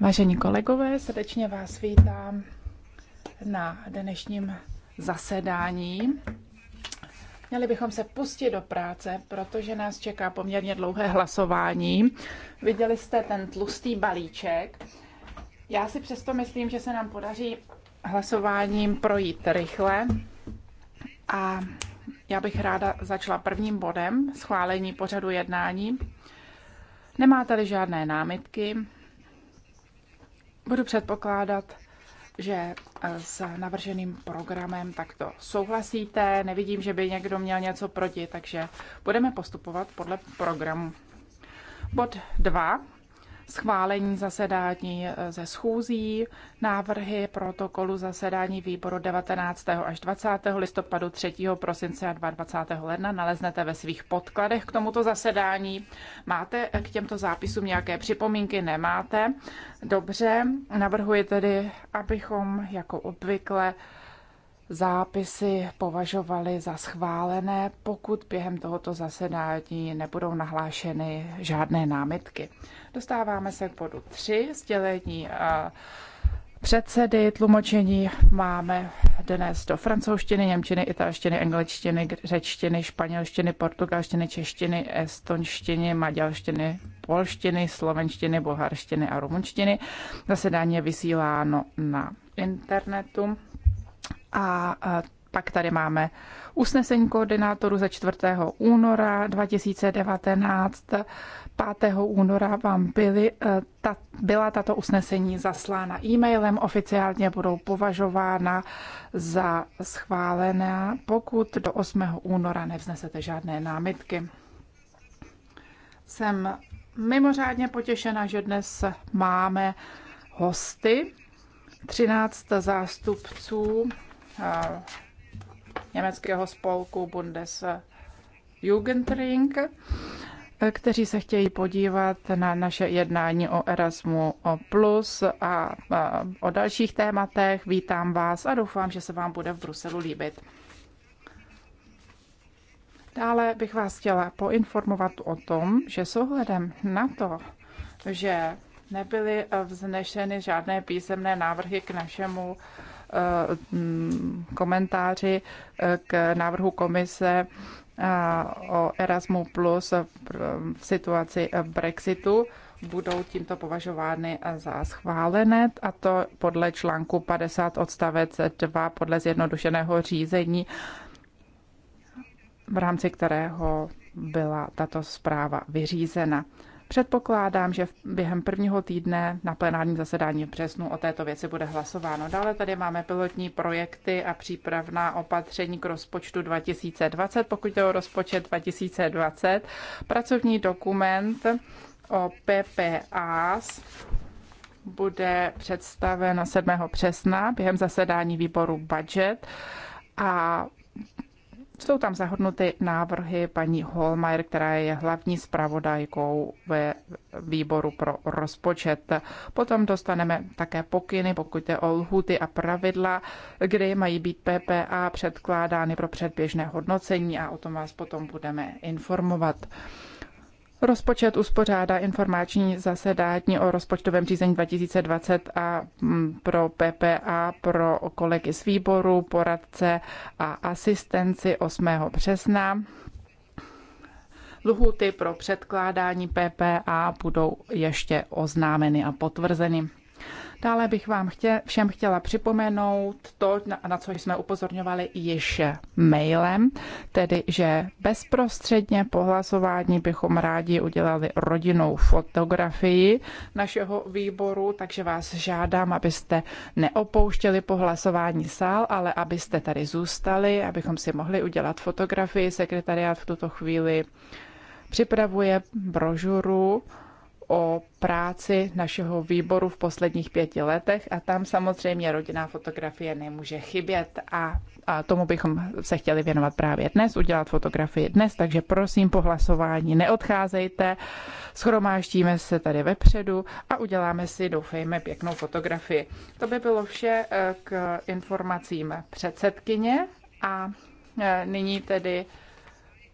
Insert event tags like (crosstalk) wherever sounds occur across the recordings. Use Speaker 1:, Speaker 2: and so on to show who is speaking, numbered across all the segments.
Speaker 1: Vážení kolegové, srdečně vás vítám na dnešním zasedání. Měli bychom se pustit do práce, protože nás čeká poměrně dlouhé hlasování. Viděli jste ten tlustý balíček. Já si přesto myslím, že se nám podaří hlasováním projít rychle. A já bych ráda začala prvním bodem schválení pořadu jednání. Nemáte-li žádné námitky, budu předpokládat, že eh, s navrženým programem takto souhlasíte. Nevidím, že by někdo měl něco proti, takže budeme postupovat podle programu. Bod 2 schválení zasedání eh, ze schůzí, návrhy protokolu zasedání výboru 19. až 20. listopadu, 3. prosince a 22. ledna naleznete ve svých podkladech k tomuto zasedání. Máte k těmto zápisům nějaké připomínky? Nemáte? Dobře, navrhuji tedy, abychom jako obvykle zápisy považovali za schválené, pokud během tohoto zasedání nebudou nahlášeny žádné námitky. Dostáváme se k bodu 3, sdělení a předsedy. Tlumočení máme dnes do francouzštiny, němčiny, italštiny, angličtiny, řečtiny, španělštiny, portugalštiny, češtiny, estonštiny, maďarštiny, polštiny, slovenštiny, bulharštiny a rumunštiny. Zasedání je vysíláno na internetu. A pak tady máme usnesení koordinátoru ze 4. února 2019. 5. února vám byly, e, ta, byla tato usnesení zaslána e-mailem. Oficiálně budou považována za schválená, pokud do 8. února nevznesete žádné námitky. Jsem mimořádně potěšena, že dnes máme hosty, 13 zástupců německého spolku Bundesjugendring, e, kteří se chtějí podívat na naše jednání o Erasmu o Plus a o dalších tématech. Vítám vás a doufám, že se vám bude v Bruselu líbit. Dále bych vás chtěla poinformovat o tom, že s ohledem na to, že nebyly vznešeny žádné písemné návrhy k našemu Eh, mm, komentáři eh, k návrhu komise eh, o Erasmu Plus v situaci Brexitu budou tímto považovány za schválené a to podle článku 50 odstavec 2 podle zjednodušeného řízení, v rámci kterého byla tato zpráva vyřízena. Předpokládám, že během prvního týdne na plenárním zasedání v březnu o této věci bude hlasováno. Dále tady máme pilotní projekty a přípravná opatření k rozpočtu 2020. Pokud jde o rozpočet 2020, pracovní dokument o PPAs bude představen 7. března během zasedání výboru budget a jsou tam zahodnuty návrhy paní Holmeier, která je hlavní zpravodajkou ve výboru pro rozpočet. Potom dostaneme také pokyny, pokud je o lhuty a pravidla, kdy mají být PPA předkládány pro předběžné hodnocení a o tom vás potom budeme informovat. Rozpočet uspořádá informační zasedání o rozpočtovém řízení 2020 a mm, pro PPA, pro kolegy z výboru, poradce a asistenci 8. března. Lhuty pro předkládání PPA budou ještě oznámeny a potvrzeny. Dále bych vám chtě, všem chtěla připomenout to, na, na co jsme upozorňovali již mailem, tedy že bezprostředně po hlasování bychom rádi udělali rodinnou fotografii našeho výboru, takže vás žádám, abyste neopouštěli po hlasování sál, ale abyste tady zůstali, abychom si mohli udělat fotografii. Sekretariát v tuto chvíli připravuje brožuru o práci našeho výboru v posledních pěti letech a tam samozřejmě rodinná fotografie nemůže chybět a, a tomu bychom se chtěli věnovat právě dnes, udělat fotografii dnes, takže prosím po hlasování neodcházejte, schromáždíme se tady vepředu a uděláme si, doufejme, pěknou fotografii. To by bylo vše eh, k informacím předsedkyně a eh, nyní tedy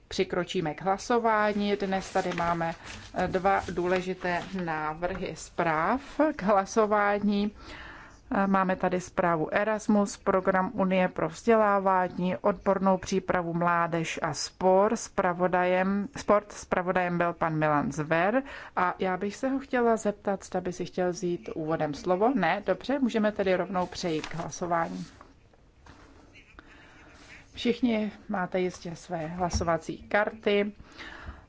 Speaker 1: přikročíme k hlasování. Dnes tady máme eh, dva důležité návrhy zpráv k hlasování. Eh, máme tady zprávu Erasmus, program Unie pro vzdělávání, odbornou přípravu mládež a sport. Spravodajem, sport spravodajem byl pan Milan Zver a já bych se ho chtěla zeptat, zda by si chtěl vzít úvodem slovo. Ne, dobře, můžeme tedy rovnou přejít k hlasování. Všichni máte jistě své hlasovací karty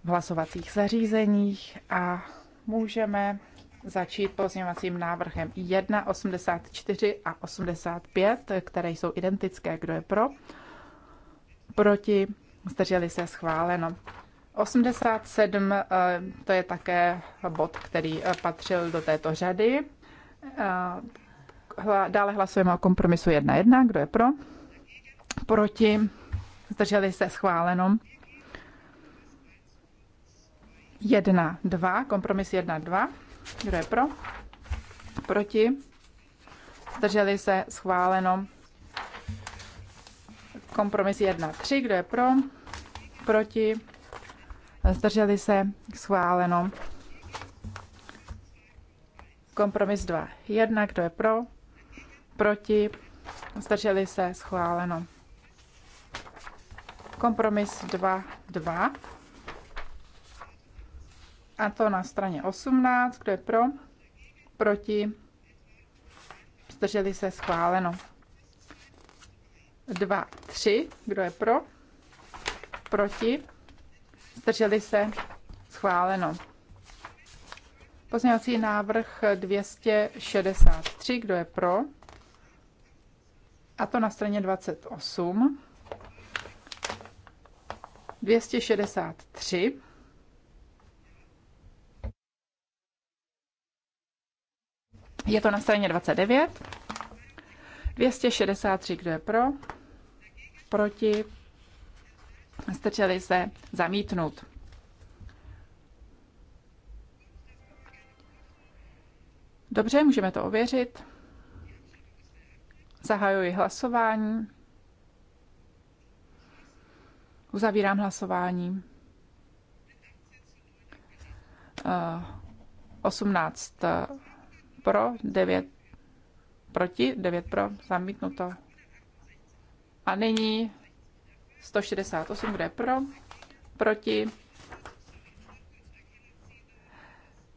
Speaker 1: v hlasovacích zařízeních a můžeme začít pozměňovacím návrhem 1, 84 a 85, které jsou identické. Kdo je pro? Proti? Zdrželi se schváleno. 87 eh, to je také bod, který eh, patřil do této řady. Eh, dále hlasujeme o kompromisu 1.1. Kdo je pro? proti, zdrželi se schváleno. 1, 2, kompromis 1, 2. Kdo je pro? Proti? Zdrželi se schváleno. Kompromis 1, 3. Kdo je pro? Proti? Zdrželi se schváleno. Kompromis 2, 1. Kdo je pro? Proti? Zdrželi se schváleno. Kompromis 2.2. A to na straně 18. Kdo je pro? Proti? Zdrželi se schváleno. 2, 3. Kdo je pro? Proti? Zdrželi se? Schváleno. Pozměňovací návrh 263. Kdo je pro? A to na straně 28. 263. Je to na straně 29. 263, kdo je pro? Proti? Strčeli se zamítnout. Dobře, můžeme to ověřit. Zahajuji hlasování. Uzavírám hlasování. 18 eh, eh, pro, 9 proti, 9 pro, zamítnuto. A nyní 168, kde je pro, proti.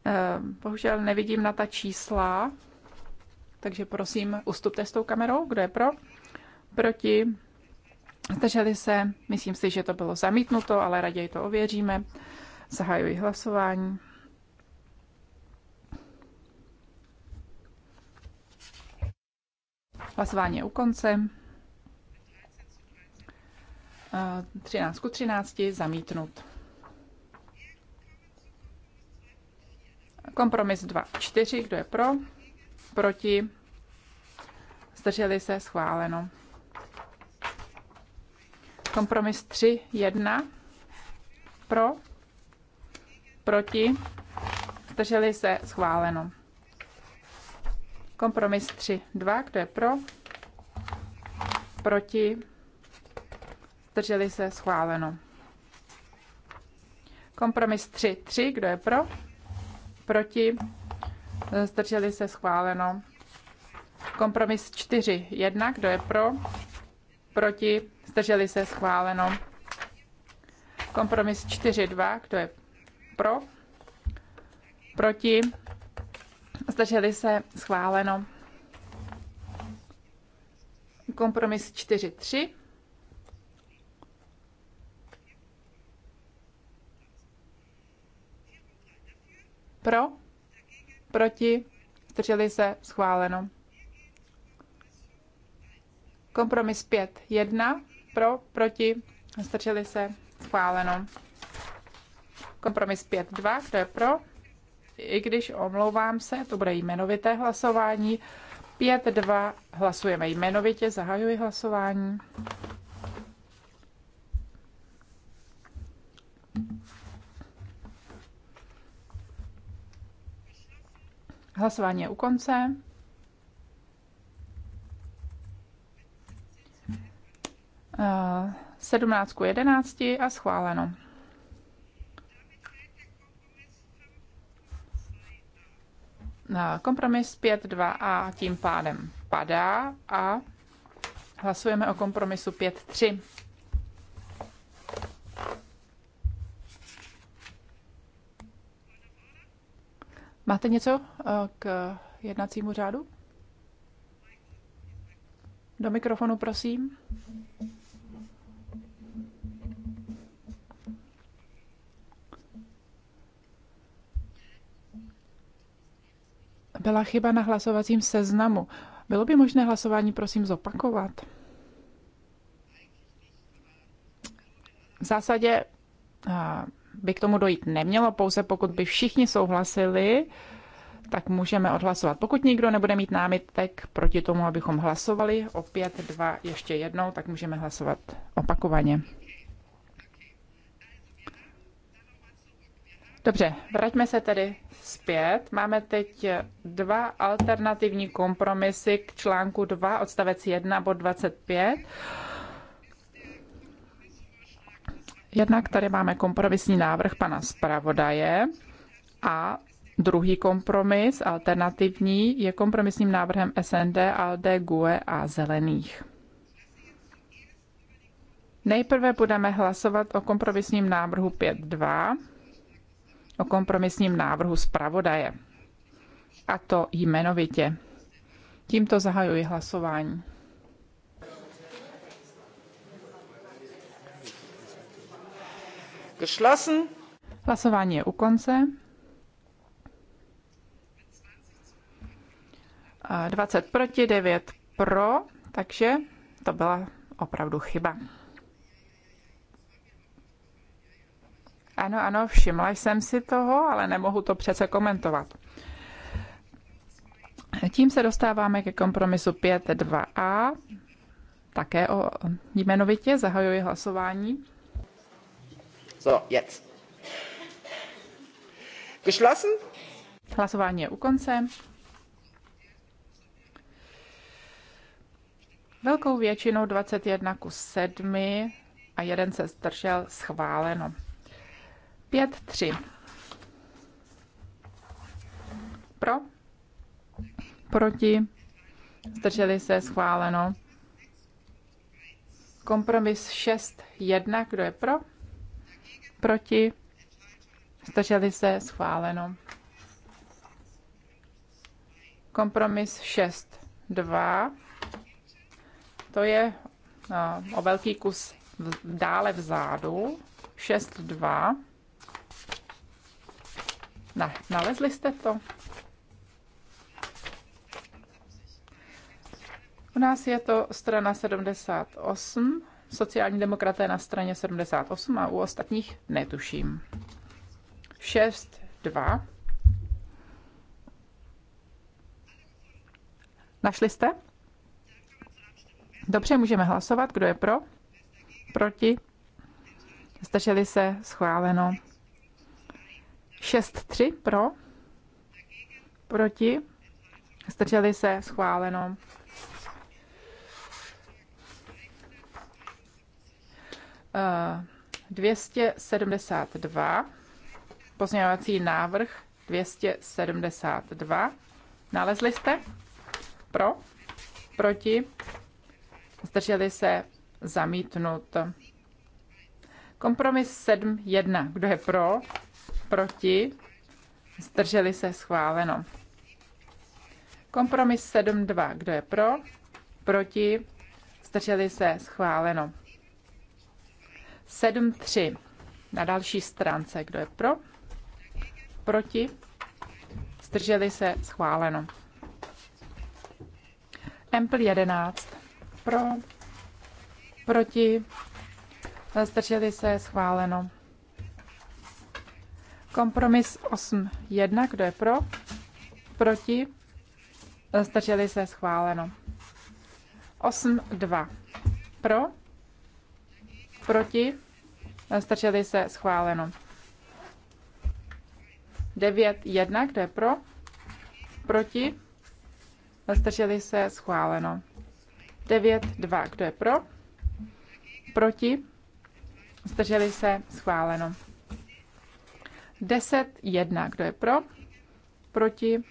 Speaker 1: Eh, bohužel nevidím na ta čísla, takže prosím, ustupte s tou kamerou, kdo je pro, proti. Zdrželi se, myslím si, že to bylo zamítnuto, ale raději to ověříme. Zahajuji hlasování. Hlasování je u konce. 13 eh, ku 13 zamítnut. Kompromis 2, 4, kdo je pro, proti, zdrželi se, schváleno. Kompromis 3, 1. Pro. Proti. Zdrželi se. Schváleno. Kompromis 3, 2. Kdo je pro? Proti. Zdrželi se. Schváleno. Kompromis 3, 3. Kdo je pro? Proti. Zdrželi se. Schváleno. Kompromis 4, 1. Kdo je pro? Proti zdrželi se schváleno. Kompromis 4.2, kdo je pro, proti, zdrželi se schváleno. Kompromis 4.3, pro, proti, zdrželi se schváleno. Kompromis 5.1, pro, proti, zdrželi se, schváleno. Kompromis 5.2, kdo je pro? I když omlouvám se, to bude jmenovité hlasování. 5.2 hlasujeme jmenovitě, zahajuji hlasování. Hlasování je u konce. 17 11 a schváleno. Kompromis 5.2a tím pádem padá a hlasujeme o kompromisu 5.3. Máte něco eh, k jednacímu řádu? Do mikrofonu, prosím. byla chyba na hlasovacím seznamu. Bylo by možné hlasování, prosím, zopakovat? V zásadě by k tomu dojít nemělo, pouze pokud by všichni souhlasili, tak můžeme odhlasovat. Pokud nikdo nebude mít námitek proti tomu, abychom hlasovali opět dva ještě jednou, tak můžeme hlasovat opakovaně. Dobře, vraťme se tedy zpět. Máme teď dva alternativní kompromisy k článku 2 odstavec 1 bod 25. Jednak tady máme kompromisní návrh pana zpravodaje a druhý kompromis, alternativní, je kompromisním návrhem SND, ALDE, GUE a Zelených. Nejprve budeme hlasovat o kompromisním návrhu 5.2 o kompromisním návrhu zpravodaje. A to jmenovitě. Tímto zahajuji hlasování. Geschlossen. Hlasování je u konce. 20 proti, 9 pro, takže to byla opravdu chyba. Ano, ano, všimla jsem si toho, ale nemohu to přece komentovat. Tím se dostáváme ke kompromisu 5.2a, také o jmenovitě zahajuji hlasování. So, jetzt. Geschlossen. Hlasování je u konce. Velkou většinou 21 ku 7 a jeden se zdržel schváleno. 5-3. Pro? Proti? Zdrželi se schváleno. Kompromis 6-1. Kdo je pro? Proti? Zdrželi se schváleno. Kompromis 6-2. To je no, o velký kus dále vzadu. 6-2. Na, nalezli jste to? U nás je to strana 78, sociální demokraté na straně 78 a u ostatních netuším. 6, 2. Našli jste? Dobře, můžeme hlasovat. Kdo je pro? Proti? Zdrželi se? Schváleno. 6-3 pro, proti, Strčeli se, schváleno. Uh, eh, 272, pozměňovací návrh 272. Nalezli jste? Pro? Proti? Zdrželi se zamítnut. Kompromis 7.1. Kdo je pro? proti, zdrželi se schváleno. Kompromis 7.2, kdo je pro, proti, zdrželi se schváleno. 7.3 na další stránce, kdo je pro, proti, zdrželi se schváleno. Empl 11 pro, proti, zdrželi se schváleno. Kompromis 8.1. Kdo je pro? Proti? Zdrželi se schváleno. 8.2. Pro? Proti? Zdrželi se schváleno. 9.1. Kdo je pro? Proti? Zdrželi se schváleno. 9.2. Kdo je pro? Proti? Zdrželi se schváleno. 10, 1. Kdo je pro? Proti?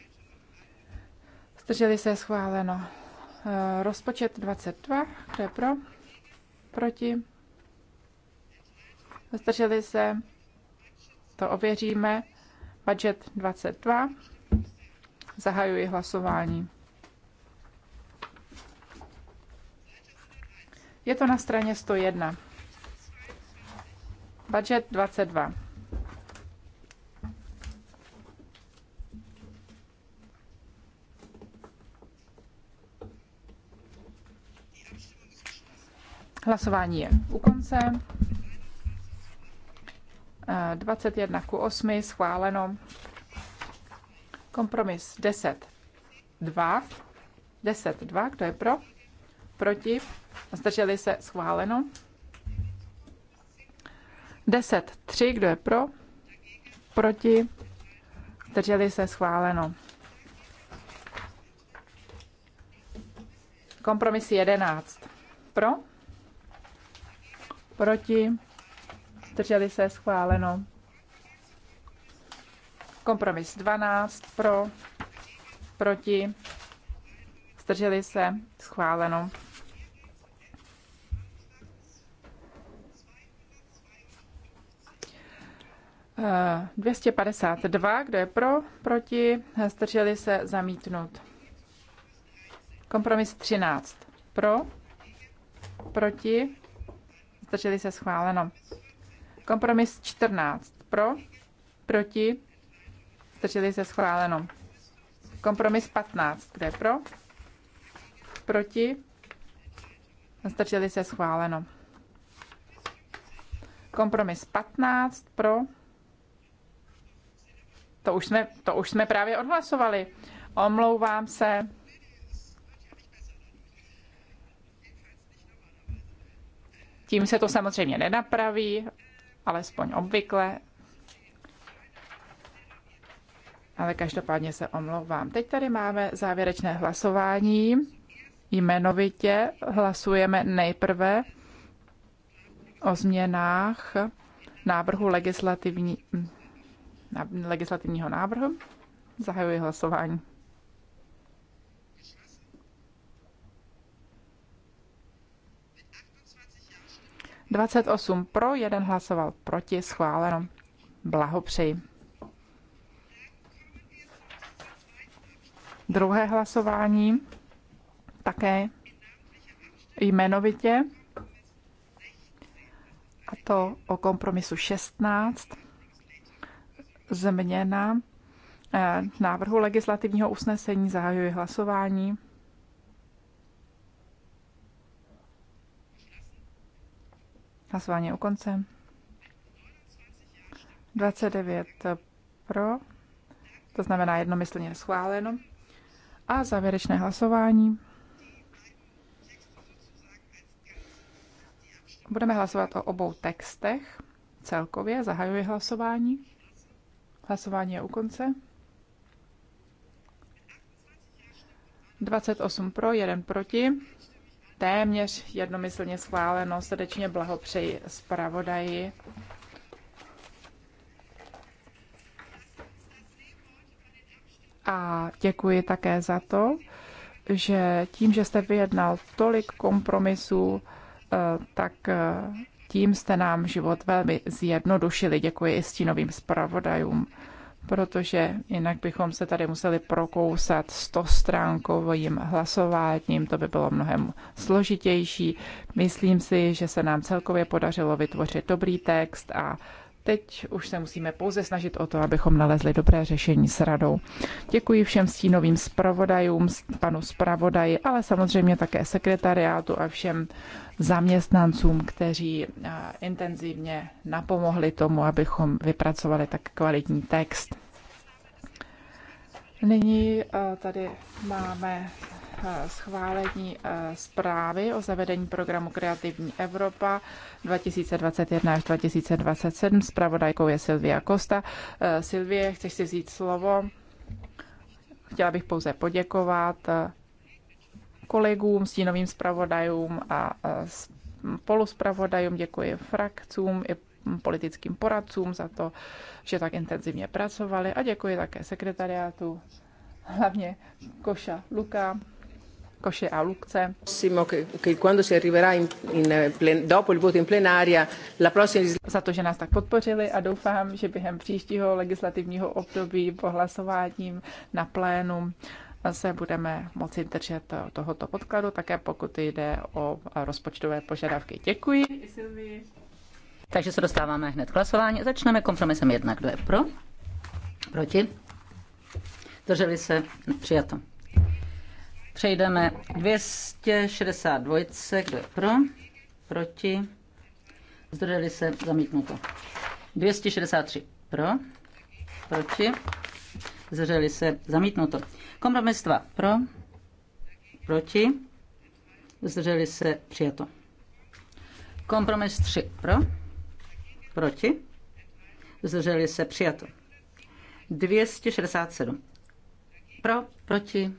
Speaker 1: Zdrželi se schváleno. Eh, rozpočet 22. Kdo je pro? Proti? Zdrželi se. To ověříme. Budget 22. Zahajuji hlasování. Je to na straně 101. Budget 22. Hlasování je u konce. 21 eh, ku 8 schváleno. Kompromis 10 2. 10 2, kdo je pro? Proti? Zdrželi se schváleno. 10 3, kdo je pro? Proti? Zdrželi se schváleno. Kompromis 11. Pro? proti, zdrželi se, schváleno. Kompromis 12 pro, proti, zdrželi se, schváleno. Uh, 252, kdo je pro, proti, zdrželi se, zamítnut. Kompromis 13. Pro, proti, zdrželi se schváleno. Kompromis 14 pro, proti, zdrželi se schváleno. Kompromis 15, kde pro, proti, zdrželi se schváleno. Kompromis 15 pro, to už jsme, to už jsme právě odhlasovali. Omlouvám se. Tím se to samozřejmě nenapraví, alespoň obvykle. Ale každopádně se omlouvám. Teď tady máme závěrečné hlasování. Jmenovitě hlasujeme nejprve o změnách návrhu legislativní, legislativního návrhu. Zahajuji hlasování. 28 pro, jeden hlasoval proti, schváleno. Blahopřeji. Druhé hlasování také jmenovitě, a to o kompromisu 16, změna eh, návrhu legislativního usnesení, zahajuji hlasování. Hlasování u konce. 29 pro, to znamená jednomyslně schváleno. A závěrečné hlasování. Budeme hlasovat o obou textech celkově. Zahajuji hlasování. Hlasování je u konce. 28 pro, 1 proti téměř jednomyslně schváleno. Srdečně blahopřeji zpravodaji. A děkuji také za to, že tím, že jste vyjednal tolik kompromisů, eh, tak eh, tím jste nám život velmi zjednodušili. Děkuji i stínovým zpravodajům protože jinak bychom se tady museli prokousat stostránkovým hlasováním, to by bylo mnohem složitější. Myslím si, že se nám celkově podařilo vytvořit dobrý text a Teď už se musíme pouze snažit o to, abychom nalezli dobré řešení s radou. Děkuji všem stínovým zpravodajům, panu zpravodaji, ale samozřejmě také sekretariátu a všem zaměstnancům, kteří intenzivně napomohli tomu, abychom vypracovali tak kvalitní text. Nyní tady máme Eh, schválení eh, zprávy o zavedení programu Kreativní Evropa 2021 až 2027. Spravodajkou je Silvia Kosta. Eh, Silvie, chceš si vzít slovo? Chtěla bych pouze poděkovat kolegům, stínovým zpravodajům a poluspravodajům. děkuji frakcům i politickým poradcům za to, že tak intenzivně pracovali a děkuji také sekretariátu, hlavně Koša Luka, koše a lukce. Eh, Za to, že nás tak podpořili a doufám, že během příštího legislativního období po hlasováním na plénu se budeme moci držet tohoto podkladu, také pokud jde o rozpočtové požadavky. Děkuji.
Speaker 2: Takže se dostáváme hned k hlasování. Začneme kompromisem jedna, Kdo je pro? Proti? Drželi se? Přijato. Přejdeme 262, kdo je pro, proti, zdrželi se, zamítnuto. 263 pro, proti, zdrželi se, zamítnuto. Kompromis 2 pro, proti, zdrželi se, přijato. Kompromis 3 pro, proti, zdrželi se, přijato. 267 pro, proti,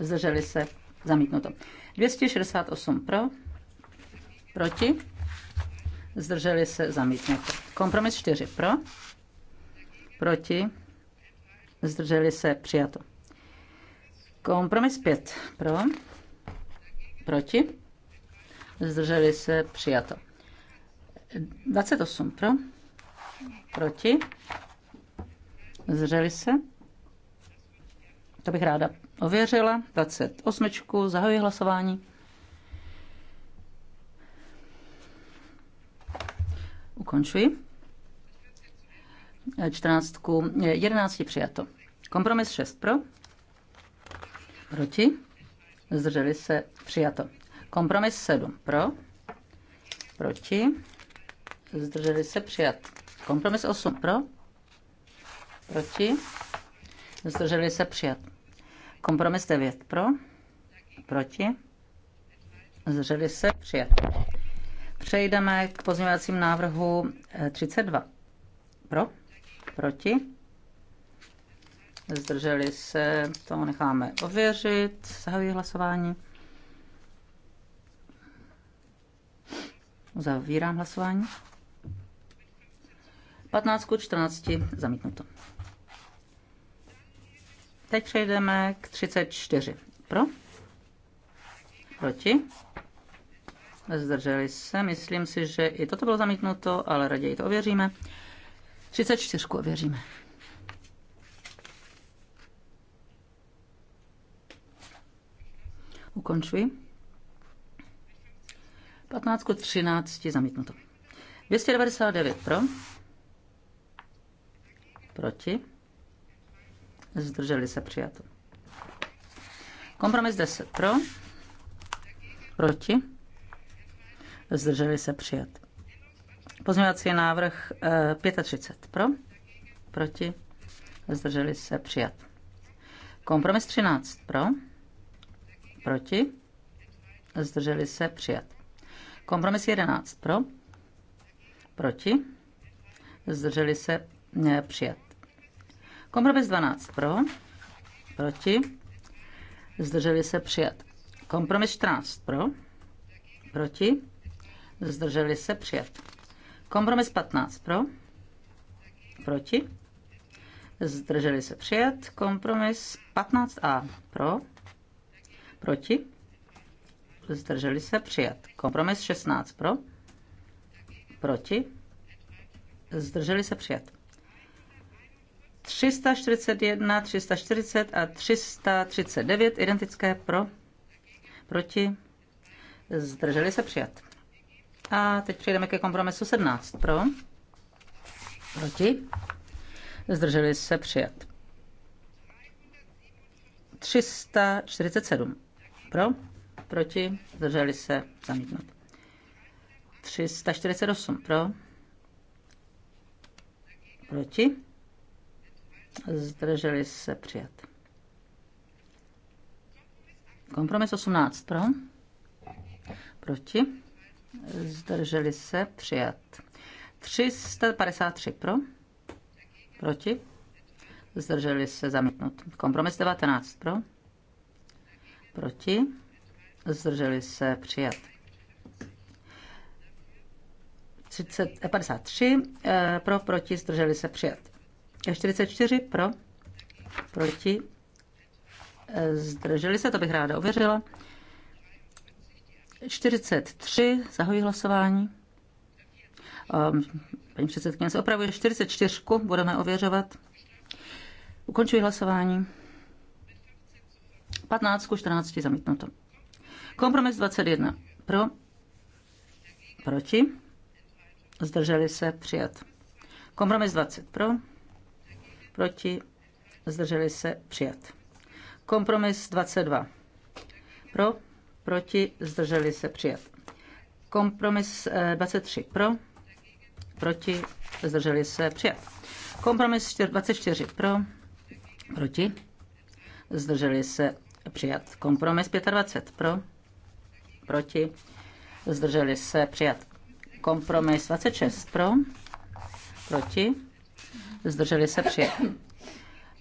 Speaker 2: zdrželi se, zamítnuto. 268 pro, proti, zdrželi se, zamítnuto. Kompromis 4 pro, proti, zdrželi se, přijato. Kompromis 5 pro, proti, zdrželi se, přijato. 28 pro, proti, zdrželi se, to bych ráda ověřila. 28. Zahajuji hlasování. Ukončuji. 14. 11. Přijato. Kompromis 6 pro. Proti. Zdrželi se. Přijato. Kompromis 7 pro. Proti. Zdrželi se. Přijat. Kompromis 8 pro. Proti. Zdrželi se. Přijat. Kompromis 9 pro, proti, zdrželi se, přijat. Přejdeme k pozměňovacím návrhu 32. Eh, pro, proti, zdrželi se, to necháme ověřit, zahajuji hlasování. Uzavírám hlasování. 15 14 zamítnuto. Teď přejdeme k 34. Pro? Proti? Zdrželi se. Myslím si, že i toto bylo zamítnuto, ale raději to ověříme. 34 ověříme. Ukončuji. 15 k 13 zamítnuto. 299 pro. Proti zdrželi se přijato. Kompromis 10 pro, proti, zdrželi se přijat. Pozměňovací návrh 35 eh, pro, proti, zdrželi se přijat. Kompromis 13 pro, proti, zdrželi se přijat. Kompromis 11 pro, proti, zdrželi se eh, přijat. Kompromis 12 pro, proti, zdrželi se přijat. Kompromis 14 pro, proti, zdrželi se přijat. Kompromis 15 pro, proti, zdrželi se přijat. Kompromis 15a pro, proti, zdrželi se přijat. Kompromis 16 pro, proti, zdrželi se přijat. 341, 340 a 339 identické pro, proti, zdrželi se přijat. A teď přejdeme ke kompromisu 17 pro, proti, zdrželi se přijat. 347 pro, proti, zdrželi se zamítnout. 348 pro, proti, zdrželi se přijat. Kompromis 18 pro, proti, zdrželi se přijat. 353 pro, proti, zdrželi se zamítnut. Kompromis 19 pro, proti, zdrželi se přijat. 30, 53 eh, eh, pro, proti, zdrželi se přijat. 44 pro, proti, e, zdrželi se, to bych ráda ověřila. 43, zahojí hlasování. Ehm, paní předsedkyně se opravuje, 44 budeme ověřovat. Ukončuji hlasování. 15 14 zamítnuto. Kompromis 21 pro, proti, zdrželi se, přijat. Kompromis 20 pro, proti, zdrželi se, přijat. Kompromis 22. Pro, proti, zdrželi se, přijat. Kompromis 23. Eh, Pro, proti, zdrželi se, přijat. Kompromis 24. Pro, proti, zdrželi se, přijat. Kompromis 25. Pro, proti, zdrželi se, přijat. Kompromis 26. Pro, proti, zdrželi se přijat.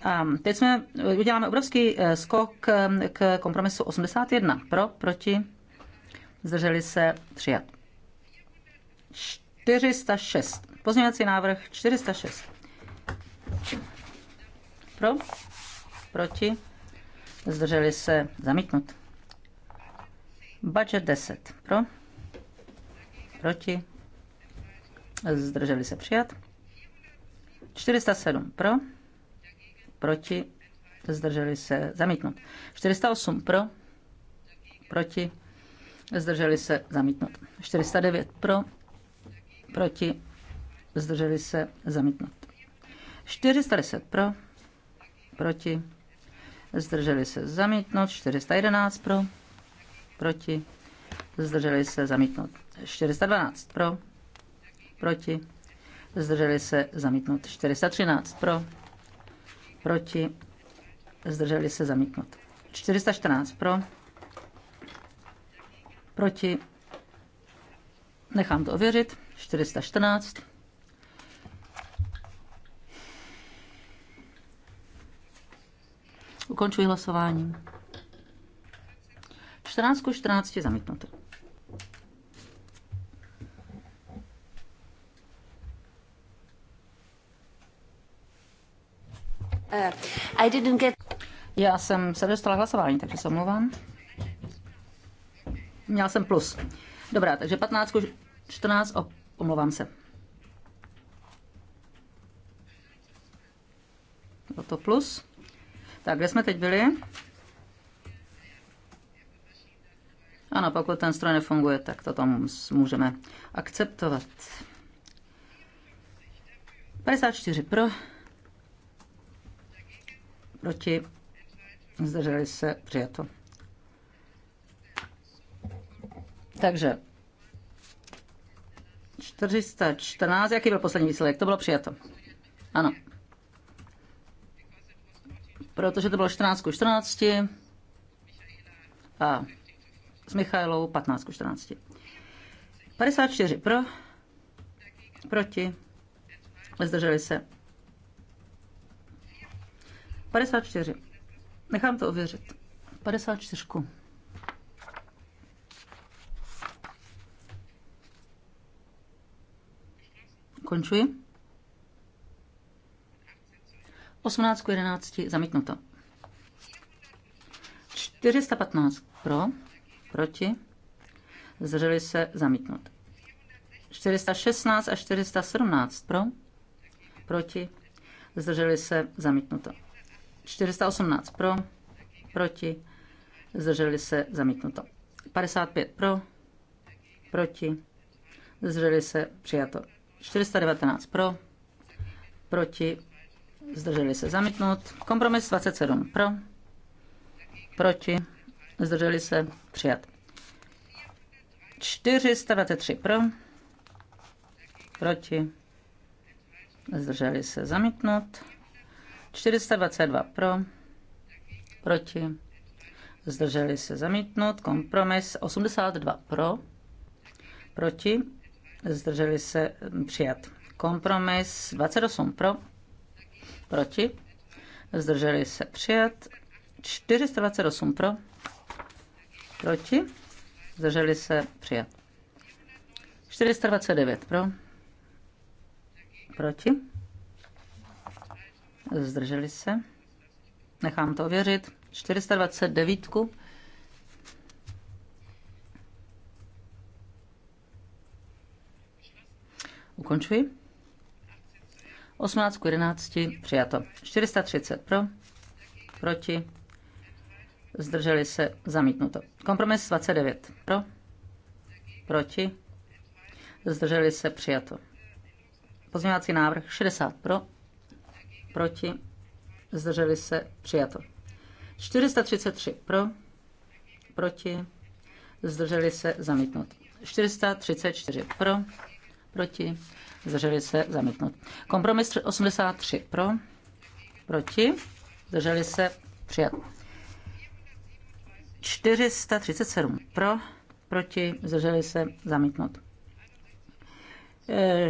Speaker 2: A ehm, teď jsme, uděláme obrovský eh, skok ehm, k kompromisu 81. Pro, proti, zdrželi se přijat. 406. Pozměňovací návrh 406. Pro, proti, zdrželi se zamítnut. Budget 10. Pro, proti, zdrželi se přijat. 407 pro, proti, zdrželi se, zamítnout. 408 pro, proti, zdrželi se, zamítnout. 409 pro, proti, zdrželi se, zamítnout. 410 pro, proti, zdrželi se, zamítnout. 411 pro, proti, zdrželi se, zamítnout. 412 pro, proti, zdrželi se zamítnout. 413 pro, proti, zdrželi se zamítnout. 414 pro, proti, nechám to ověřit, 414. Ukončuji hlasování. 14 ku 14 zamítnuto. Eh, I didn't get... Já jsem se dostala hlasování, takže se omlouvám. Měla jsem plus. Dobrá, takže 15, 14, omlouvám se. Bylo to plus. Tak, kde jsme teď byli? Ano, pokud ten stroj nefunguje, tak to tam můžeme akceptovat. 54 pro, proti, zdrželi se, přijato. Takže 414, jaký byl poslední výsledek? To bylo přijato. Ano. Protože to bylo 14 ku 14 a s Michailou 15 ku 14. 54 pro, proti, zdrželi se, 54. Nechám to ověřit. 54. Končuji. 18 k 11 zamítnuto. 415 pro, proti, zřeli se zamítnut. 416 a 417 pro, proti, zdrželi se zamítnuto. 418 pro, proti, zdrželi se, zamítnuto. 55 pro, proti, zdrželi se, přijato. 419 pro, proti, zdrželi se, zamítnut. Kompromis 27 pro, proti, zdrželi se, přijat. 423 pro, proti, zdrželi se, zamítnut. 422 pro, proti, zdrželi se zamítnout, kompromis 82 mm, pro, proti, zdrželi se přijat. Kompromis 28 pro, proti, zdrželi se přijat, 428 pro, proti, zdrželi se přijat. 429 pro, proti, zdrželi se. Nechám to ověřit. 429. Ukončuji. 18 k 11 přijato. 430 pro, proti, zdrželi se, zamítnuto. Kompromis 29 pro, proti, zdrželi se, přijato. Pozměňovací návrh 60 pro, proti, zdrželi se, přijato. 433 pro, proti, zdrželi se, zamítnut. 434 pro, proti, zdrželi se, zamítnut. Kompromis 83 pro, proti, zdrželi se, přijat. 437 pro, proti, zdrželi se, zamítnut.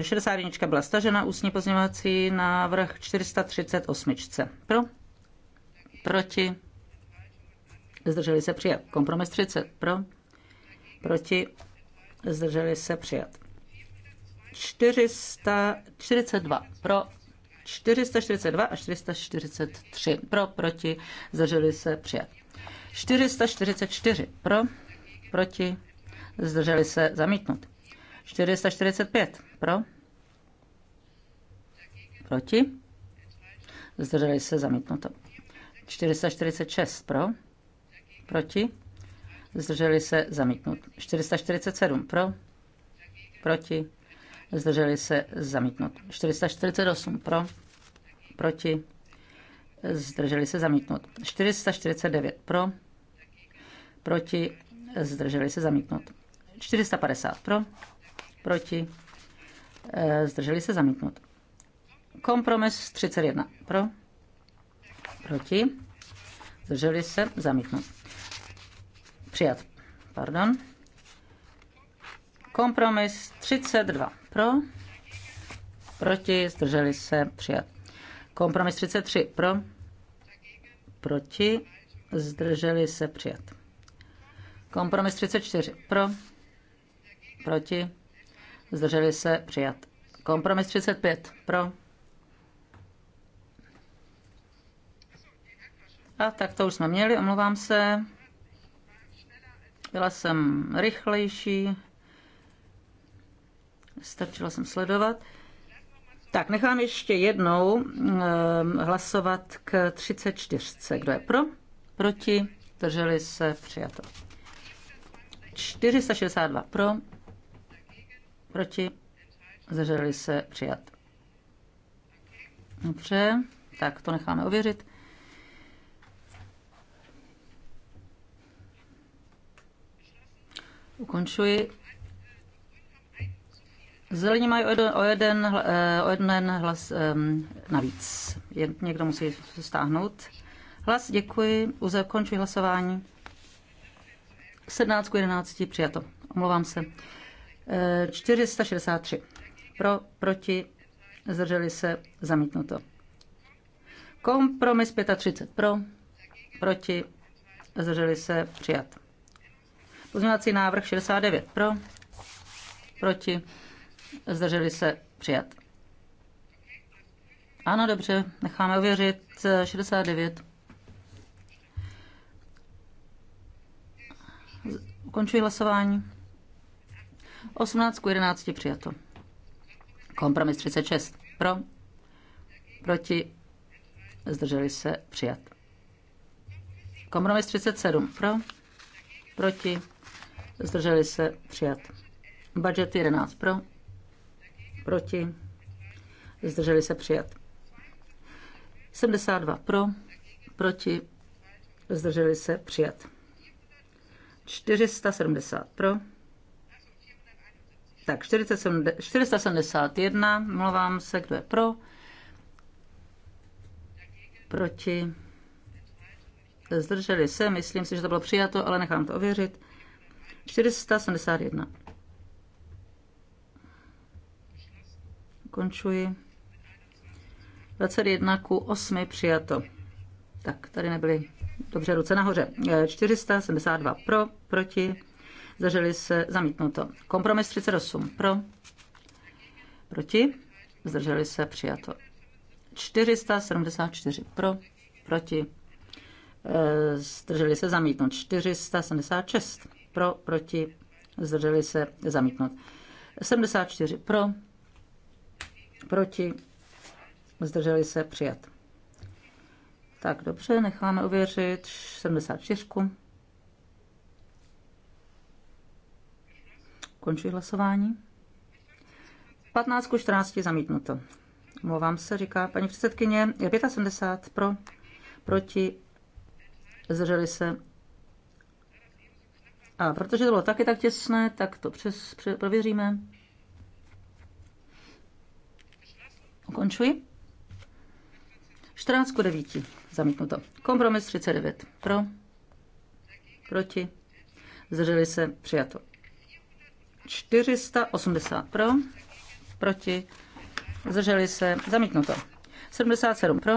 Speaker 2: 61 byla stažena, ústní pozměňovací návrh 438. Pro? Proti? Zdrželi se přijat. Kompromis 30. Pro? Proti? Zdrželi se přijat. 442. Pro? 442 a 443. Pro? Proti? Zdrželi se přijat. 444. Pro? Proti? Zdrželi se zamítnout. 445 pro. Proti. Zdrželi se zamítnuto. 446 pro. Proti. Zdrželi se zamítnut. 447 pro. Proti. Zdrželi se zamítnut. 448 pro. Proti. Zdrželi se zamítnut. 449 pro. Proti. Zdrželi se zamítnut. 450 pro proti, e, zdrželi se zamítnout. Kompromis 31 pro, proti, zdrželi se zamítnout. Přijat, pardon. Kompromis 32 pro, proti, zdrželi se přijat. Kompromis 33 pro, proti, zdrželi se přijat. Kompromis 34 pro, proti, zdrželi se, přijat. Kompromis 35, pro. A tak to už jsme měli, omlouvám se. Byla jsem rychlejší, Stačilo jsem sledovat. Tak, nechám ještě jednou ehm, hlasovat k 34. Kdo je pro? Proti? Drželi se? Přijato. 462 pro, Proti? Zdrželi se přijat. Dobře, tak to necháme ověřit. Ukončuji. Zelení mají o jeden, o jeden, eh, o jeden hlas um, navíc. Někdo musí stáhnout. Hlas, děkuji. ukončuji hlasování. 17 k 11 přijato. Omlouvám se. 463. Pro, proti, zdrželi se, zamítnuto. Kompromis 35. Pro, proti, zdrželi se, přijat. Pozměňovací návrh 69. Pro, proti, zdrželi se, přijat. Ano, dobře, necháme ověřit 69. Eh, Ukončuji hlasování. 18 k 11 přijato. Kompromis 36 pro, proti, zdrželi se přijat. Kompromis 37 pro, proti, zdrželi se přijat. Budget 11 pro, proti, zdrželi se přijat. 72 pro, proti, zdrželi se přijat. 470 pro, tak 471, mluvám se, kdo je pro, proti, zdrželi se, myslím si, že to bylo přijato, ale nechám to ověřit. 471. Končuji. 21 ku 8 přijato. Tak, tady nebyly dobře ruce nahoře. 472 e, pro, proti, zdrželi se zamítnuto. Kompromis 38 pro, proti, zdrželi se přijato. 474 eh, pro, proti, zdrželi se zamítnout. 476 pro, proti, zdrželi se zamítnout. 74 pro, proti, zdrželi se přijat. Tak dobře, necháme ověřit 74. Končuji hlasování. 15 ku 14 zamítnuto. Mluvám se, říká paní předsedkyně. Je 75 pro, proti, zdrželi se. A protože to bylo taky tak těsné, tak to přes, pře, prověříme. Ukončuji. 14 ku 9. Zamítnuto. Kompromis 39. Pro. Proti. Zdrželi se. Přijato. 480 pro, proti, zdrželi se, zamítnuto. 77 pro,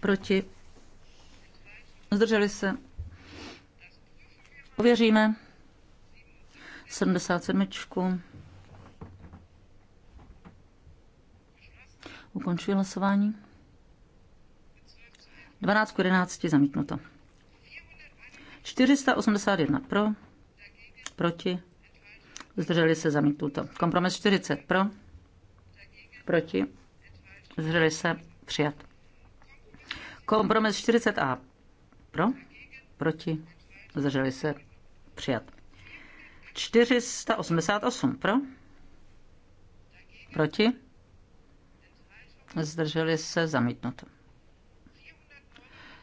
Speaker 2: proti, zdrželi se. Ověříme 77. Ukončuji hlasování. 12 k 11 zamítnuto. 481 pro, Proti? Zdrželi se zamítnuto. Kompromis 40 pro? Proti? Zdrželi se přijat. Kompromis 40a pro? Proti? Zdrželi se přijat. 488 pro? Proti? Zdrželi se zamítnuto.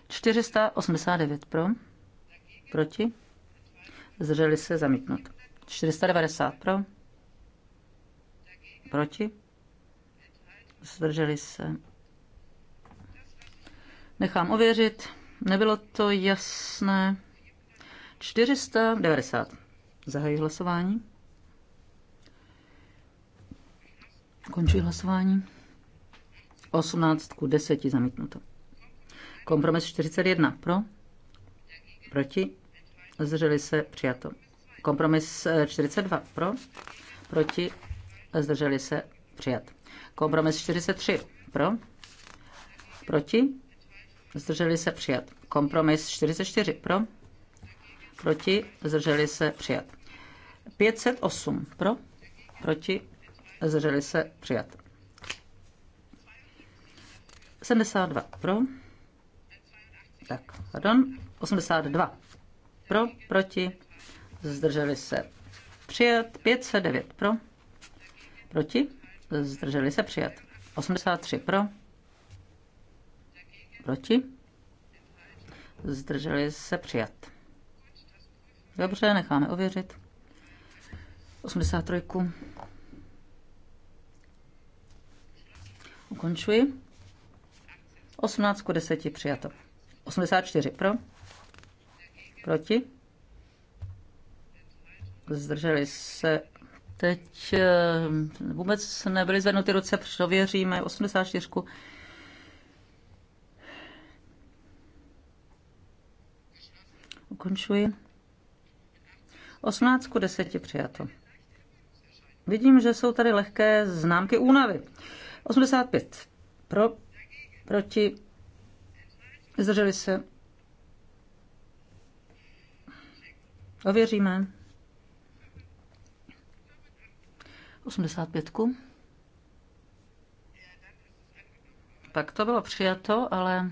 Speaker 2: 489 pro? Proti? zdrželi se, zamítnut. 490 pro, proti, zdrželi se. Nechám ověřit, nebylo to jasné. 490. Zahají hlasování. končí hlasování. 18 ku 10 zamítnuto. Kompromis 41 pro, proti, zdrželi se, přijato. Kompromis 42 eh, pro, proti, zdrželi se, přijat. Kompromis 43 pro, proti, zdrželi se, přijat. Kompromis 44 pro, proti, zdrželi se, přijat. 508 pro, proti, zdrželi se, přijat. 72 pro, tak, pardon, 82 pro, proti, zdrželi se přijat. 509 pro, proti, zdrželi se přijat. 83 pro, proti, zdrželi se přijat. Dobře, necháme ověřit. 83. Ukončuji. 18 k 10 přijato. 84 pro. Proti? Zdrželi se. Teď eh, vůbec nebyly zvednuty ruce, prověříme 84. Ukončuji. 18 ku 10 přijato. Vidím, že jsou tady lehké známky únavy. 85. Pro, proti. Zdrželi se. Ověříme. 85. -ku. Tak to bylo přijato, ale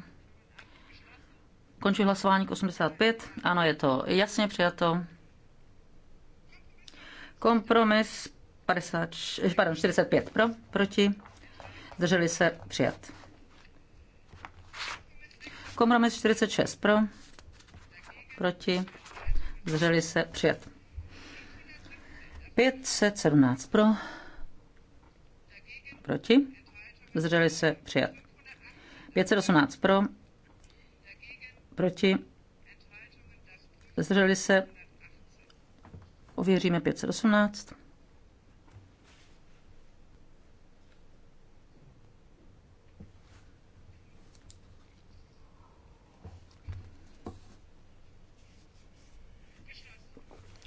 Speaker 2: končí hlasování k 85. Ano, je to jasně přijato. Kompromis 50, eh, pardon, 45 pro, proti. Zdrželi se přijat. Kompromis 46 pro, proti zdrželi se, přijat. 517 pro, proti, zdrželi se, přijat. 518 pro, proti, zdrželi se, ověříme 518.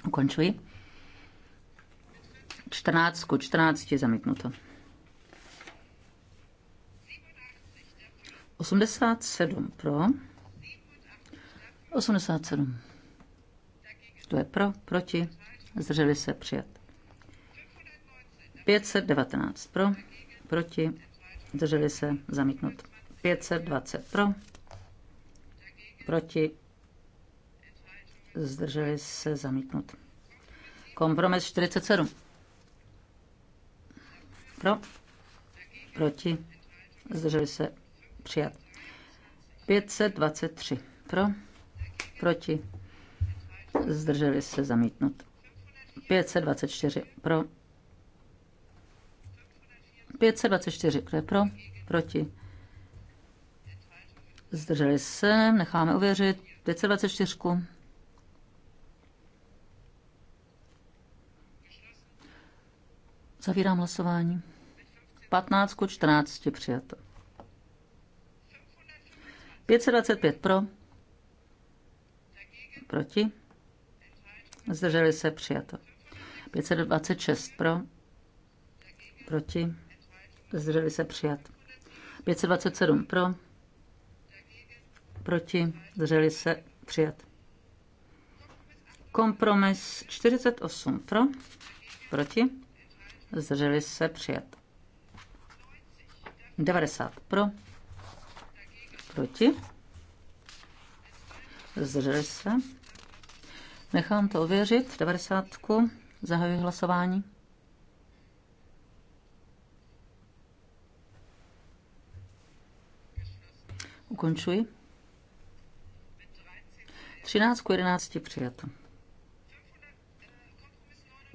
Speaker 2: Ukončuji. 14 ku 14 je zamítnuto. 87 pro. 87. To je pro? Proti? Zdrželi se přijat. 519 pro. Proti? Zdrželi se zamítnut. 520 pro. Proti? zdrželi se zamítnut. Kompromis 47. Pro, proti, zdrželi se přijat. 523. Pro, proti, zdrželi se zamítnut. 524. Pro, 524. Kdo je pro, proti, zdrželi se, necháme uvěřit. 524. Zavírám hlasování. 15 ku 14 přijato. 525 pro. Proti. Zdrželi se přijato. 526 pro. Proti. Zdrželi se přijat. 527 pro. Proti. Zdrželi se přijat. Kompromis 48 pro. Proti zdrželi se přijat. 90 pro, proti, zdrželi se. Nechám to ověřit, 90. Zahajuji hlasování. Ukončuji. 13 k 11 přijato.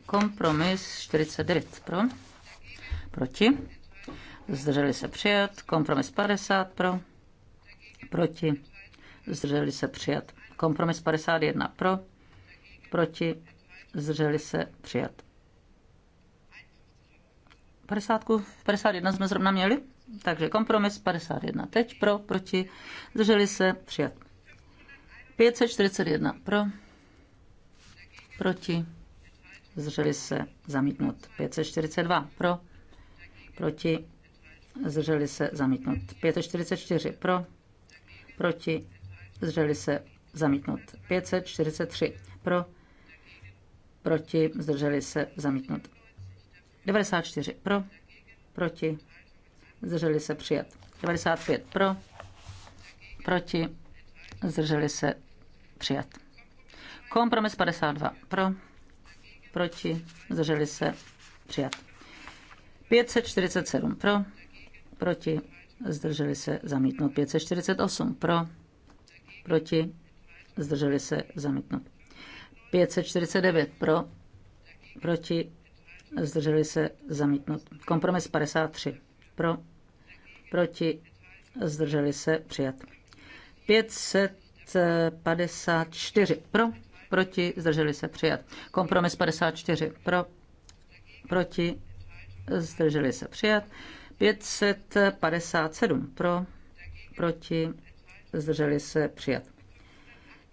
Speaker 2: Kompromis 49 pro. Proti. Zdrželi se přijat. Kompromis 50 pro. Proti. Zdrželi se přijat. Kompromis 51 pro. Proti. Zdrželi se přijat. 50, 51 jsme zrovna měli, takže kompromis 51 teď pro, proti, zdrželi se, přijat. 541 pro, proti, zdrželi se zamítnut 542 pro, proti, zdrželi se zamítnut 544 pro, proti, zdrželi se zamítnut 543 pro, proti, zdrželi se zamítnut 94 pro, proti, zdrželi se přijat 95 pro, proti, zdrželi se přijat. Kompromis 52 pro proti, zdrželi se, přijat. 547 pro, proti, zdrželi se, zamítnout. 548 pro, proti, zdrželi se, zamítnout. 549 pro, proti, zdrželi se, zamítnout. Kompromis 53 pro, proti, zdrželi se, přijat. 554 pro, proti, zdrželi se přijat. Kompromis 54 pro, proti, zdrželi se přijat. 557 pro, proti, zdrželi se přijat.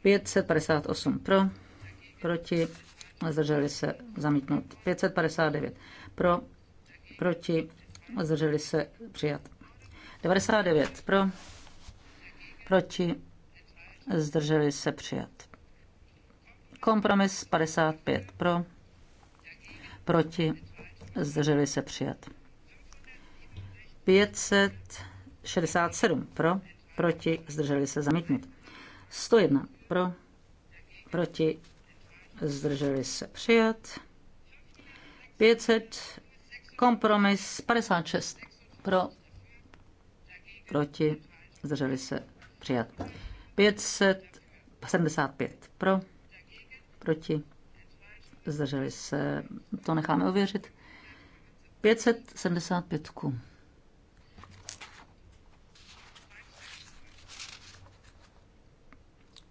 Speaker 2: 558 pro, proti, zdrželi se zamítnout. 559 pro, proti, zdrželi se přijat. 99 pro, proti, zdrželi se přijat. Kompromis 55 pro, proti, zdrželi se přijat. 567 pro, proti, zdrželi se zamítnut. 101 pro, proti, zdrželi se přijat. 500, kompromis 56 pro, proti, zdrželi se přijat. 575 pro, proti, zdrželi se, to necháme ověřit. 575.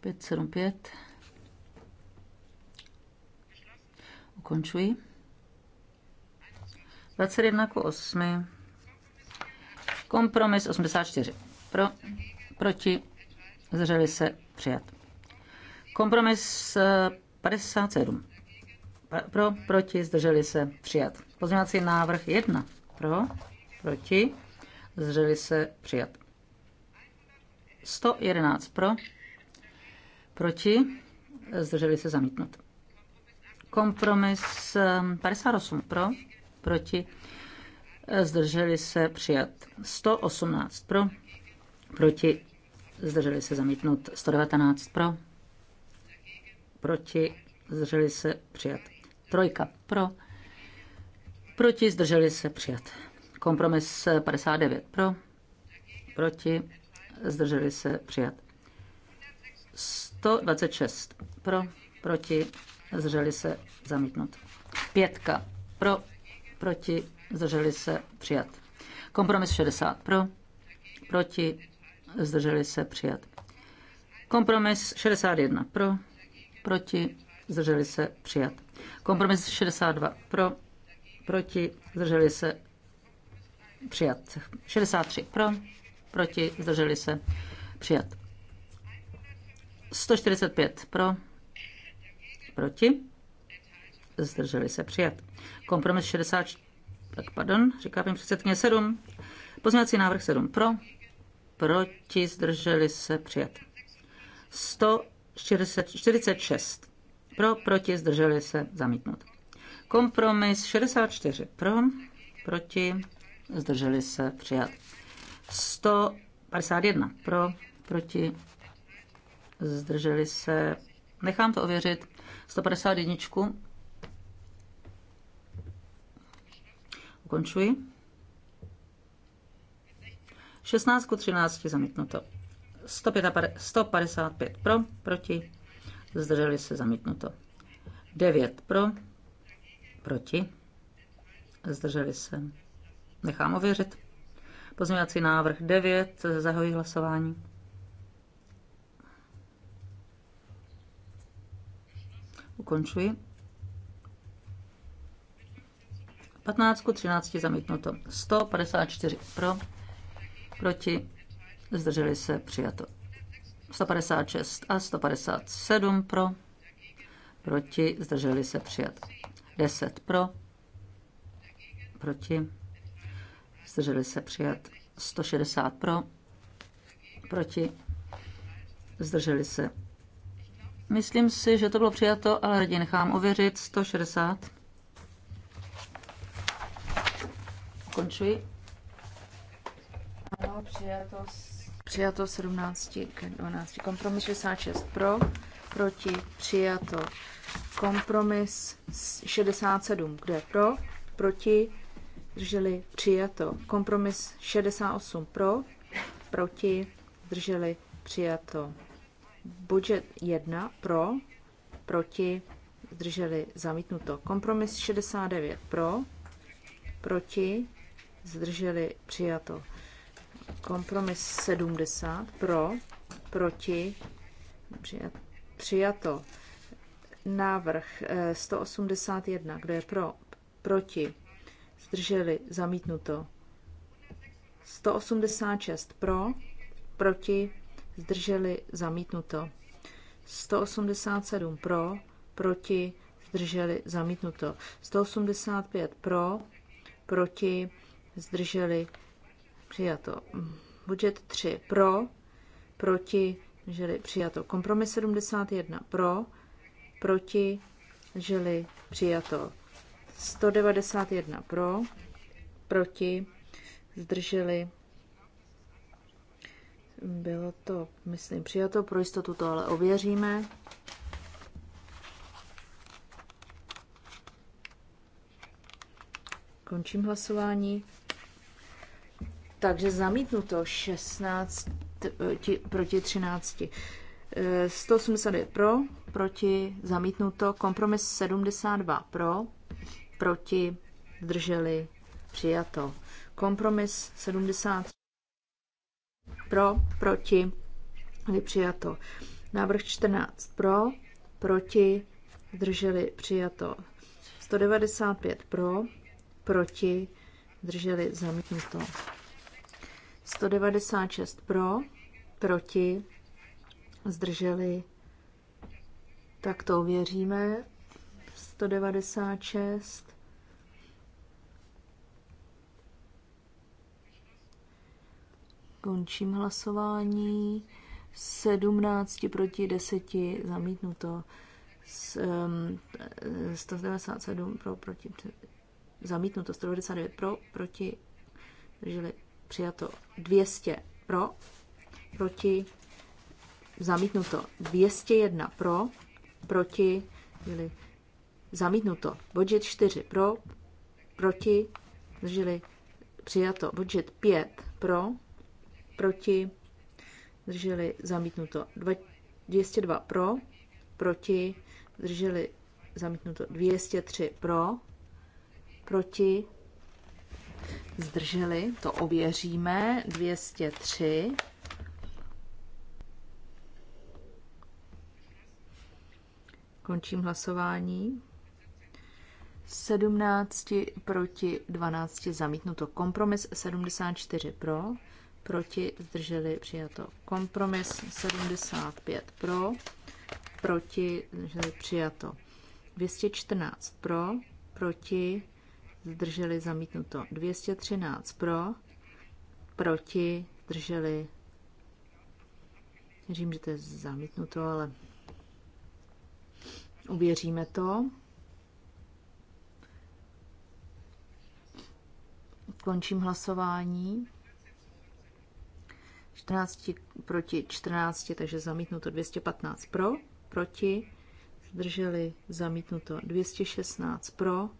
Speaker 2: Pět, sedm, pět. Ukončuji. jedna ku osmi. Kompromis 84. Pro, proti, zdrželi se, přijat. Kompromis eh, 57. Pro, proti, zdrželi se, přijat. Pozměňovací návrh 1. Pro, proti, zdrželi se, přijat. 111 pro, proti, zdrželi se, zamítnut. Kompromis 58 ehm, pro, proti, zdrželi se, přijat. 118 pro, proti, zdrželi se, zamítnut. 119 pro, proti, zdrželi se přijat. Trojka pro, proti, zdrželi se přijat. Kompromis 59 pro, proti, zdrželi se přijat. 126 pro, proti, zdrželi se zamítnout. Pětka pro, proti, zdrželi se přijat. Kompromis 60 pro, proti, zdrželi se přijat. Kompromis 61 pro, proti, zdrželi se, přijat. Kompromis 62 pro, proti, zdrželi se, přijat. 63 pro, proti, zdrželi se, přijat. 145 pro, proti, zdrželi se, přijat. Kompromis 64, tak pardon, říká paní předsedkyně 7, pozměňovací návrh 7 pro, proti, zdrželi se, přijat. 100 46 pro, proti, zdrželi se, zamítnout. Kompromis 64 pro, proti, zdrželi se, přijat. 151 pro, proti, zdrželi se, nechám to ověřit, 151. Ukončuji. 16 13 zamítnuto. 155 pro, proti, zdrželi se zamítnuto. 9 pro, proti, zdrželi se. Nechám ověřit. Pozměňovací návrh 9, zahojí hlasování. Ukončuji. 15 13 zamítnuto. 154 pro, proti, zdrželi se, přijato. 156 a 157 pro, proti, zdrželi se, přijat. 10 pro, proti, zdrželi se, přijat. 160 pro, proti, zdrželi se. Myslím si, že to bylo přijato, ale raději nechám ověřit. 160. Končuji.
Speaker 3: Ano, přijato přijato 17 k 12. Kompromis 66 pro, proti přijato. Kompromis 67, kde je pro, proti drželi přijato. Kompromis 68 pro, proti drželi přijato. Budget 1 pro, proti zdrželi zamítnuto. Kompromis 69 pro, proti zdrželi přijato. Kompromis 70 pro, proti, přijato. Návrh 181, eh, kdo je pro, proti, zdrželi, zamítnuto. 186 pro, proti, zdrželi, zamítnuto. 187 pro, proti, zdrželi, zamítnuto. 185 pro, proti, zdrželi, Přijato. Budget 3 pro, proti, žili přijato. Kompromis 71 pro, proti, žili přijato. 191 pro, proti, zdrželi. Bylo to, myslím, přijato, pro jistotu to ale ověříme. Končím hlasování. Takže zamítnuto 16 ti, proti 13. 189 eh, pro, proti zamítnuto, kompromis 72 pro, proti drželi přijato. Kompromis 70 pro, proti byli přijato. Návrh 14 pro, proti drželi přijato. 195 pro, proti drželi zamítnuto. 196 pro, proti, zdrželi, tak to ověříme. 196. Končím hlasování. 17 proti 10 zamítnuto. 197 um, pro, proti, zamítnuto. 199 pro, proti, drželi Přijato 200 pro, proti, zamítnuto 201 pro, proti, byli zamítnuto. Budget 4 pro, proti, drželi přijato. Budget 5 pro, proti, drželi zamítnuto. 202 pro, proti, drželi zamítnuto. 203 pro, proti, zdrželi, to ověříme, 203. Končím hlasování. 17 proti 12 zamítnuto. Kompromis 74 pro, proti zdrželi přijato. Kompromis 75 pro, proti zdrželi přijato. 214 pro, proti zdrželi zamítnuto. 213 pro, proti, zdrželi. Věřím, že to je zamítnuto, ale uvěříme to. Končím hlasování. 14 proti 14, takže zamítnuto 215 pro, proti, zdrželi zamítnuto 216 pro,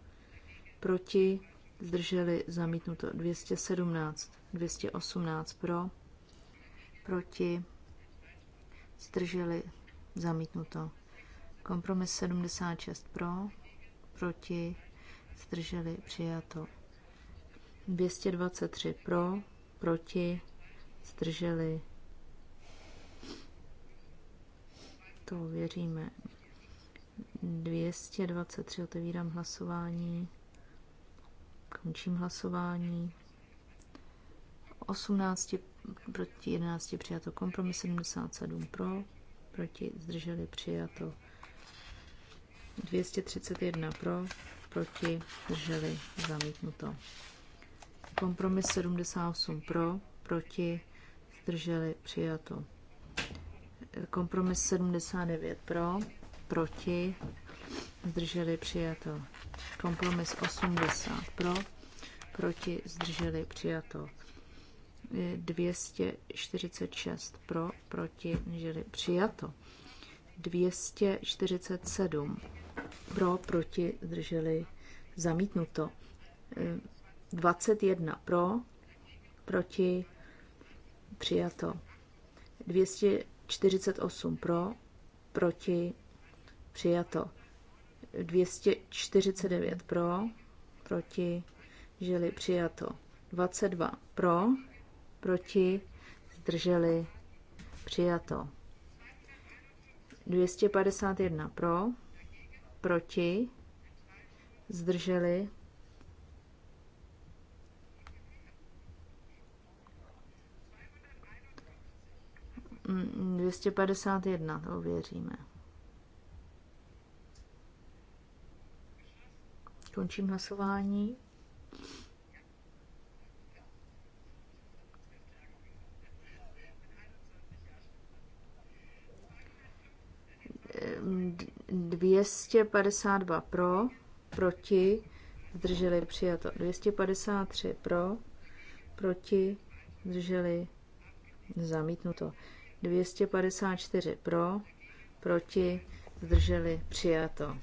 Speaker 3: proti, zdrželi zamítnuto 217, 218 pro, proti, zdrželi zamítnuto. Kompromis 76 pro, proti, zdrželi přijato. 223 pro, proti, zdrželi. To věříme. 223 otevírám hlasování. Končím hlasování. 18 proti 11 přijato kompromis, 77 pro, proti zdrželi přijato 231 pro, proti zdrželi zamítnuto. Kompromis 78 pro, proti zdrželi přijato. Kompromis 79 pro, proti zdrželi přijato. Kompromis 80 pro, proti zdrželi přijato. 246 pro, proti zdrželi přijato. 247 pro, proti zdrželi zamítnuto. 21 e, pro, proti přijato. 248 pro, proti přijato. 249 pro, proti, zdrželi přijato. 22 pro, proti, zdrželi přijato. 251 pro, proti, zdrželi Mm, 251, mm, to uvěříme. Končím hlasování. Dvěstě padesát dva pro, proti, zdrželi přijato. 253 pro, proti, zdrželi zamítnuto. 254 pro, proti, zdrželi přijato.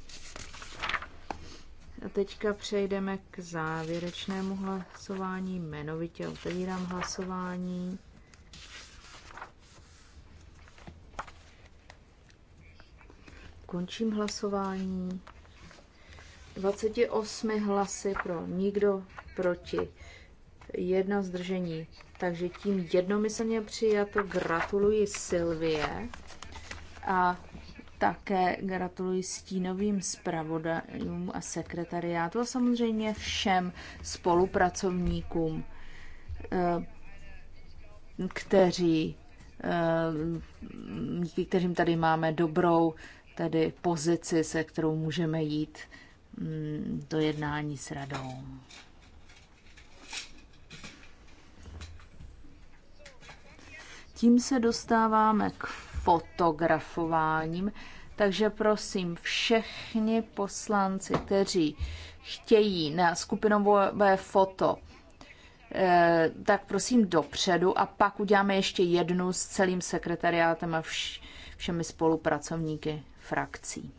Speaker 3: A teďka přejdeme k závěrečnému hlasování. Jmenovitě otevírám hlasování. Končím hlasování. 28 hlasy pro, nikdo proti, jedno zdržení. Takže tím jednomyslně přijato gratuluji Silvie a také gratuluji stínovým zpravodajům a sekretariátu a samozřejmě všem spolupracovníkům, eh, kteří, eh, díky kterým tady máme dobrou tedy pozici, se kterou můžeme jít mm, do jednání s radou. Tím se dostáváme k fotografováním. Takže prosím všechny poslanci, kteří chtějí na skupinové foto, eh, tak prosím dopředu a pak uděláme ještě jednu s celým sekretariátem a všemi spolupracovníky frakcí.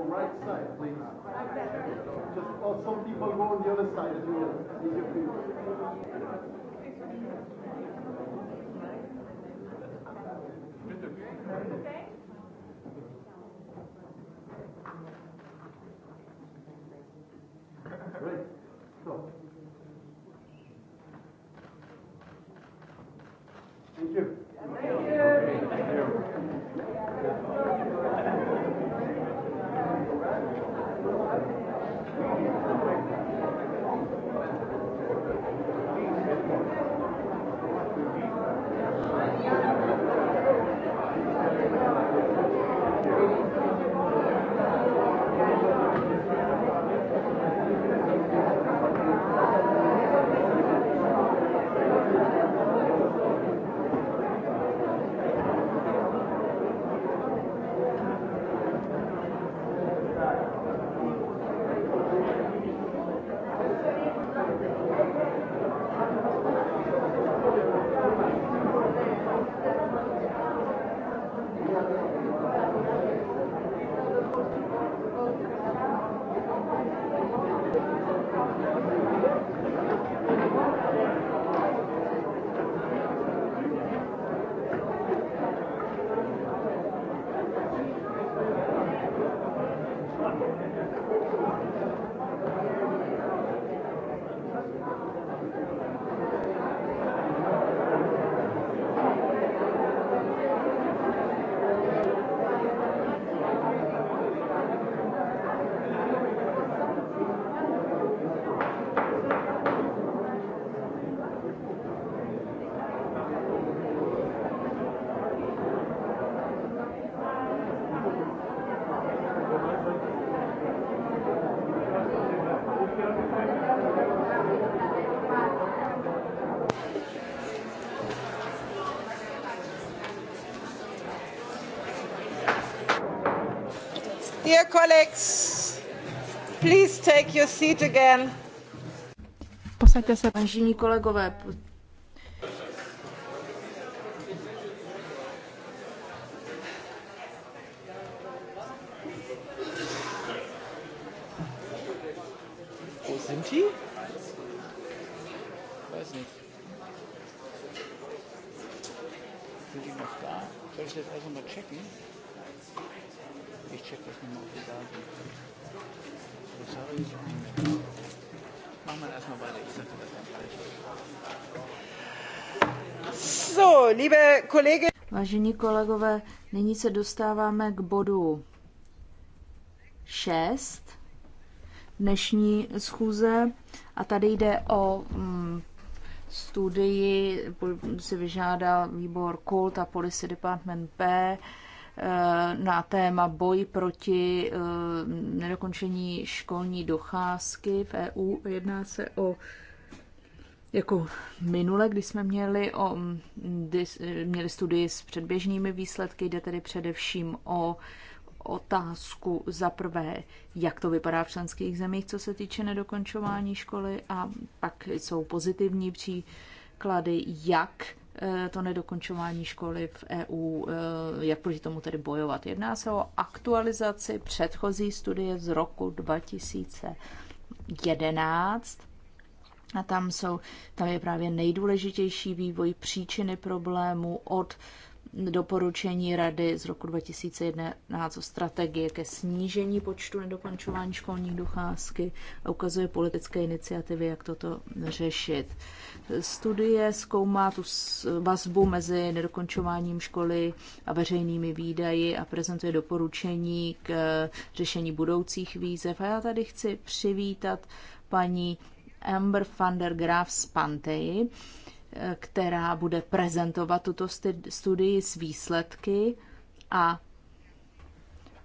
Speaker 4: your right side, please. Just, oh, some people go
Speaker 1: Dear colleagues, please take your seat again.
Speaker 3: Posaďte se. Vážení kolegové, Vážení kolegové, nyní se dostáváme k bodu 6 dnešní schůze a tady jde o mm, studii, si vyžádal výbor KULT a Policy Department P eh, na téma boj proti eh, nedokončení školní docházky v EU. Jedná se o jako minule, když jsme měli, o, dis, měli studii s předběžnými výsledky, jde tedy především o otázku za prvé, jak to vypadá v členských zemích, co se týče nedokončování školy a pak jsou pozitivní příklady, jak e, to nedokončování školy v EU, e, jak proti tomu tedy bojovat. Jedná se o aktualizaci předchozí studie z roku 2011 a tam, jsou, tam je právě nejdůležitější vývoj příčiny problému od doporučení Rady z roku 2011 o strategie ke snížení počtu nedokončování školních docházky a ukazuje politické iniciativy, jak toto řešit. Studie zkoumá tu vazbu mezi nedokončováním školy a veřejnými výdaji a prezentuje doporučení k eh, řešení budoucích výzev. A já tady chci přivítat paní Amber van der Graaf z Panteji, eh, která bude prezentovat tuto studii s výsledky a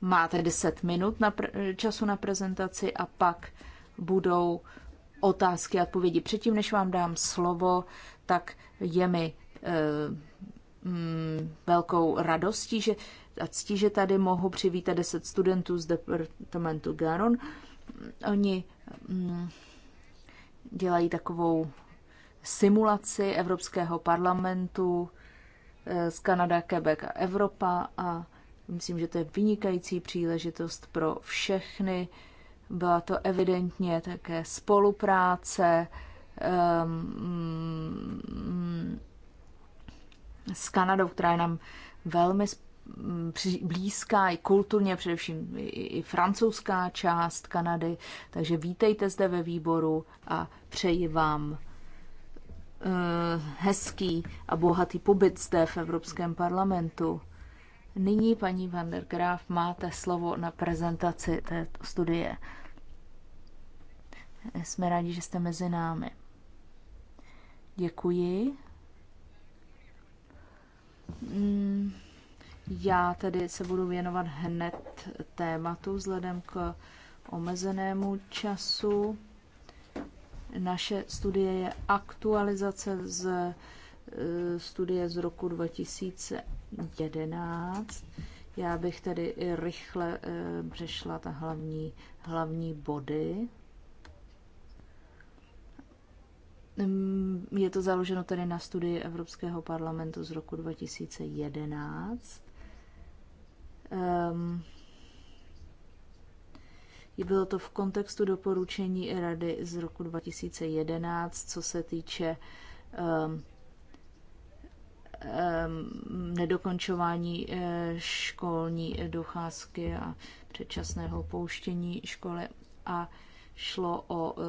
Speaker 3: máte 10 minut na času na prezentaci a pak budou otázky a odpovědi. Předtím, než vám dám slovo, tak je mi e, mm, velkou radostí, že a ctí, že tady mohu přivítat 10 studentů z departamentu Garon. Oni mm, dělají takovou simulaci Evropského parlamentu eh, z Kanada, Quebec a Evropa a myslím, že to je vynikající příležitost pro všechny. Byla to evidentně také spolupráce um, s Kanadou, která je nám velmi Mm, blízká i kulturně, především i, francouzská část Kanady. Takže vítejte zde ve výboru a přeji vám eh, hezký a bohatý pobyt zde v Evropském parlamentu. Nyní, paní van der Graaf, máte slovo na prezentaci té studie. Jsme rádi, že jste mezi námi. Děkuji. Mm. Já tedy se budu věnovat hned tématu vzhledem k omezenému času. Naše studie je aktualizace z e, studie z roku 2011. Já bych tedy i rychle e, přešla ta hlavní, hlavní body. Mm, je to založeno tedy na studii Evropského parlamentu z roku 2011. Um, bylo to v kontextu doporučení Rady z roku 2011, co se týče um, um, nedokončování eh, školní docházky a předčasného pouštění školy a šlo o um,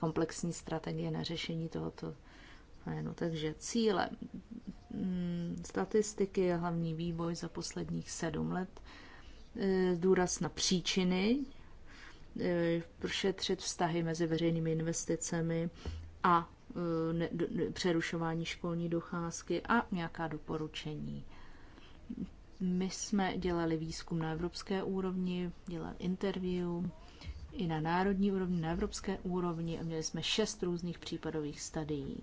Speaker 3: komplexní strategie na řešení tohoto No, Takže cílem Mm, statistiky a hlavní vývoj za posledních sedm let. E, důraz na příčiny, e, prošetřit vztahy mezi veřejnými investicemi a e, přerušování školní docházky a nějaká doporučení. My jsme dělali výzkum na evropské úrovni, dělali interview i na národní úrovni, na evropské úrovni a měli jsme šest různých případových stadií.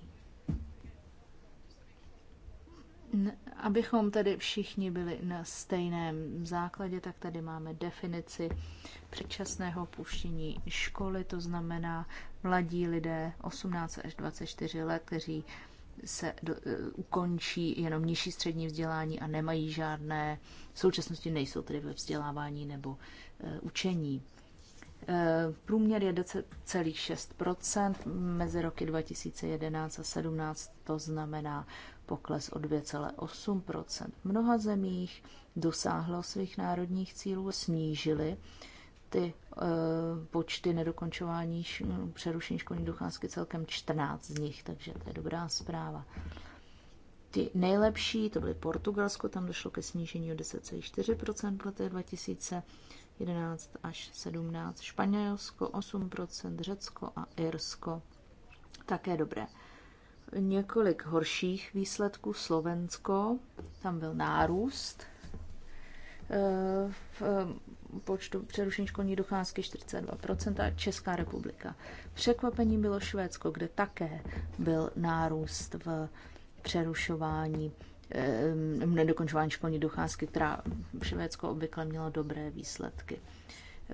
Speaker 3: Abychom tedy všichni byli na stejném základě, tak tady máme definici předčasného opuštění školy, to znamená mladí lidé 18 až 24 let, kteří se do, uh, ukončí jenom nižší střední vzdělání a nemají žádné, v současnosti nejsou tedy ve vzdělávání nebo uh, učení. Uh, průměr je 10,6 mezi roky 2011 a 17, to znamená pokles o 2,8 V mnoha zemích dosáhlo svých národních cílů, snížili ty e, počty nedokončování š, no, přerušení školní docházky celkem 14 z nich, takže to je dobrá zpráva. Ty nejlepší, to byly Portugalsko, tam došlo ke snížení o 10,4% v letech 2011 až 17, Španělsko 8%, Řecko a Irsko také dobré několik horších výsledků. Slovensko, tam byl nárůst eh, v eh, počtu přerušení školní docházky 42% a Česká republika. Překvapením bylo Švédsko, kde také byl nárůst v přerušování eh, nedokončování školní docházky, která Švédsko obvykle mělo dobré výsledky.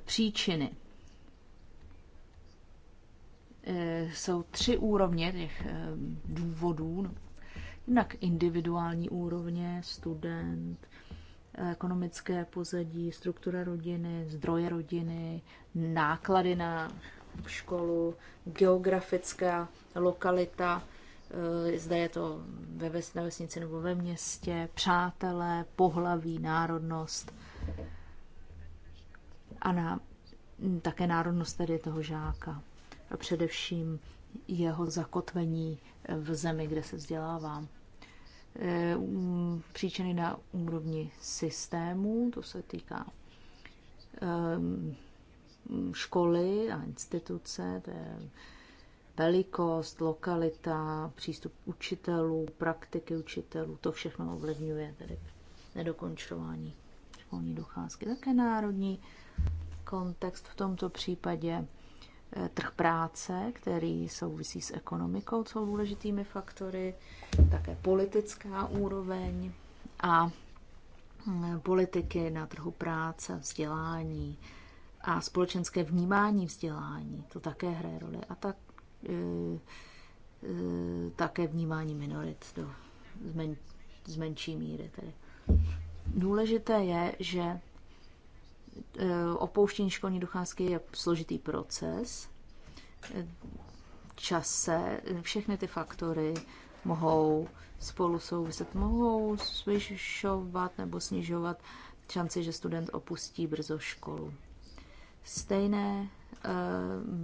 Speaker 3: Příčiny Eh, jsou tři úrovně těch eh, důvodů. Jednak individuální úrovně, student, ekonomické pozadí, struktura rodiny, zdroje rodiny, náklady na školu, geografická lokalita, eh, zda je to ve ves, na vesnici nebo ve městě, přátelé, pohlaví, národnost a na, také národnost tedy toho žáka a především jeho zakotvení v zemi, kde se vzdělávám. Eh, příčiny na úrovni systému, to se týká ehm, školy a instituce, to je velikost, lokalita, přístup učitelů, praktiky učitelů, to všechno ovlivňuje tedy nedokončování školní docházky. Také národní kontext v tomto případě Eh, trh práce, který souvisí s ekonomikou, jsou důležitými faktory, také politická úroveň a eh, politiky na trhu práce, vzdělání a společenské vnímání vzdělání. To také hraje roli. A tak, eh, také vnímání minorit do zmen, z menší míry. Tedy. Důležité je, že Eh, opouštění školní docházky je složitý proces. Čase, eh, všechny ty faktory mohou spolu souviset, mohou zvyšovat nebo snižovat šanci, že student opustí brzo školu. Stejné eh,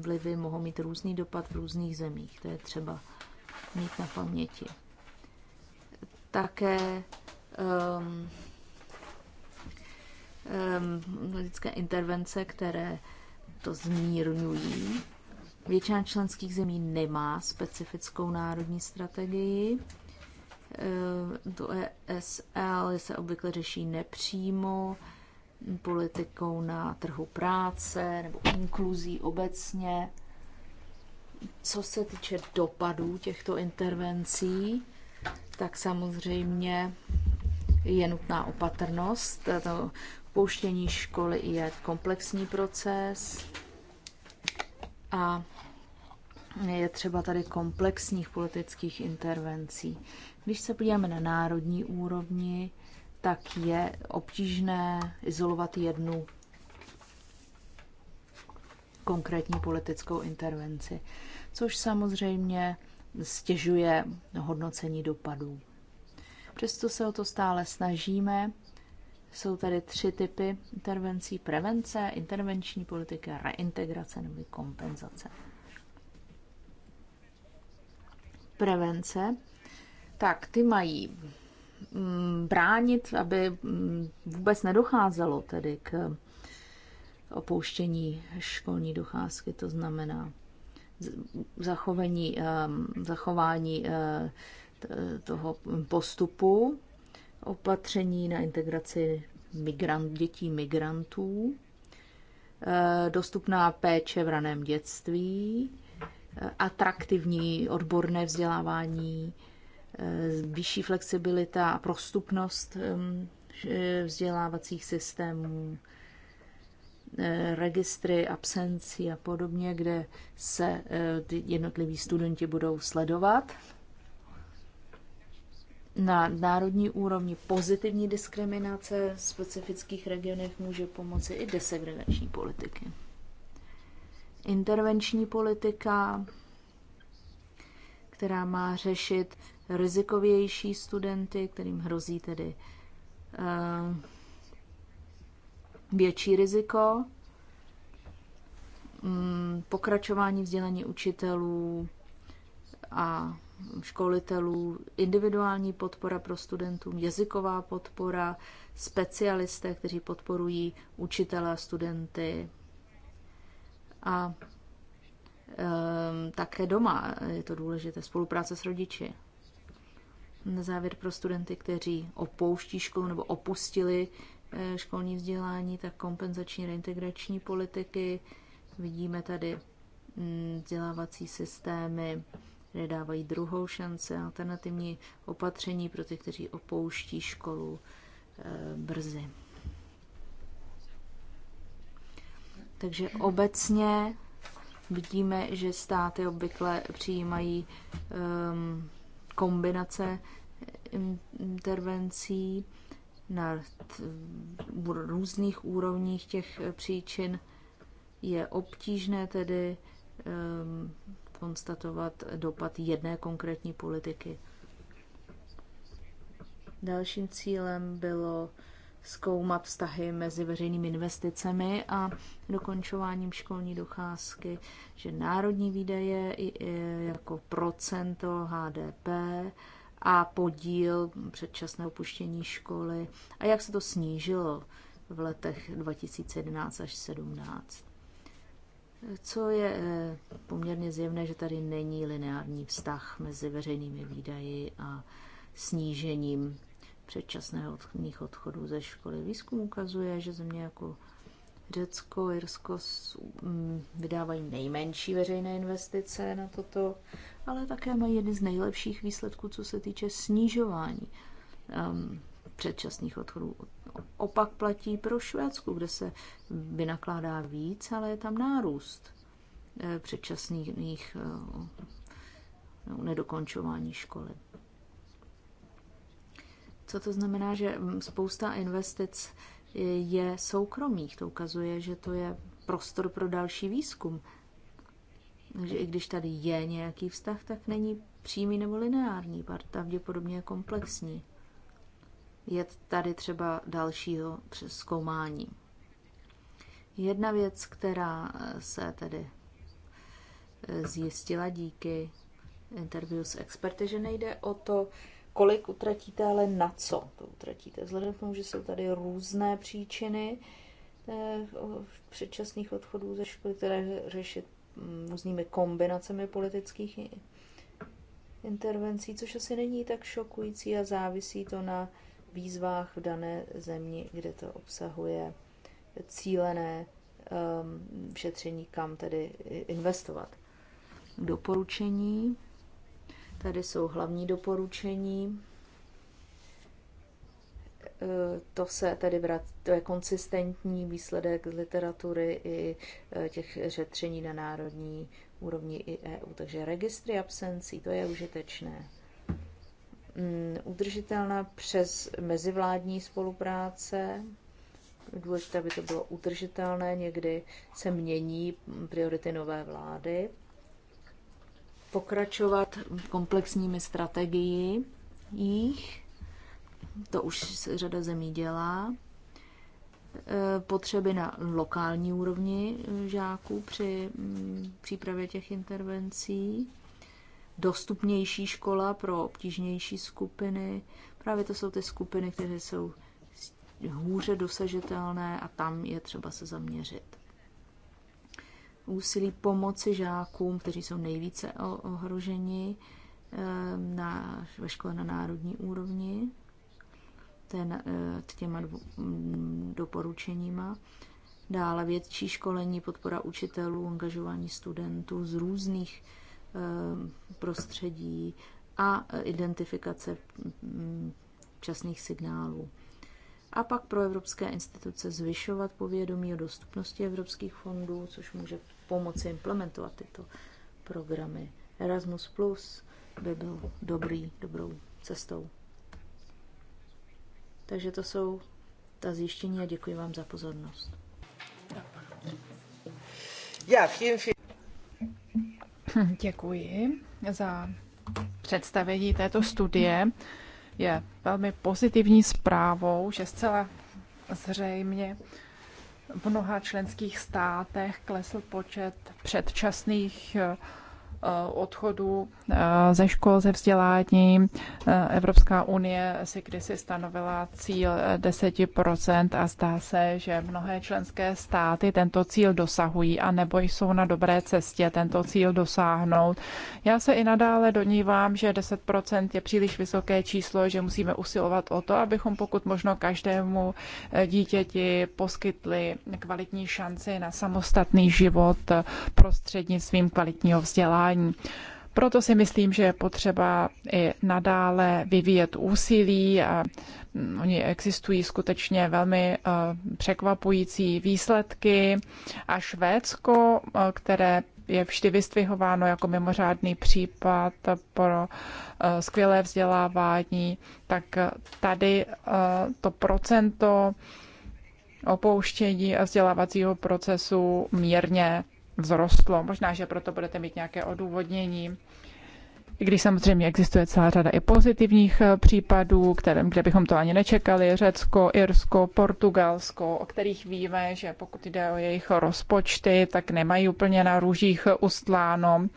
Speaker 3: vlivy mohou mít různý dopad v různých zemích. To je třeba mít na paměti. Také um, Ehm, lidské intervence, které to zmírňují. Většina členských zemí nemá specifickou národní strategii. Ehm, to ESL se obvykle řeší nepřímo politikou na trhu práce nebo inkluzí obecně. Co se týče dopadů těchto intervencí, tak samozřejmě je nutná opatrnost. To Pouštění školy je komplexní proces a je třeba tady komplexních politických intervencí. Když se podíváme na národní úrovni, tak je obtížné izolovat jednu konkrétní politickou intervenci, což samozřejmě stěžuje hodnocení dopadů. Přesto se o to stále snažíme jsou tady tři typy intervencí. Prevence, intervenční politika, reintegrace nebo kompenzace. Prevence. Tak, ty mají mm, bránit, aby mm, vůbec nedocházelo tedy k opouštění školní docházky, to znamená zachovení, ehm, zachování eh, toho postupu opatření na integraci migrant, dětí migrantů, eh, dostupná péče v raném dětství, eh, atraktivní odborné vzdělávání, eh, vyšší flexibilita a prostupnost vzdělávacích systémů, registry absencí a podobně, kde se jednotliví studenti budou sledovat na národní úrovni pozitivní diskriminace v specifických regionech může pomoci i desegregační politiky. Intervenční politika, která má řešit rizikovější studenty, kterým hrozí tedy uh, větší riziko, um, pokračování vzdělání učitelů a školitelů, individuální podpora pro studentům, jazyková podpora, specialisté, kteří podporují učitele a studenty. A um, také doma je to důležité, spolupráce s rodiči. Na závěr pro studenty, kteří opouští školu nebo opustili e, školní vzdělání, tak kompenzační reintegrační politiky. Vidíme tady mm, vzdělávací systémy, které dávají druhou šanci, alternativní opatření pro ty, kteří opouští školu eh, brzy. Takže obecně vidíme, že státy obvykle přijímají um, kombinace intervencí na různých úrovních těch příčin. Je obtížné tedy um, konstatovat dopad jedné konkrétní politiky. Dalším cílem bylo zkoumat vztahy mezi veřejnými investicemi a dokončováním školní docházky, že národní výdaje jako procento HDP a podíl předčasného opuštění školy a jak se to snížilo v letech 2011 až 2017. Co je eh, poměrně zjevné, že tady není lineární vztah mezi veřejnými výdaji a snížením předčasných odchodů ze školy. Výzkum ukazuje, že země jako Řecko, Irsko mm, vydávají nejmenší veřejné investice na toto, ale také mají jedny z nejlepších výsledků, co se týče snižování um, předčasných odchodů opak platí pro Švédsku, kde se vynakládá víc, ale je tam nárůst eh, předčasných eh, no, nedokončování školy. Co to znamená, že mm, spousta investic eh, je soukromých. To ukazuje, že to je prostor pro další výzkum. Takže i když tady je nějaký vztah, tak není přímý nebo lineární, pravděpodobně je komplexní je tady třeba dalšího zkoumání. Jedna věc, která se tedy eh, zjistila díky interview s experty, že nejde o to, kolik utratíte, ale na co to utratíte. Vzhledem k tomu, že jsou tady různé příčiny eh, předčasných odchodů ze školy, které řešit mm, různými kombinacemi politických intervencí, což asi není tak šokující a závisí to na výzvách v dané zemi, kde to obsahuje cílené um, šetření, kam tedy investovat. Doporučení. Tady jsou hlavní doporučení. Eh, to se tedy vrát, to je konsistentní výsledek literatury i eh, těch šetření na národní úrovni i EU. Takže registry absencí, to je užitečné. Mm, udržitelná přes mezivládní spolupráce. Důležité, aby to bylo udržitelné, někdy se mění priority nové vlády. Pokračovat komplexními strategií jich, to už se řada zemí dělá. E, potřeby na lokální úrovni e, žáků při mm, přípravě těch intervencí dostupnější škola pro obtížnější skupiny. Právě to jsou ty skupiny, které jsou hůře dosažitelné a tam je třeba se zaměřit. Úsilí pomoci žákům, kteří jsou nejvíce ohroženi ehm, na, ve škole na národní úrovni, ten, eh, těma mm, doporučeníma. Dále větší školení, podpora učitelů, angažování studentů z různých Ehm, prostředí a identifikace mm, časných signálů. A pak pro evropské instituce zvyšovat povědomí o dostupnosti evropských fondů, což může pomoci implementovat tyto programy. Erasmus Plus by byl dobrý, dobrou cestou. Takže to jsou ta zjištění a děkuji vám za pozornost. Ja,
Speaker 1: vielen, vielen. Hm, děkuji za představení této studie. Je velmi pozitivní zprávou, že zcela zřejmě v mnoha členských státech klesl počet předčasných eh, Eh, odchodu eh, ze škol, ze vzdělání. Eh, Evropská unie si kdysi stanovila cíl 10% a zdá se, že mnohé členské státy tento cíl dosahují a nebo jsou na dobré cestě tento cíl dosáhnout. Já se i nadále donívám, že 10% je příliš vysoké číslo, že musíme usilovat o to, abychom pokud možno každému dítěti poskytli kvalitní šanci na samostatný život prostřednictvím kvalitního vzdělání vzdělávání. Proto si myslím, že je potřeba i nadále vyvíjet úsilí a mm, oni existují skutečně velmi eh, překvapující výsledky a Švédsko, eh, které je vždy vystvihováno jako mimořádný případ pro eh, skvělé vzdělávání, tak tady to procento opouštění a vzdělávacího procesu mírně vzrostlo. Možná, že proto budete mít nějaké odůvodnění. I když samozřejmě existuje celá řada i pozitivních eh, případů, kterém, kde bychom to ani nečekali, Řecko, Irsko, Portugalsko, o kterých víme, že pokud jde o jejich rozpočty, tak nemají úplně na růžích ustláno.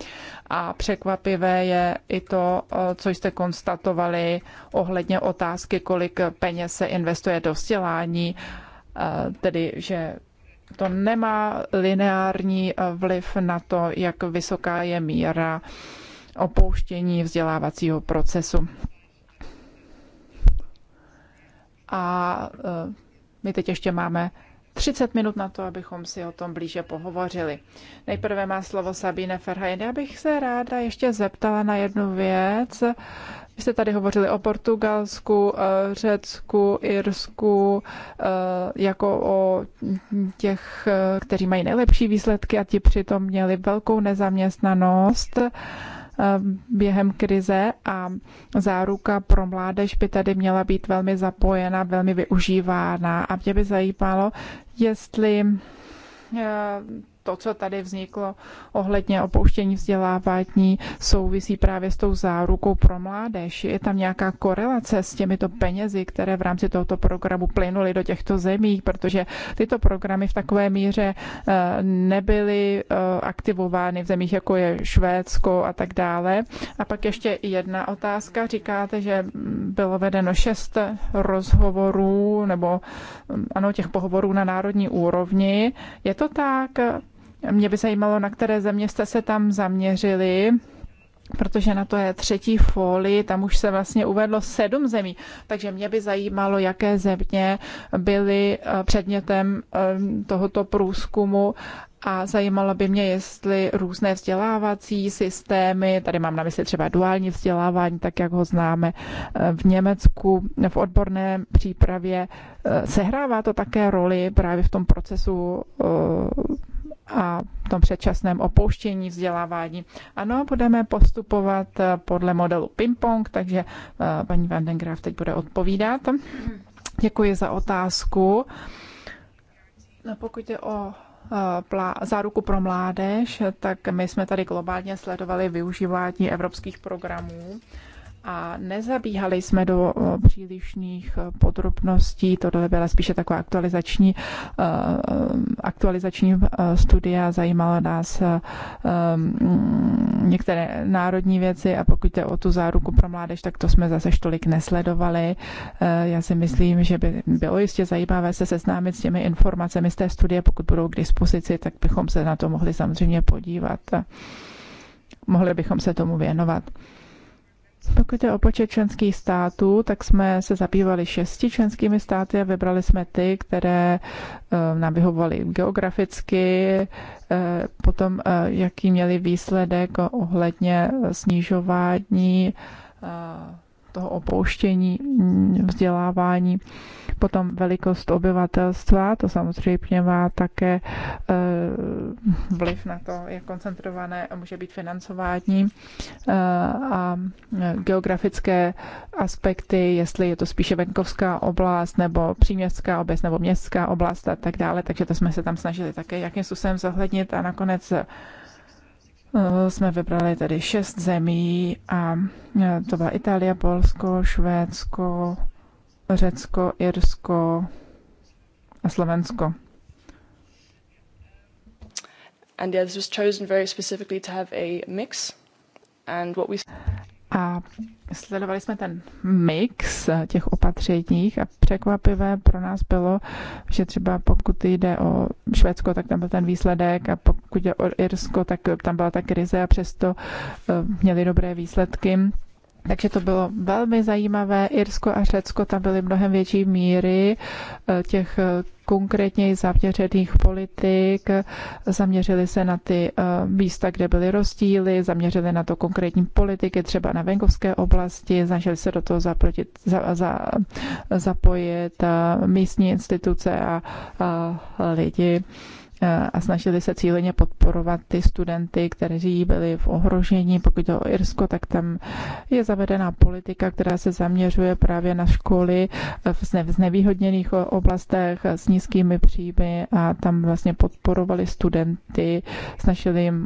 Speaker 1: A překvapivé je i to, eh, co jste konstatovali ohledně otázky, kolik peněz se investuje do vzdělání, eh, tedy že to nemá lineární eh, vliv na to, jak vysoká je míra opouštění vzdělávacího procesu. A eh, my teď ještě máme 30 minut na to, abychom si o tom blíže pohovořili. Nejprve má slovo Sabine Ferhajen. Já bych se ráda ještě zeptala na jednu věc. Vy jste tady hovořili o Portugalsku, eh, Řecku, Irsku, eh, jako o těch, eh, kteří mají nejlepší výsledky a ti přitom měli velkou nezaměstnanost. Eh, během krize a záruka pro mládež by tady měla být velmi zapojena, velmi využívána. A mě by zajímalo, jestli eh, to, co tady vzniklo ohledně opouštění vzdělávání, souvisí právě s tou zárukou pro mládež. Je tam nějaká korelace s těmito penězi, které v rámci tohoto programu plynuly do těchto zemí, protože tyto programy v takové míře eh, nebyly eh, aktivovány v zemích, jako je Švédsko a tak dále. A pak ještě jedna otázka. Říkáte, že bylo vedeno šest rozhovorů, nebo hm, ano, těch pohovorů na národní úrovni. Je to tak? Mě by zajímalo, na které země jste se tam zaměřili, protože na to je třetí folii, tam už se vlastně uvedlo sedm zemí. Takže mě by zajímalo, jaké země byly eh, předmětem eh, tohoto průzkumu a zajímalo by mě, jestli různé vzdělávací systémy, tady mám na mysli třeba duální vzdělávání, tak jak ho známe eh, v Německu, v odborné přípravě, sehrává to také roli právě v tom procesu a tom předčasném opouštění vzdělávání. Ano, budeme postupovat eh, podle modelu ping-pong, takže eh, paní Vandengraf teď bude odpovídat. Děkuji za otázku. No, pokud je o eh, záruku pro mládež, tak my jsme tady globálně sledovali využívání evropských programů a nezabíhali jsme do přílišných e, podrobností, tohle byla spíše taková aktualizační, e, e, aktualizační studia, zajímalo nás některé národní věci a pokud jde o tu záruku pro mládež, tak to jsme zase tolik nesledovali. Já si myslím, že by bylo jistě zajímavé se seznámit s těmi informacemi z té studie, pokud budou k dispozici, tak bychom se na to mohli samozřejmě podívat. Mohli bychom se tomu věnovat. Pokud je o počet členských států, tak jsme se zabývali šesti členskými státy a vybrali jsme ty, které eh, nám vyhovovaly geograficky, eh, potom eh, jaký měli výsledek ohledně snižování toho opouštění mm, vzdělávání. Potom velikost obyvatelstva, to samozřejmě má také eh, vliv na to, jak koncentrované může být financování eh, a eh, geografické aspekty, jestli je to spíše venkovská oblast nebo příměstská obec nebo městská oblast a tak dále, takže to jsme se tam snažili také jakým způsobem zohlednit a nakonec Eh, jsme vybrali tady šest zemí a eh, to byla Itálie, Polsko, Švédsko, Řecko, Irsko a Slovensko. And yeah, this was chosen very specifically to have a mix. And what we... A sledovali jsme ten mix těch opatřeních a překvapivé pro nás bylo, že třeba pokud jde o Švédsko, tak tam byl ten výsledek a pokud jde o Irsko, tak tam byla ta krize a přesto eh, měli dobré výsledky. Takže to bylo velmi zajímavé. Irsko a Řecko tam byly mnohem větší míry eh, těch eh, konkrétně zaměřených politik, zaměřili se na ty eh, místa, kde byly rozdíly, zaměřili na to konkrétní politiky, třeba na venkovské oblasti, snažili se do toho zaprotit, za, za, zapojit místní instituce a, a lidi. Eh, a snažili se cíleně podporovat ty studenty, kteří byli v ohrožení. Pokud to o Irsko, tak tam je zavedená politika, která se zaměřuje právě na školy eh, v znevýhodněných oblastech eh, s nízkými příjmy a tam vlastně podporovali studenty, snažili jim,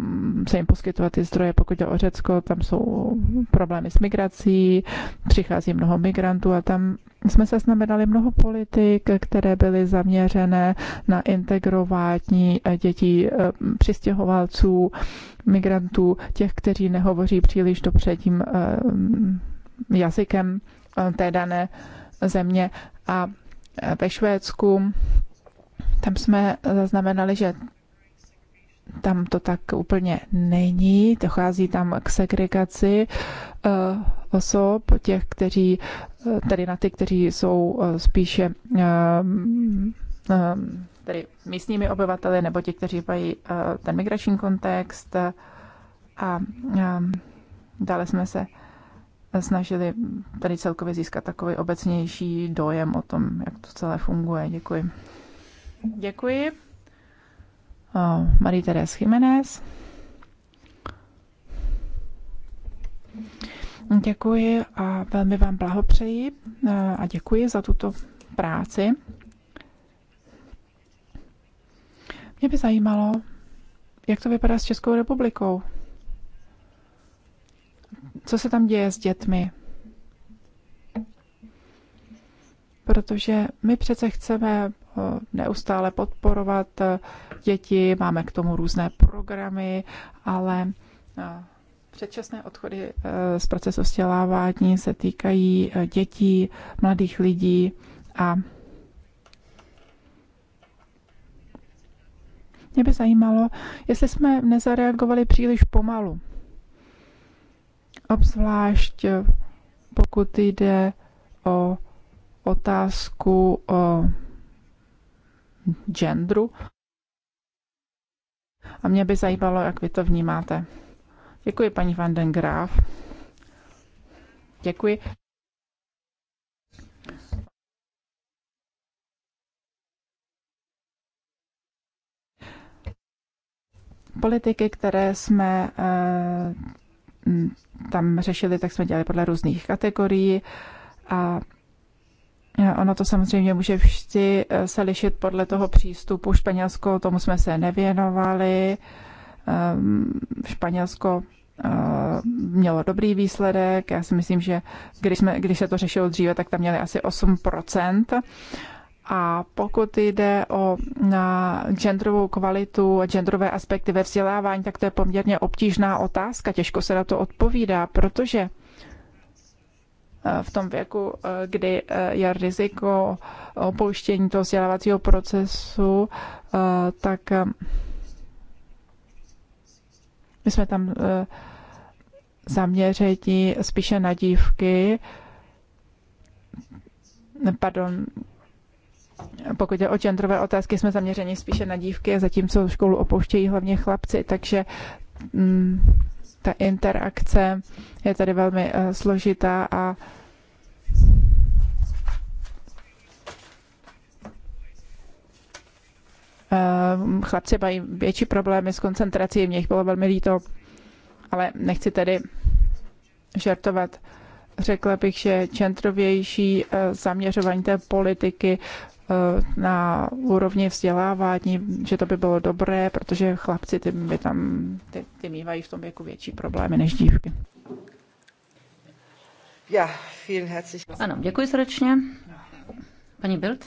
Speaker 1: se jim poskytovat ty zdroje. Pokud to o Řecko, tam jsou problémy s migrací, přichází mnoho migrantů a tam jsme se znamenali mnoho politik, které byly zaměřené na integrování eh, dětí eh, přistěhovalců, migrantů, těch, kteří nehovoří příliš dobře tím eh, jazykem té dané země. A ve Švédsku tam jsme zaznamenali, že tam to tak úplně není, dochází tam k segregaci eh, osob, těch, kteří, eh, tedy na ty, kteří jsou eh, spíše mm, tedy místními obyvateli nebo ti, kteří mají ten migrační kontext a dále jsme se snažili tady celkově získat takový obecnější dojem o tom, jak to celé funguje. Děkuji. Děkuji. Marie Teres Jiménez. Děkuji a velmi vám blahopřeji e, a děkuji za tuto práci. Mě by zajímalo, jak to vypadá s Českou republikou. Co se tam děje s dětmi? Protože my přece chceme neustále podporovat eh, děti, máme k tomu různé programy, ale eh, předčasné odchody eh, z procesu vzdělávání se týkají dětí, mladých lidí a Mě by zajímalo, jestli jsme nezareagovali příliš pomalu. Obzvlášť pokud jde o otázku o genderu. A mě by zajímalo, jak vy to vnímáte. Děkuji, paní van den Graaf. Děkuji. Politiky, které jsme eh, tam řešili, tak jsme dělali podle různých kategorií a Ono to samozřejmě může vždy eh, se lišit podle toho přístupu. Španělsko, tomu jsme se nevěnovali. Ehm, Španělsko eh, mělo dobrý výsledek. Já si myslím, že když, jsme, když se to řešilo dříve, tak tam měli asi 8%. A pokud jde o na genderovou kvalitu a genderové aspekty ve vzdělávání, tak to je poměrně obtížná otázka. Těžko se na to odpovídá, protože Eh, v tom věku, eh, kdy eh, je riziko opouštění toho vzdělávacího procesu, tak my jsme tam zaměření spíše na dívky, pardon, pokud je o genderové otázky, jsme zaměřeni spíše na dívky, zatímco školu opouštějí hlavně chlapci, takže mm, ta interakce je tady velmi složitá a Ehm, chlapci mají větší problémy s koncentrací, mě jich bylo velmi líto, ale nechci tedy žertovat. Řekla bych, že čentrovější eh, zaměřování té politiky eh, na úrovni vzdělávání, že to by bylo dobré, protože chlapci ty, by tam, ty, ty mývají v tom věku větší problémy než dívky. Ja, vielen herzlich. Ano, děkuji srdečně. Paní Bild.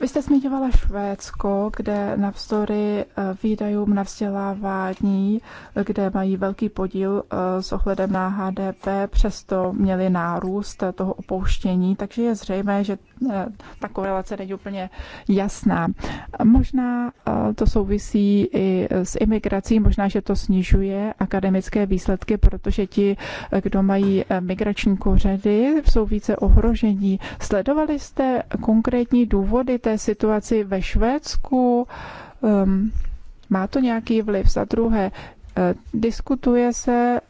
Speaker 1: Vy jste zmiňovala Švédsko, kde navzdory eh, výdajům na vzdělávání, eh, kde mají velký podíl eh, s ohledem na HDP, přesto měli nárůst toho opouštění, takže je zřejmé, že ta korelace není úplně jasná. Možná to souvisí i s imigrací, možná, že to snižuje akademické výsledky, protože ti, kdo mají migrační kořeny, jsou více ohrožení. Sledovali jste konkrétní důvody té situaci ve Švédsku? Um, má to nějaký vliv? Za druhé, eh, diskutuje se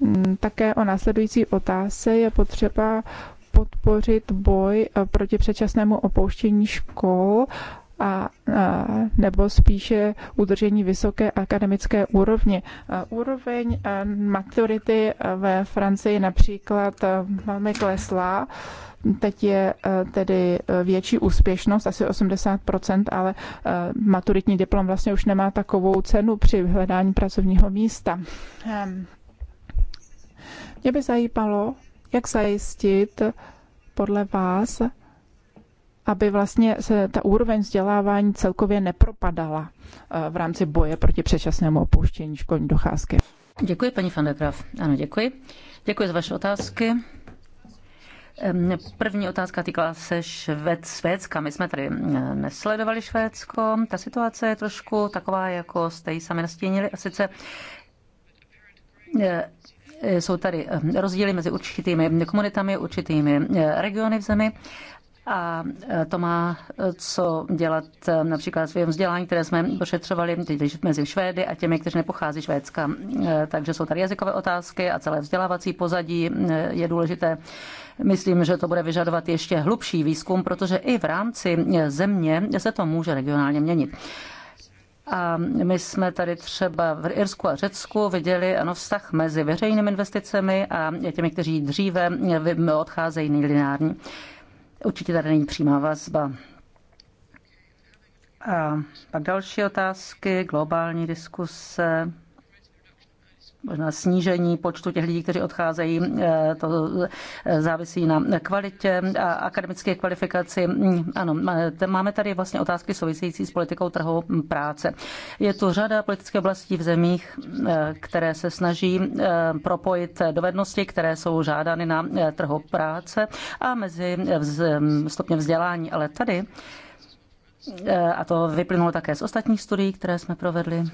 Speaker 1: hm, také o následující otázce. Je potřeba podpořit boj eh, proti předčasnému opouštění škol a, a nebo spíše udržení vysoké akademické úrovně. Úroveň maturity ve Francii například velmi klesla. Teď je tedy e, větší úspěšnost, asi 80%, ale maturitní diplom vlastně už nemá takovou cenu při hledání pracovního místa. Ehm. Mě by zajímalo, jak zajistit podle vás aby vlastně se ta úroveň vzdělávání celkově nepropadala eh, v rámci boje proti předčasnému opuštění školní docházky.
Speaker 2: Děkuji, paní van der Ano, děkuji. Děkuji za vaše otázky. První otázka týkala se Švéd, Švédska. My jsme tady nesledovali Švédsko. Ta situace je trošku taková, jako jste ji sami nastínili. A sice eh, jsou tady rozdíly mezi určitými komunitami, určitými eh, regiony v zemi. A e, to má e, co dělat e, například svým vzdělání, které jsme prošetřovali mezi Švédy a těmi, kteří nepochází Švédska. Takže jsou tady jazykové otázky a celé vzdělávací pozadí je důležité. Myslím, že to bude vyžadovat ještě hlubší výzkum, protože i v rámci země se to může regionálně měnit. A my jsme tady třeba v Irsku a Řecku viděli ano, vztah mezi veřejnými investicemi a těmi, kteří dříve odcházejí lineární. Určitě tady není přímá vazba. A pak další otázky, globální diskuse možná snížení počtu těch lidí, kteří odcházejí, eh, to eh, závisí na kvalitě a akademické kvalifikaci. Ano, eh, máme tady vlastně otázky související s politikou trhu práce. Je tu řada politické oblastí v zemích, které se snaží propojit dovednosti, které jsou žádány na trhu práce a mezi stupně vzdělání. Ale tady, a to vyplynulo také z ostatních studií, které jsme provedli,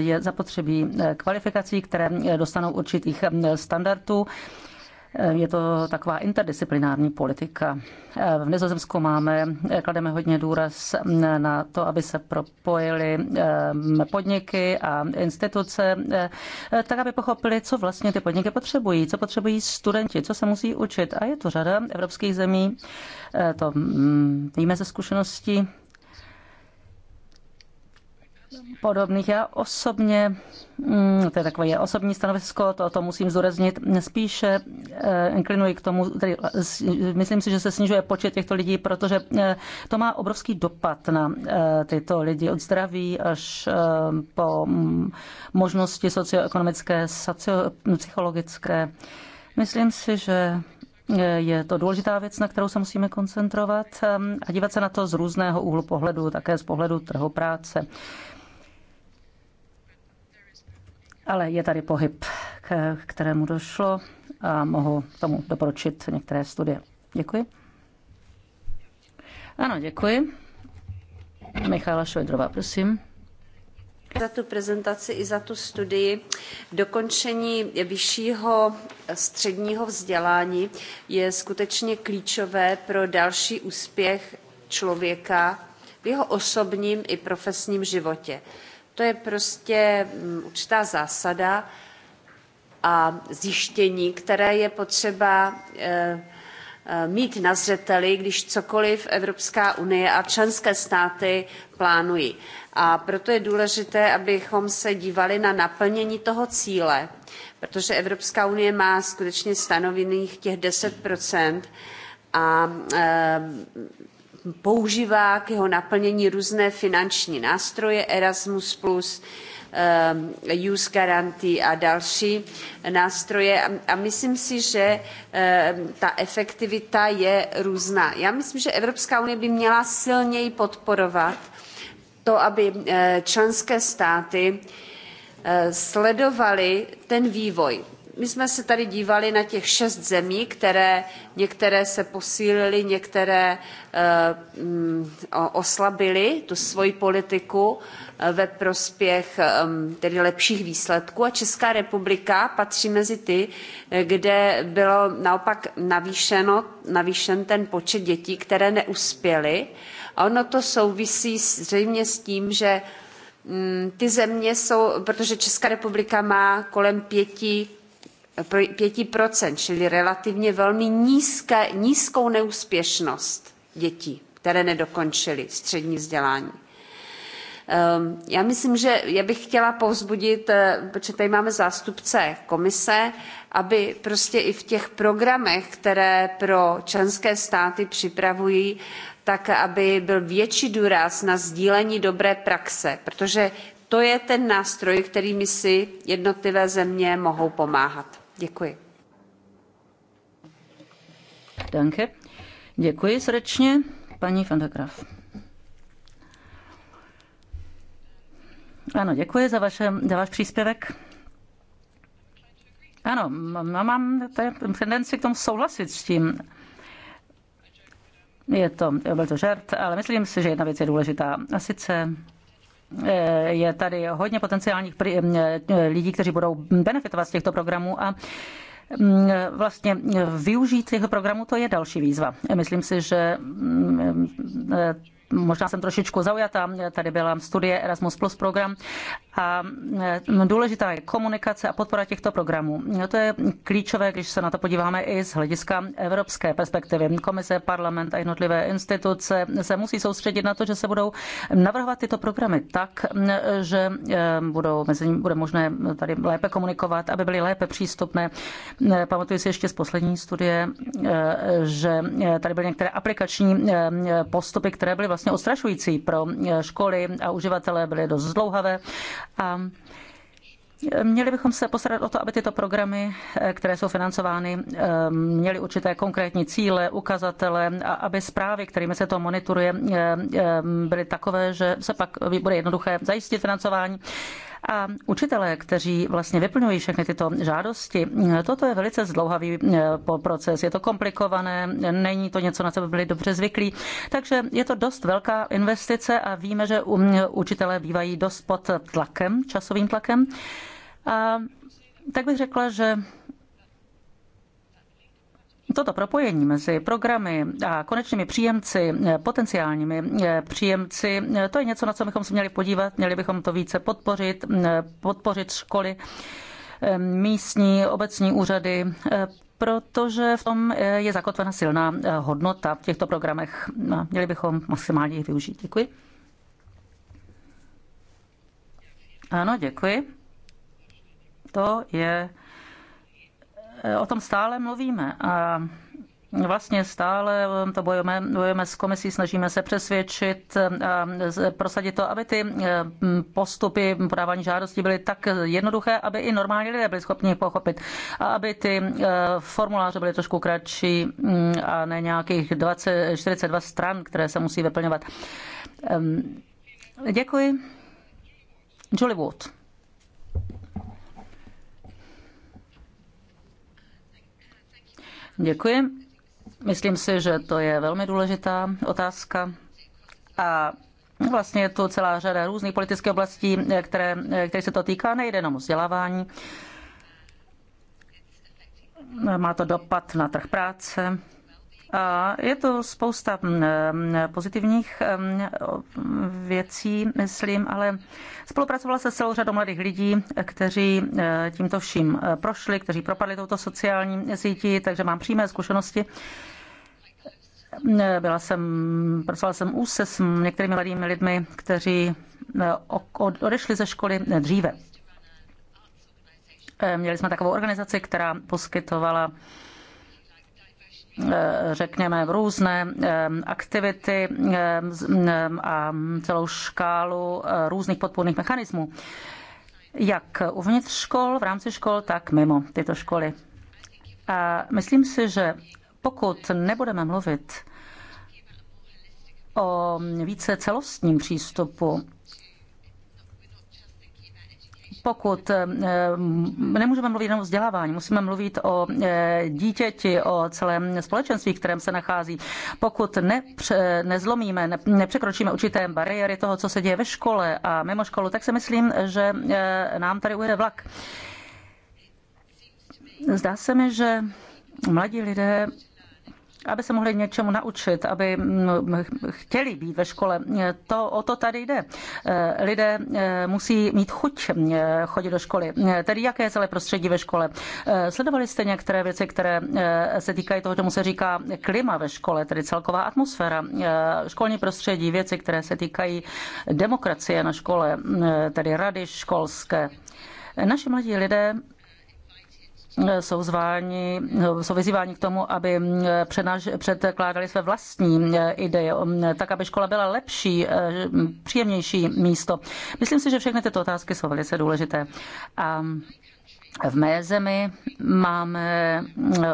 Speaker 2: je zapotřebí kvalifikací, které dostanou určitých standardů. Je to taková interdisciplinární politika. V Nizozemsku máme, klademe hodně důraz na to, aby se propojily eh, podniky a instituce, eh, tak aby pochopili, co vlastně ty podniky potřebují, co potřebují studenti, co se musí učit. A je to řada evropských zemí, eh, to mm, víme ze zkušeností, podobných. Já osobně, mm, to je takové osobní stanovisko, to, to musím zdůraznit, spíše eh, inklinuji k tomu, tedy myslím si, že se snižuje počet těchto lidí, protože eh, to má obrovský dopad na eh, tyto lidi od zdraví až po mm, možnosti socioekonomické, psychologické. Myslím si, že je to důležitá věc, na kterou se musíme koncentrovat a dívat se na to z různého úhlu pohledu, také z pohledu trhu práce ale je tady pohyb, k kterému došlo a mohu tomu doporučit některé studie. Děkuji. Ano, děkuji. Michála Šojdrová, prosím
Speaker 5: za tu prezentaci i za tu studii. Dokončení vyššího středního vzdělání je skutečně klíčové pro další úspěch člověka v jeho osobním i profesním životě to je prostě mm, určitá zásada a zjištění, které je potřeba eh, eh, mít na zřeteli, když cokoliv Evropská unie a členské státy plánují. A proto je důležité, abychom se dívali na naplnění toho cíle, protože Evropská unie má skutečně stanovených těch 10 a eh, používá k jeho naplnění různé finanční nástroje Erasmus+, Youth eh, Guarantee a další nástroje a myslím si, že eh, ta efektivita je různá. Já myslím, že Evropská unie by měla silněji podporovat to, aby eh, členské státy sledovaly ten vývoj my jsme se tady dívali na těch šest zemí, které některé se posílily, některé eh, mm, oslabily tu svoji politiku eh, ve prospěch ehm, tedy lepších výsledků. A Česká republika patří mezi ty, eh, kde bylo naopak navýšeno, navýšen ten počet dětí, které neuspěly. A ono to souvisí zřejmě s tím, že mm, ty země jsou, protože Česká republika má kolem pěti 5%, čili relativně velmi nízké, nízkou neúspěšnost dětí, které nedokončily střední vzdělání. Ehm, já myslím, že já bych chtěla povzbudit, eh, protože tady máme zástupce komise, aby prostě i v těch programech, které pro členské státy připravují, tak aby byl větší důraz na sdílení dobré praxe, protože to je ten nástroj, kterými si jednotlivé země mohou pomáhat. Děkuji.
Speaker 2: Danke. Děkuji srdečně, paní van der Graf. Ano, děkuji za, vaše, za váš příspěvek. Ano, mám tendenci k tomu souhlasit s tím. Je to, byl to žert, ale myslím si, že jedna věc je důležitá. A sice Eh, je tady hodně potenciálních eh, eh, lidí, kteří budou benefitovat z těchto programů a mm, vlastně využít těchto programů, to je další výzva. Myslím si, že mm, možná jsem trošičku zaujatá, tady byla studie Erasmus Plus program a důležitá je komunikace a podpora těchto programů. To je klíčové, když se na to podíváme i z hlediska evropské perspektivy. Komise, parlament a jednotlivé instituce se musí soustředit na to, že se budou navrhovat tyto programy tak, že budou, mezi nimi bude možné tady lépe komunikovat, aby byly lépe přístupné. Pamatuju si ještě z poslední studie, že tady byly některé aplikační postupy, které byly vlastně ostrašující pro školy a uživatele, byly dost zdlouhavé a Měli bychom se postarat o to, aby tyto programy, které jsou financovány, eh, měly určité konkrétní cíle, ukazatele a aby zprávy, kterými se to monitoruje, eh, eh, byly takové, že se pak bude jednoduché zajistit financování a učitelé, kteří vlastně vyplňují všechny tyto žádosti, toto je velice zdlouhavý eh, proces, je to komplikované, není to něco, na co by byli dobře zvyklí, takže je to dost velká investice a víme, že učitelé bývají dost pod tlakem, časovým tlakem. A tak bych řekla, že Toto propojení mezi programy a konečnými příjemci, eh, potenciálními eh, příjemci, eh, to je něco, na co bychom se měli podívat, měli bychom to více podpořit, podpořit školy, místní, obecní úřady, protože v tom je zakotvena silná hodnota v těchto programech. Měli bychom maximálně jich využít. Děkuji. Ano, děkuji. To je Eh, o tom stále mluvíme a vlastně stále eh, to bojujeme, bojujeme s komisí, snažíme se přesvědčit eh, a prosadit to, aby ty postupy podávání žádostí byly tak jednoduché, aby i normální lidé byli schopni pochopit a aby ty formuláře byly trošku kratší mm, a ne nějakých 20, 42 stran, které se musí vyplňovat. Děkuji. Julie Wood. Děkuji. Myslím si, že to je velmi důležitá otázka. A vlastně je tu celá řada různých politických oblastí, které, které se to týká, nejde jenom vzdělávání. Má to dopad na trh práce, je to spousta mm, mm, pozitivních mm, věcí, myslím, ale spolupracovala se celou řadou mladých lidí, kteří e, tímto vším e, prošli, kteří propadli touto sociální sítí, takže mám přímé zkušenosti. E, byla jsem, pracovala jsem úzce s některými mladými lidmi, kteří odešli ze školy dříve. Měli jsme takovou organizaci, která poskytovala Eh, řekněme, různé eh, aktivity eh, a celou škálu různých podpůrných mechanismů, jak uvnitř škol, v rámci škol, tak mimo tyto školy. A myslím si, že pokud nebudeme mluvit o více celostním přístupu pokud eh, nemůžeme mluvit jenom o vzdělávání, musíme mluvit o eh, dítěti, o celém společenství, v kterém se nachází. Pokud nepře, nezlomíme, nepřekročíme určité bariéry toho, co se děje ve škole a mimo školu, tak si myslím, že eh, nám tady ujede vlak. Zdá se mi, že mladí lidé aby se mohli něčemu naučit, aby mm, chtěli být ve škole. To, o to tady jde. Eh, lidé eh, musí mít chuť eh, chodit do školy. Tedy jaké je celé prostředí ve škole? Sledovali jste některé věci, které se týkají toho, čemu se říká klima ve škole, tedy celková atmosféra, školní prostředí, věci, které se týkají demokracie na škole, tedy rady školské. Naši mladí lidé jsou zváni, jsou vyzýváni k tomu, aby přenaž, předkládali své vlastní eh, ideje, eh, tak aby škola byla lepší, eh, příjemnější místo. Myslím si, že všechny tyto otázky jsou velice důležité. A v mé zemi máme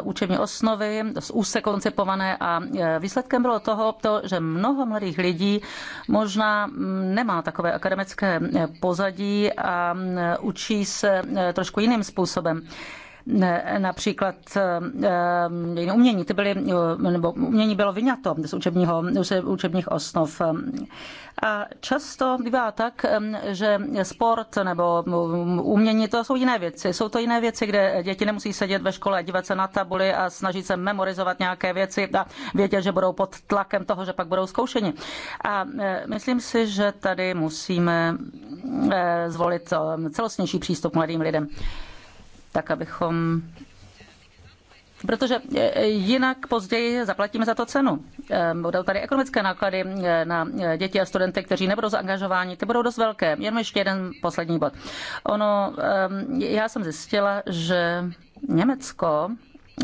Speaker 2: učební osnovy z úse koncipované a výsledkem bylo toho, to, že mnoho mladých lidí možná mm, nemá takové akademické pozadí a mm, učí se trošku jiným způsobem například eh, umění, ty byly, eh, nebo umění bylo vyňato z, učebního, z učebních osnov. A často bývá tak, eh, že sport nebo umění, to jsou jiné věci. Jsou to jiné věci, kde děti nemusí sedět ve škole a dívat se na tabuli a snažit se memorizovat nějaké věci a vědět, že budou pod tlakem toho, že pak budou zkoušeni. A myslím si, že tady musíme zvolit celostnější přístup mladým lidem tak abychom protože e, e, jinak později zaplatíme za to cenu. E, budou tady ekonomické náklady na děti a studenty, kteří nebudou zaangažováni, ty budou dost velké. Jenom ještě jeden poslední bod. Ono, já jsem zjistila, že Německo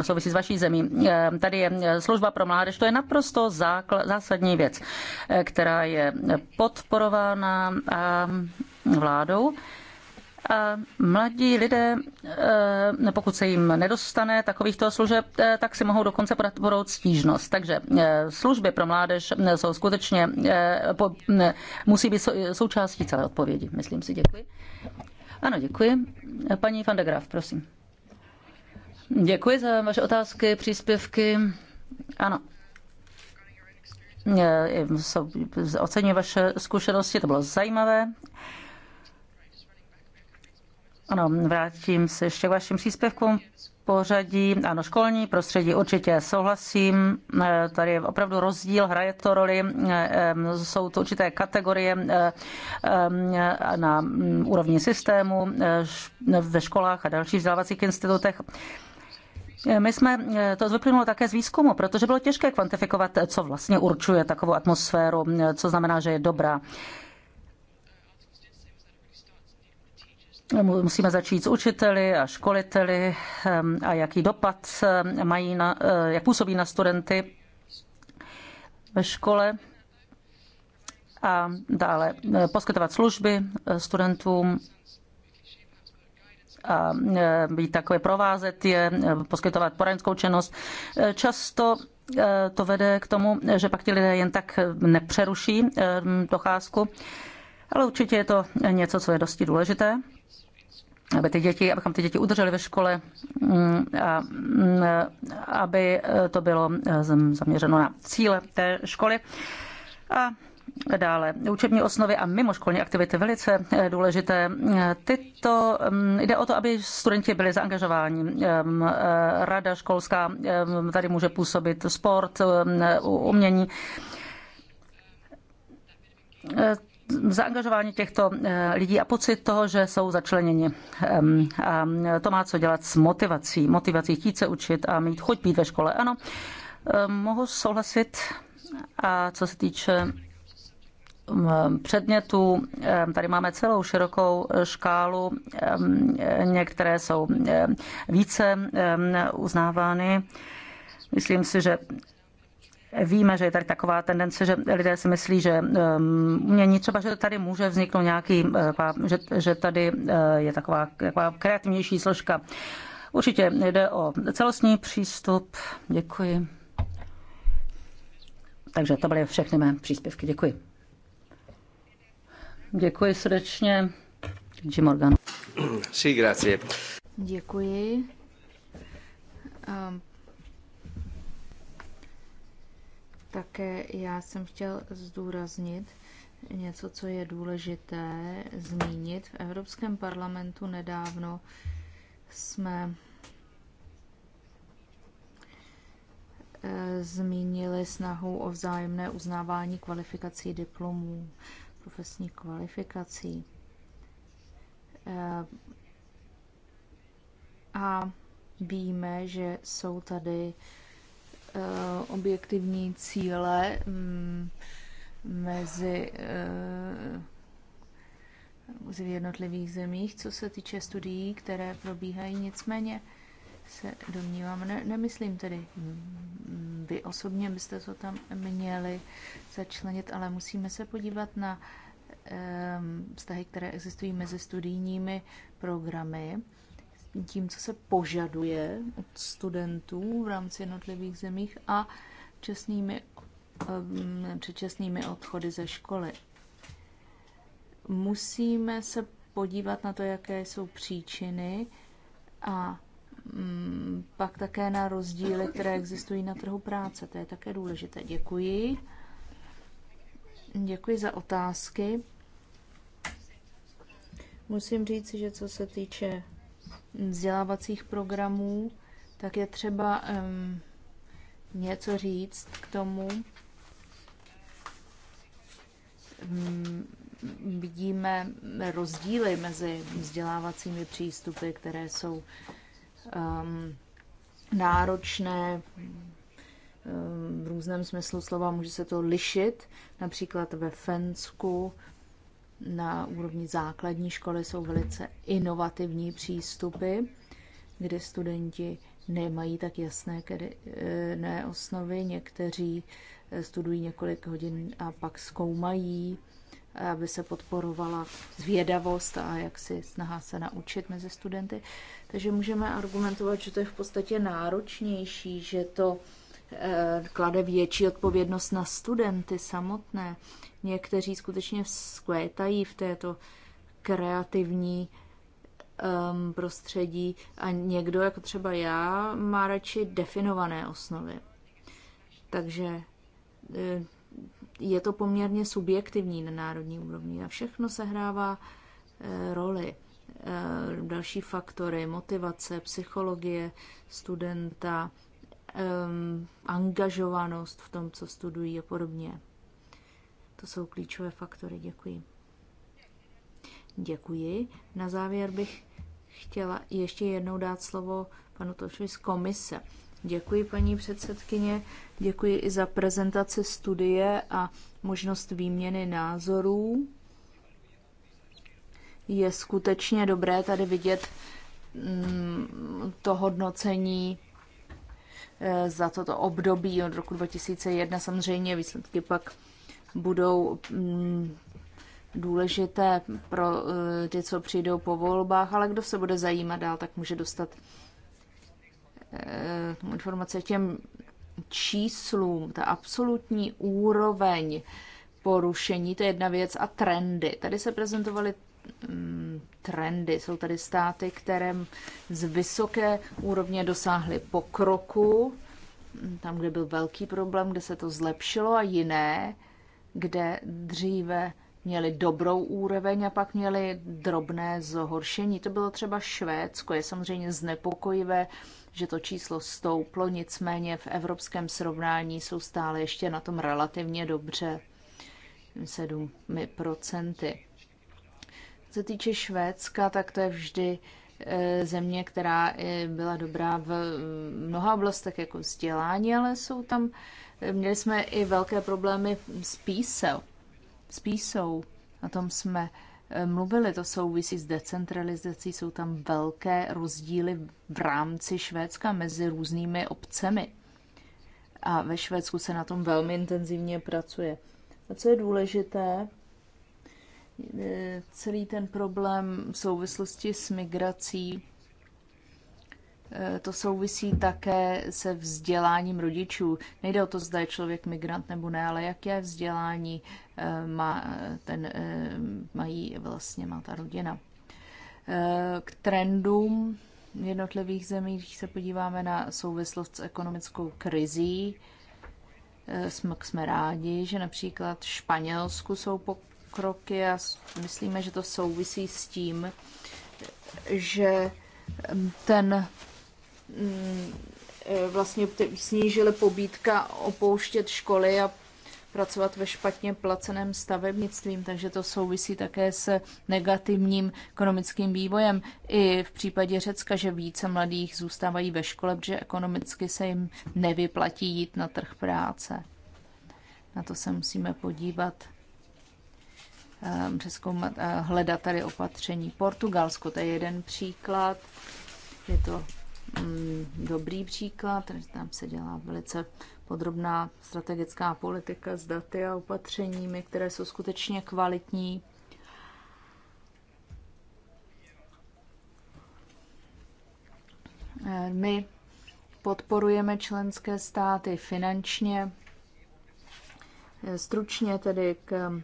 Speaker 2: souvisí s vaší zemí. Tady je služba pro mládež, to je naprosto zákl, zásadní věc, která je podporována vládou. A mladí lidé, eh, pokud se jim nedostane takovýchto služeb, eh, tak si mohou dokonce podat budou stížnost. Takže eh, služby pro mládež jsou skutečně, musí být součástí celé odpovědi. Myslím si, děkuji. Ano, děkuji. Paní van de Graaf, prosím. Děkuji za vaše otázky, příspěvky. Ano, oceňuji vaše zkušenosti, to bylo zajímavé. Ano, vrátím se ještě k vašim příspěvkům pořadí. Ano, školní prostředí určitě souhlasím. Eh, tady je opravdu rozdíl, hraje to roli. Eh, jsou to určité kategorie eh, na mm, úrovni systému ve školách a dalších vzdělávacích institutech. My jsme, to vyplynulo také z výzkumu, protože bylo těžké kvantifikovat, co vlastně určuje takovou atmosféru, co znamená, že je dobrá. Musíme začít s učiteli a školiteli a jaký dopad mají na, eh, jak působí na studenty ve škole a dále eh, poskytovat služby eh, studentům a být takové provázet je, poskytovat poradenskou činnost. Často to vede k tomu, že pak ti lidé jen tak nepřeruší docházku, ale určitě je to něco, co je dosti důležité aby ty děti, abychom ty děti udrželi ve škole mm, mm, a aby e, to bylo e, zaměřeno na cíle té školy. A Dále učební osnovy a mimoškolní aktivity velice e, důležité. Tyto, mm, jde o to, aby studenti byli zaangažováni. Rada školská tady může působit sport, umění zaangažování těchto eh, lidí a pocit toho, že jsou začleněni. A to má co dělat s motivací. Motivací chtít se učit a mít chuť být ve škole. Ano, mohu souhlasit. A co se týče předmětů. Tady máme celou širokou škálu. Některé jsou více uznávány. Myslím si, že Víme, že je tady taková tendence, že lidé si myslí, že um, umění třeba, že tady může vzniknout nějaký, uh, že, že tady uh, je taková, taková kreativnější složka. Určitě jde o celostní přístup. Děkuji. Takže to byly všechny mé příspěvky. Děkuji. Děkuji srdečně. Jim Morgan.
Speaker 5: Sí, grazie.
Speaker 2: Děkuji. Um,
Speaker 3: Také já jsem chtěl zdůraznit něco, co je důležité zmínit. V Evropském parlamentu nedávno jsme eh, zmínili snahu o vzájemné uznávání kvalifikací diplomů, profesních kvalifikací. Eh, a víme, že jsou tady Eh, objektivní cíle mm, eh, mezi v jednotlivých zemích, co se týče studií, které probíhají. Nicméně se domnívám, ne, nemyslím tedy mm, vy osobně byste to tam měli začlenit, ale musíme se podívat na eh, vztahy, které existují mezi studijními programy tím, co se požaduje od studentů v rámci jednotlivých zemích a čestnými, eh, předčasnými odchody ze školy. Musíme se podívat na to, jaké jsou příčiny a mm, pak také na rozdíly, které existují na trhu práce. To je také důležité. Děkuji. Děkuji za otázky. Musím říct, že co se týče vzdělávacích programů, tak je třeba um, něco říct k tomu. Um, vidíme rozdíly mezi vzdělávacími přístupy, které jsou um, náročné, v různém smyslu slova může se to lišit. Například ve Fensku na úrovni základní školy jsou velice inovativní přístupy, kde studenti nemají tak jasné eh, ne osnovy. Někteří eh, studují několik hodin a pak zkoumají, aby se podporovala zvědavost a jak si snaha se naučit mezi studenty. Takže můžeme argumentovat, že to je v podstatě náročnější, že to Eh, klade větší odpovědnost na studenty samotné. Někteří skutečně skvětají v této kreativní um, prostředí a někdo, jako třeba já, má radši definované osnovy. Takže eh, je to poměrně subjektivní na národní úrovni a všechno sehrává eh, roli. Další faktory, motivace, psychologie studenta, um, angažovanost v tom, co studují a podobně. To jsou klíčové faktory. Děkuji. Děkuji. Na závěr bych chtěla ještě jednou dát slovo panu Tošovi z komise. Děkuji, paní předsedkyně, děkuji i za prezentaci studie a možnost výměny názorů. Je skutečně dobré tady vidět mm, to hodnocení Eh, za toto období od roku 2001. Samozřejmě výsledky pak budou mm, důležité pro eh, ty, co přijdou po volbách, ale kdo se bude zajímat dál, tak může dostat eh, informace těm číslům, ta absolutní úroveň porušení, to je jedna věc, a trendy. Tady se prezentovaly mm, trendy. Jsou tady státy, které z vysoké úrovně dosáhly pokroku, tam, kde byl velký problém, kde se to zlepšilo, a jiné, kde dříve měli dobrou úroveň a pak měli drobné zhoršení. To bylo třeba Švédsko. Je samozřejmě znepokojivé, že to číslo stouplo, nicméně v evropském srovnání jsou stále ještě na tom relativně dobře. 7% se týče Švédska, tak to je vždy e, země, která e, byla dobrá v mnoha oblastech jako vzdělání, ale jsou tam, e, měli jsme i velké problémy s písel, s písou. O tom jsme mluvili, to souvisí s decentralizací, jsou tam velké rozdíly v rámci Švédska mezi různými obcemi. A ve Švédsku se na tom velmi intenzivně pracuje. A co je důležité, E, celý ten problém v souvislosti s migrací, e, to souvisí také se vzděláním rodičů. Nejde o to, zda je člověk migrant nebo ne, ale jaké vzdělání e, má ten, mají vlastně má ta rodina. K trendům v jednotlivých zemí, když se podíváme na souvislost s ekonomickou krizí, jsme, jsme rádi, že například v Španělsku jsou kroky a myslíme, že to souvisí s tím, že mm, ten mm, e, vlastně snížili pobídka opouštět školy a pracovat ve špatně placeném stavebnictvím, takže to souvisí také s negativním ekonomickým vývojem. I v případě Řecka, že více mladých zůstávají ve škole, protože ekonomicky se jim nevyplatí jít na trh práce. Na to se musíme podívat Ehm, přeskoumat a eh, hledat tady opatření. Portugalsko, to je jeden příklad, je to mm, dobrý příklad, takže tam se dělá velice podrobná strategická politika s daty a opatřeními, které jsou skutečně kvalitní. Ehm, my podporujeme členské státy finančně. Ehm, stručně tedy k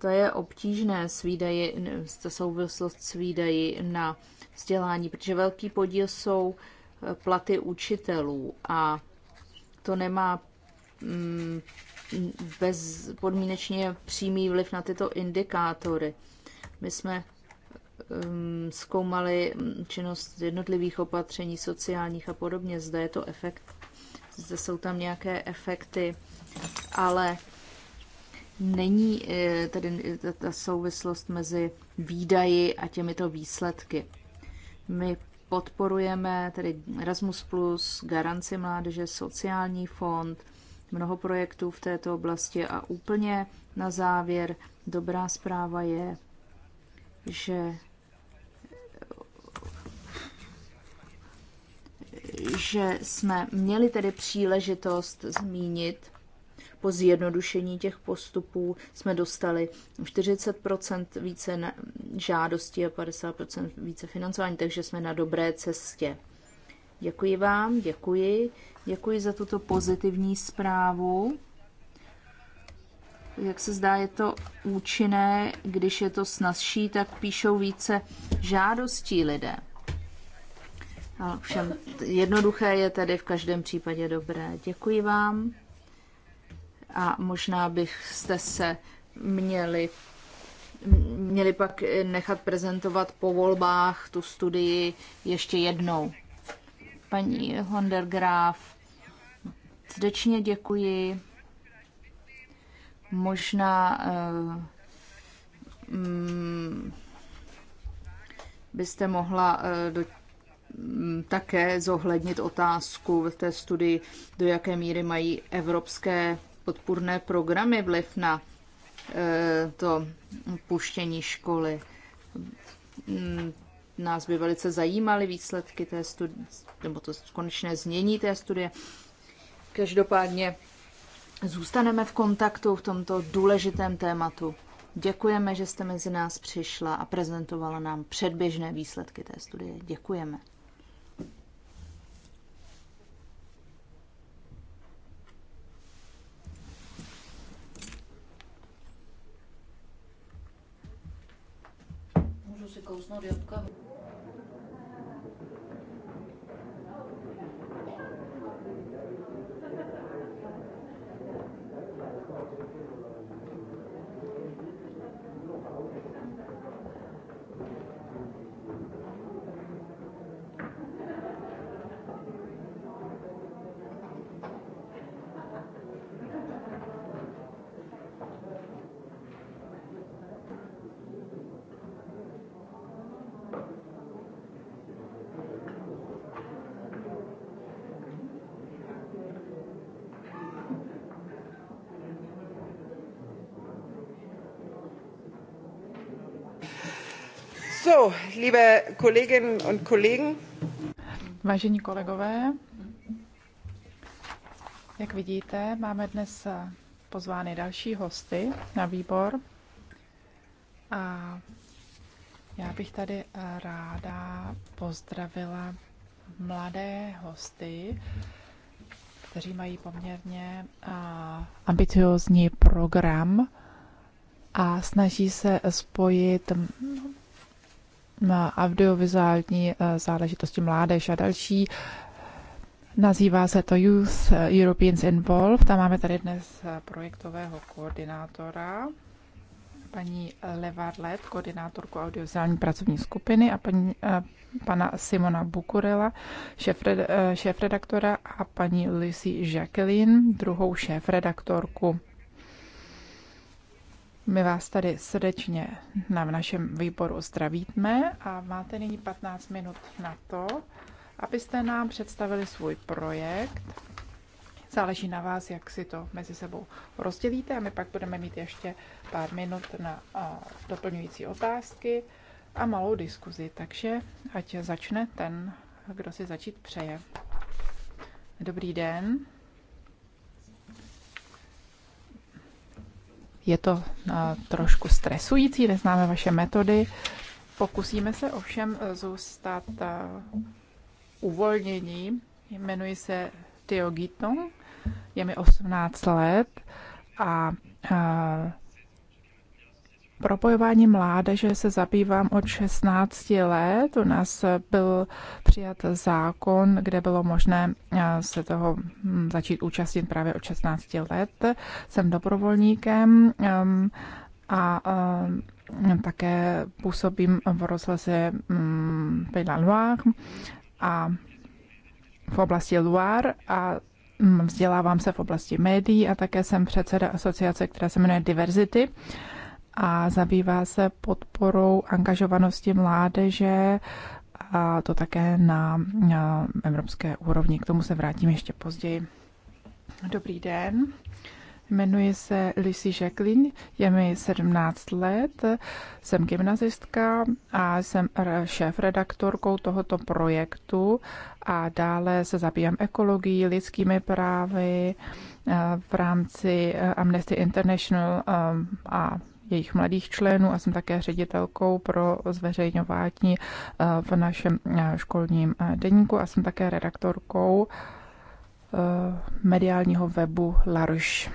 Speaker 3: to je obtížné s výdaji, ta souvislost s výdaji na vzdělání, protože velký podíl jsou eh, platy učitelů a to nemá mm, bezpodmínečně přímý vliv na tyto indikátory. My jsme mm, zkoumali mm, činnost jednotlivých opatření sociálních a podobně. Zde je to efekt, zde jsou tam nějaké efekty, ale není eh, tedy eh, ta souvislost mezi výdaji a těmito výsledky. My podporujeme tedy Erasmus+, Garanci mládeže, sociální fond, mnoho projektů v této oblasti a úplně na závěr dobrá zpráva je, že že jsme měli tedy příležitost zmínit po zjednodušení těch postupů jsme dostali 40 více žádostí a 50 více financování, takže jsme na dobré cestě. Děkuji vám, děkuji. Děkuji za tuto pozitivní zprávu. Jak se zdá, je to účinné, když je to snazší, tak píšou více žádostí lidé. Všem jednoduché je tedy v každém případě dobré. Děkuji vám. A možná byste se měli, měli pak nechat prezentovat po volbách tu studii ještě jednou. Paní Hondergraf, srdečně děkuji. Možná uh, um, byste mohla uh, do, mm, také zohlednit otázku v té studii, do jaké míry mají evropské podpůrné programy vliv na e, to puštění školy. Mm, nás by velice zajímaly výsledky té studie, nebo to konečné znění té studie. Každopádně zůstaneme v kontaktu v tomto důležitém tématu. Děkujeme, že jste mezi nás přišla a prezentovala nám předběžné výsledky té studie. Děkujeme.
Speaker 2: Snowden, koho?
Speaker 1: So, liebe Kolleginnen und Kollegen. Vážení kolegové, jak vidíte, máme dnes eh, pozvány další hosty na výbor. A já bych tady eh, ráda pozdravila mladé hosty, kteří mají poměrně eh, ambiciozní program a snaží se spojit audiovizuální eh, záležitosti mládež a další. Nazývá se to Youth eh, Europeans Involved Tam máme tady dnes eh, projektového koordinátora, paní Levadlet, koordinátorku audiovizuální pracovní skupiny a paní, pana Simona Bukurela, šéfredaktora a paní Lucy Jacqueline, druhou šéfredaktorku. My vás tady srdečně na našem výboru zdravíme a máte nyní 15 minut na to, abyste nám představili svůj projekt. Záleží na vás, jak si to mezi sebou rozdělíte a my pak budeme mít ještě pár minut na doplňující otázky a malou diskuzi. Takže ať začne ten, kdo si začít přeje. Dobrý den. Je to eh, trošku stresující, neznáme vaše metody. Pokusíme se ovšem eh, zůstat eh, uvolnění. Jmenuji se Theo Guiton, je mi 18 let a propojování mládeže se zabývám od 16 let. U nás byl přijat zákon, kde bylo možné eh, se toho hm, začít účastnit právě od 16 let. Jsem dobrovolníkem ehm, a ehm, také působím v rozhlase hm, Pays Loire a v oblasti Loire a hm, vzdělávám se v oblasti médií a také jsem předseda asociace, která se jmenuje Diversity a zabývá se podporou angažovanosti mládeže a to také na, na evropské úrovni. K tomu se vrátím ještě později. Dobrý den. Jmenuji se Lucy Jacqueline, je mi 17 let, jsem gymnazistka a jsem šéf-redaktorkou tohoto projektu a dále se zabývám ekologií, lidskými právy v rámci eh, Amnesty International eh, a jejich mladých členů a jsem také ředitelkou pro zveřejňování eh, v našem eh, školním eh, denníku a jsem také redaktorkou mediálního webu Laruš.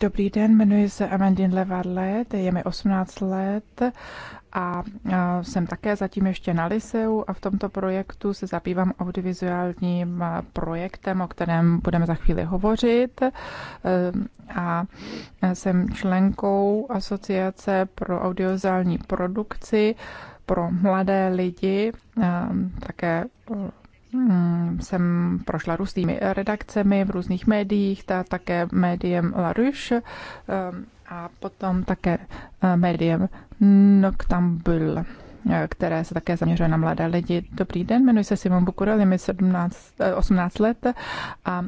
Speaker 1: Dobrý den, jmenuji se Amandine Levadlet, je mi 18 let a jsem také zatím ještě na Liseu a v tomto projektu se zabývám audiovizuálním projektem, o kterém budeme za chvíli hovořit e, a jsem členkou Asociace pro audiovizuální produkci pro mladé lidi, e, také mm, jsem prošla různými redakcemi v různých médiích, ta také médiem La Ruche e, a potom také eh, médiem Noctambul, eh, které se také zaměřuje na mladé lidi. Dobrý den, jmenuji se Simon Bukurel, je mi 17, 18 eh, let a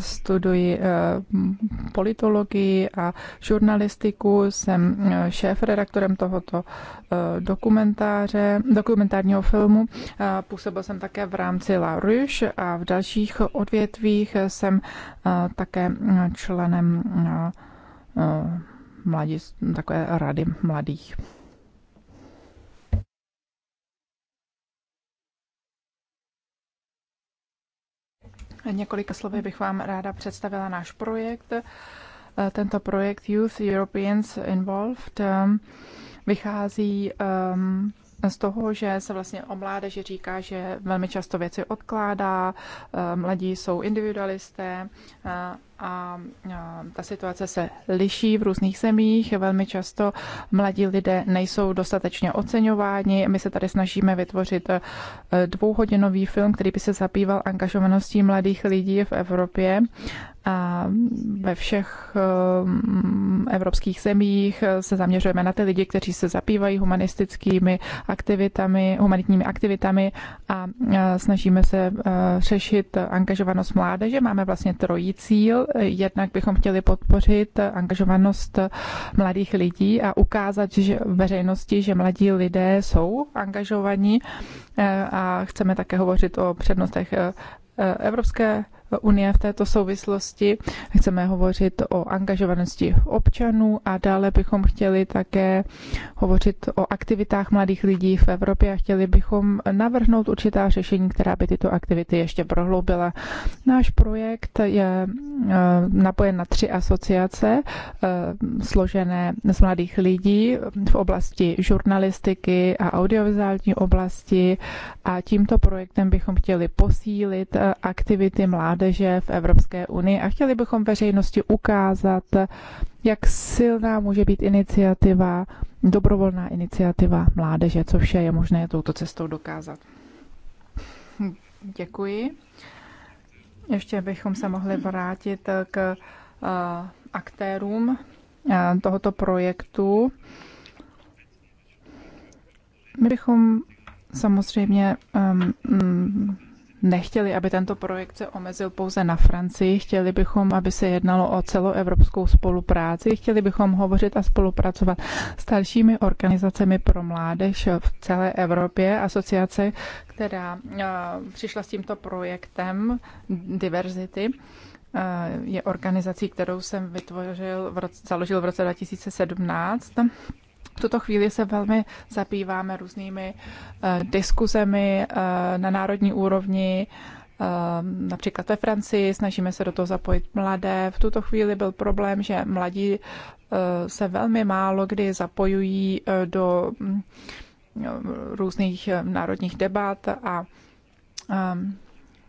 Speaker 1: studuji politologii a žurnalistiku. Jsem šéf-redaktorem tohoto dokumentáře, dokumentárního filmu. Působil jsem také v rámci La Ruche a v dalších odvětvích jsem také členem mladí, takové rady mladých. Několika slovy bych vám ráda představila náš projekt. Tento projekt Youth Europeans Involved um, vychází um, z toho, že se vlastně o mládeži říká, že velmi často věci odkládá, um, mladí jsou individualisté uh, a ta situace se liší v různých zemích. Velmi často mladí lidé nejsou dostatečně oceňováni. My se tady snažíme vytvořit e, dvouhodinový film, který by se zabýval angažovaností mladých lidí v Evropě a ve všech e, evropských zemích se zaměřujeme na ty lidi, kteří se zabývají humanistickými aktivitami, humanitními aktivitami a e, snažíme se řešit angažovanost mládeže. Máme vlastně trojí cíl. Jednak bychom chtěli podpořit angažovanost mladých lidí a ukázat že veřejnosti, že mladí lidé jsou angažovaní eh, a chceme také hovořit o přednostech eh, eh, Evropské unie v této souvislosti. Chceme hovořit o angažovanosti občanů a dále bychom chtěli také hovořit o aktivitách mladých lidí v Evropě a chtěli bychom navrhnout určitá řešení, která by tyto aktivity ještě prohloubila. Náš projekt je eh, napojen na tři asociace eh, složené z mladých lidí v oblasti žurnalistiky a audiovizuální oblasti a tímto projektem bychom chtěli posílit eh, aktivity mladých mládeže v Evropské unii a chtěli bychom veřejnosti ukázat, jak silná může být iniciativa, dobrovolná iniciativa mládeže, co vše je možné touto cestou dokázat. Děkuji. Ještě bychom se mohli vrátit k eh, aktérům eh, tohoto projektu. My bychom samozřejmě um, um, nechtěli, aby tento projekt se omezil pouze na Francii, chtěli bychom, aby se jednalo o celoevropskou spolupráci, chtěli bychom hovořit a spolupracovat s dalšími organizacemi pro mládež v celé Evropě, asociace, která eh, přišla s tímto projektem diverzity eh, je organizací, kterou jsem vytvořil, v roce, založil v roce 2017 v tuto chvíli se velmi zabýváme různými eh, diskuzemi eh, na národní úrovni, eh, například ve Francii, snažíme se do toho zapojit mladé. V tuto chvíli byl problém, že mladí se velmi málo kdy zapojují do mm, různých národních debat a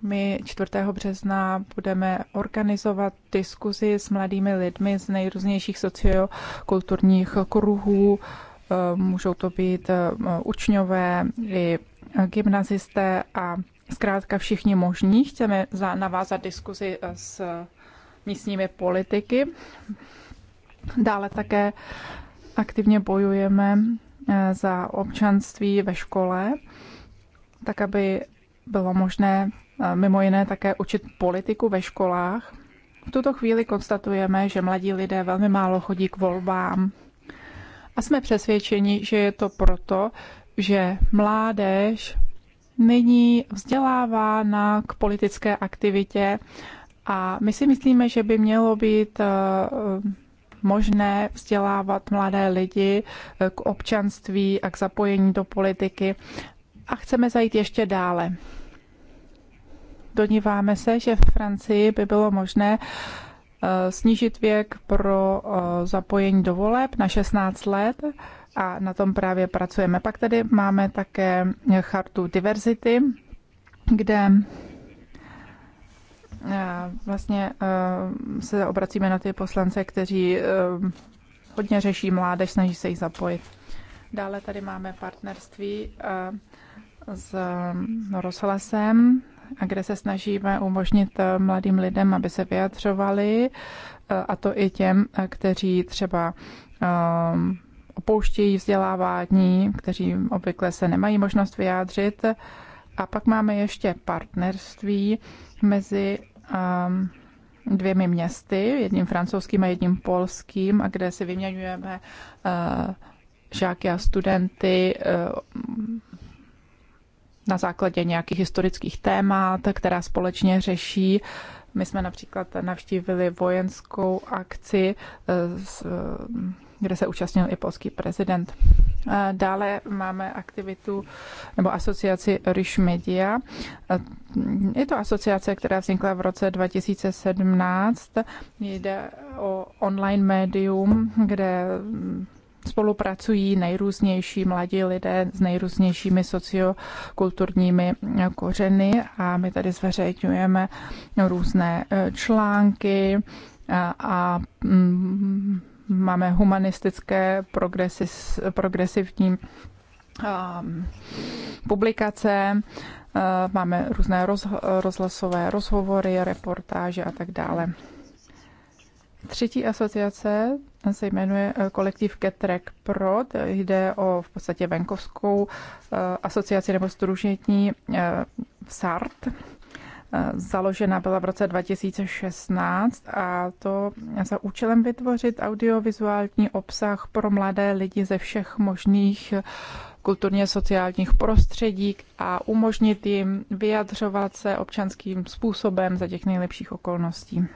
Speaker 1: my 4. března budeme organizovat diskuzi s mladými lidmi z nejrůznějších sociokulturních kruhů. E, můžou to být e, učňové i gymnazisté a zkrátka všichni možní. Chceme navázat diskuzi e, s místními politiky. Dále také aktivně bojujeme za občanství ve škole, tak aby bylo možné mimo jiné také učit politiku ve školách. V tuto chvíli konstatujeme, že mladí lidé velmi málo chodí k volbám. A jsme přesvědčeni, že je to proto, že mládež není vzdělávána k politické aktivitě a my si myslíme, že by mělo být eh, možné vzdělávat mladé lidi eh, k občanství a k zapojení do politiky a chceme zajít ještě dále. Doníváme se, že v Francii by bylo možné eh, snížit věk pro eh, zapojení do voleb na 16 let a na tom právě pracujeme. Pak tady máme také chartu diverzity, kde eh, vlastně se obracíme na ty poslance, kteří hodně řeší mládež, snaží se jich zapojit. Dále tady máme partnerství s rozhlasem a kde se snažíme umožnit eh, mladým lidem, aby se vyjadřovali, eh, a to i těm, eh, kteří třeba ehm, opouštějí vzdělávání, kteří obvykle se nemají možnost vyjádřit. A pak máme ještě partnerství mezi ehm, dvěmi městy, jedním francouzským a jedním polským, a kde si vyměňujeme žáky a studenty na základě nějakých historických témat, která společně řeší. My jsme například navštívili vojenskou akci, eh, eh, kde se účastnil i polský prezident. Eh, dále máme aktivitu nebo asociaci Rish Media. Je to asociace, která vznikla v roce 2017. Jde o online médium, kde spolupracují nejrůznější mladí lidé s nejrůznějšími sociokulturními kořeny a my tady zveřejňujeme různé eh, články eh, a, a mm, máme humanistické progresiv, progresivní eh, publikace, máme různé roz, rozhlasové rozhovory, reportáže a tak dále. Třetí asociace se jmenuje eh, kolektiv Ketrek Pro, jde o v podstatě venkovskou eh, asociaci nebo združení eh, SART. Založena byla v roce 2016 a to za účelem vytvořit audiovizuální obsah pro mladé lidi ze všech možných kulturně sociálních prostředí a umožnit jim vyjadřovat se občanským způsobem za těch nejlepších okolností.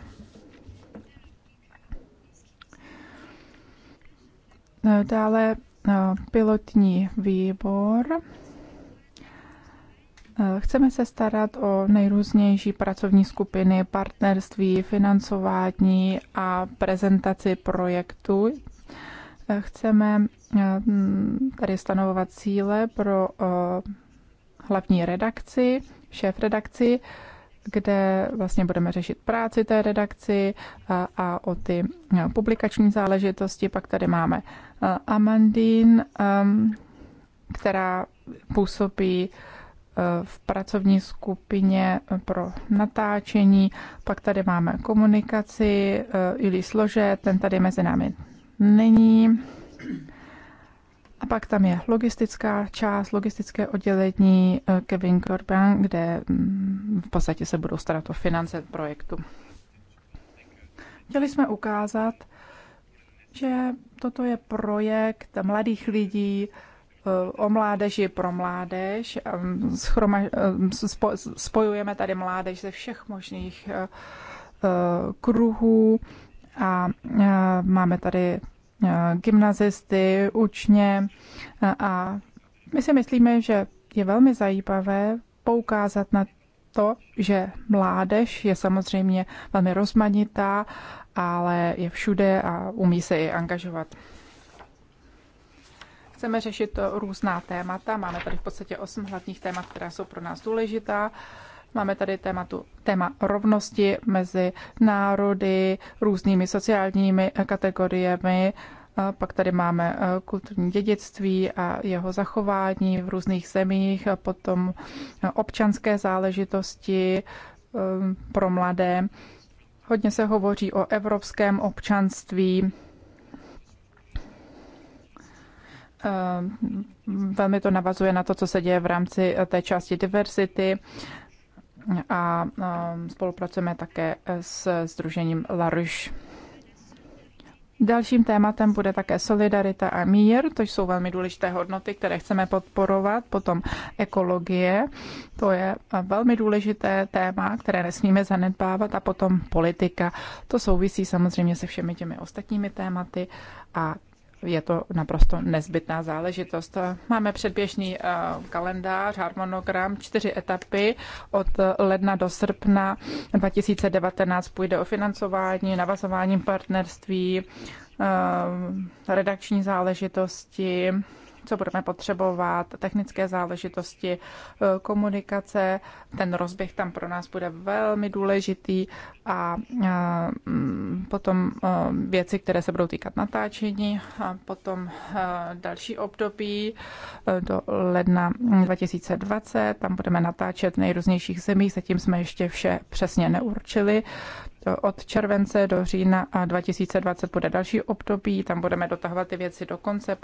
Speaker 1: Dále eh, pilotní výbor. Eh, chceme se starat o nejrůznější pracovní skupiny, partnerství, financování a prezentaci projektu. Eh, chceme tady stanovovat cíle pro hlavní redakci, šéf redakci, kde vlastně budeme řešit práci té redakci a, a o ty publikační záležitosti. Pak tady máme Eh, Amandín, ehm, která působí eh, v pracovní skupině eh, pro natáčení. Pak tady máme komunikaci, Ili Slože, ten tady mezi námi není. A pak tam je logistická část, logistické oddělení Kevin Corbin, kde mm, v podstatě se budou starat o finance projektu. Chtěli jsme ukázat, že toto je projekt mladých lidí, eh, o mládeži pro mládež. Ehm, ehm, spojujeme tady mládež ze všech možných eh, eh, kruhů a máme tady gymnazisty, učně a my si myslíme, že je velmi zajímavé poukázat na to, že mládež je samozřejmě velmi rozmanitá ale je všude a umí se i angažovat. Chceme řešit to různá témata. Máme tady v podstatě osm hlavních témat, která jsou pro nás důležitá. Máme tady tématu, téma rovnosti mezi národy, různými sociálními kategoriemi, a pak tady máme e, kulturní dědictví a jeho zachování v různých zemích, a potom e, občanské záležitosti e, pro mladé. Hodně se hovoří o evropském občanství. Eh, velmi to navazuje na to, co se děje v rámci eh, té části diversity a eh, spolupracujeme také s Združením LaRouche. Dalším tématem bude také solidarita a mír, to jsou velmi důležité hodnoty, které chceme podporovat. Potom ekologie, to je velmi důležité téma, které nesmíme zanedbávat. A potom politika, to souvisí samozřejmě se všemi těmi ostatními tématy a je to naprosto nezbytná záležitost. Máme předběžný eh, kalendář, harmonogram, čtyři etapy od ledna do srpna 2019 půjde o financování, navazování partnerství, eh, redakční záležitosti, co budeme potřebovat, technické záležitosti, eh, komunikace. Ten rozběh tam pro nás bude velmi důležitý a eh, mm, potom eh, věci, které se budou týkat natáčení, a potom další období do ledna 2020. Tam budeme natáčet v nejrůznějších zemích, zatím jsme ještě vše přesně neurčili. Od července do října 2020 bude další období, tam budeme dotahovat ty věci do konce,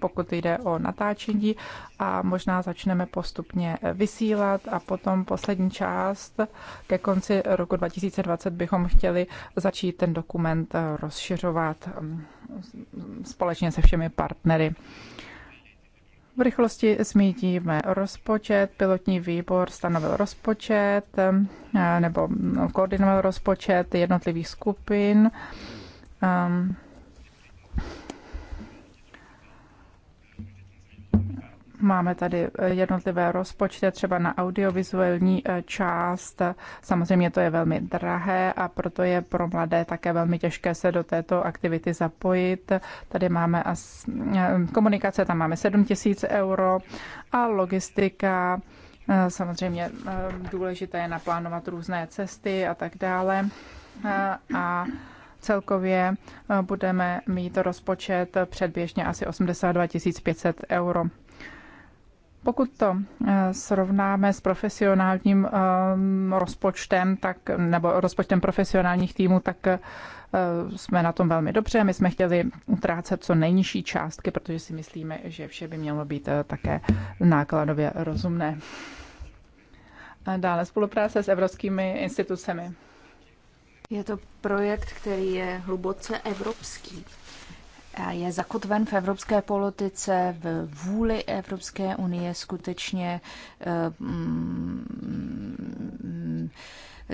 Speaker 1: pokud jde o natáčení a možná začneme postupně vysílat a potom poslední část ke konci roku 2020 bychom chtěli začít ten dokument rozšiřovat mm, společně se všemi partnery. V rychlosti smítíme rozpočet, pilotní výbor stanovil rozpočet mm, nebo mm, koordinoval rozpočet jednotlivých skupin. Um, Máme tady eh, jednotlivé rozpočty, třeba na audiovizuální eh, část. Samozřejmě to je velmi drahé a proto je pro mladé také velmi těžké se do této aktivity zapojit. Tady máme as, eh, komunikace, tam máme 7 tisíc euro a logistika. Samozřejmě důležité je naplánovat různé cesty a tak dále. A celkově budeme mít rozpočet předběžně asi 82 500 euro. Pokud to eh, srovnáme s profesionálním ehm, rozpočtem tak, nebo rozpočtem profesionálních týmů, tak eh, jsme na tom velmi dobře. My jsme chtěli utrácet co nejnižší částky, protože si myslíme, že vše by mělo být eh, také nákladově rozumné. Dále spolupráce s evropskými institucemi. Je to projekt, který je hluboce evropský je zakotven v evropské
Speaker 3: politice, v vůli Evropské unie skutečně eh, mm,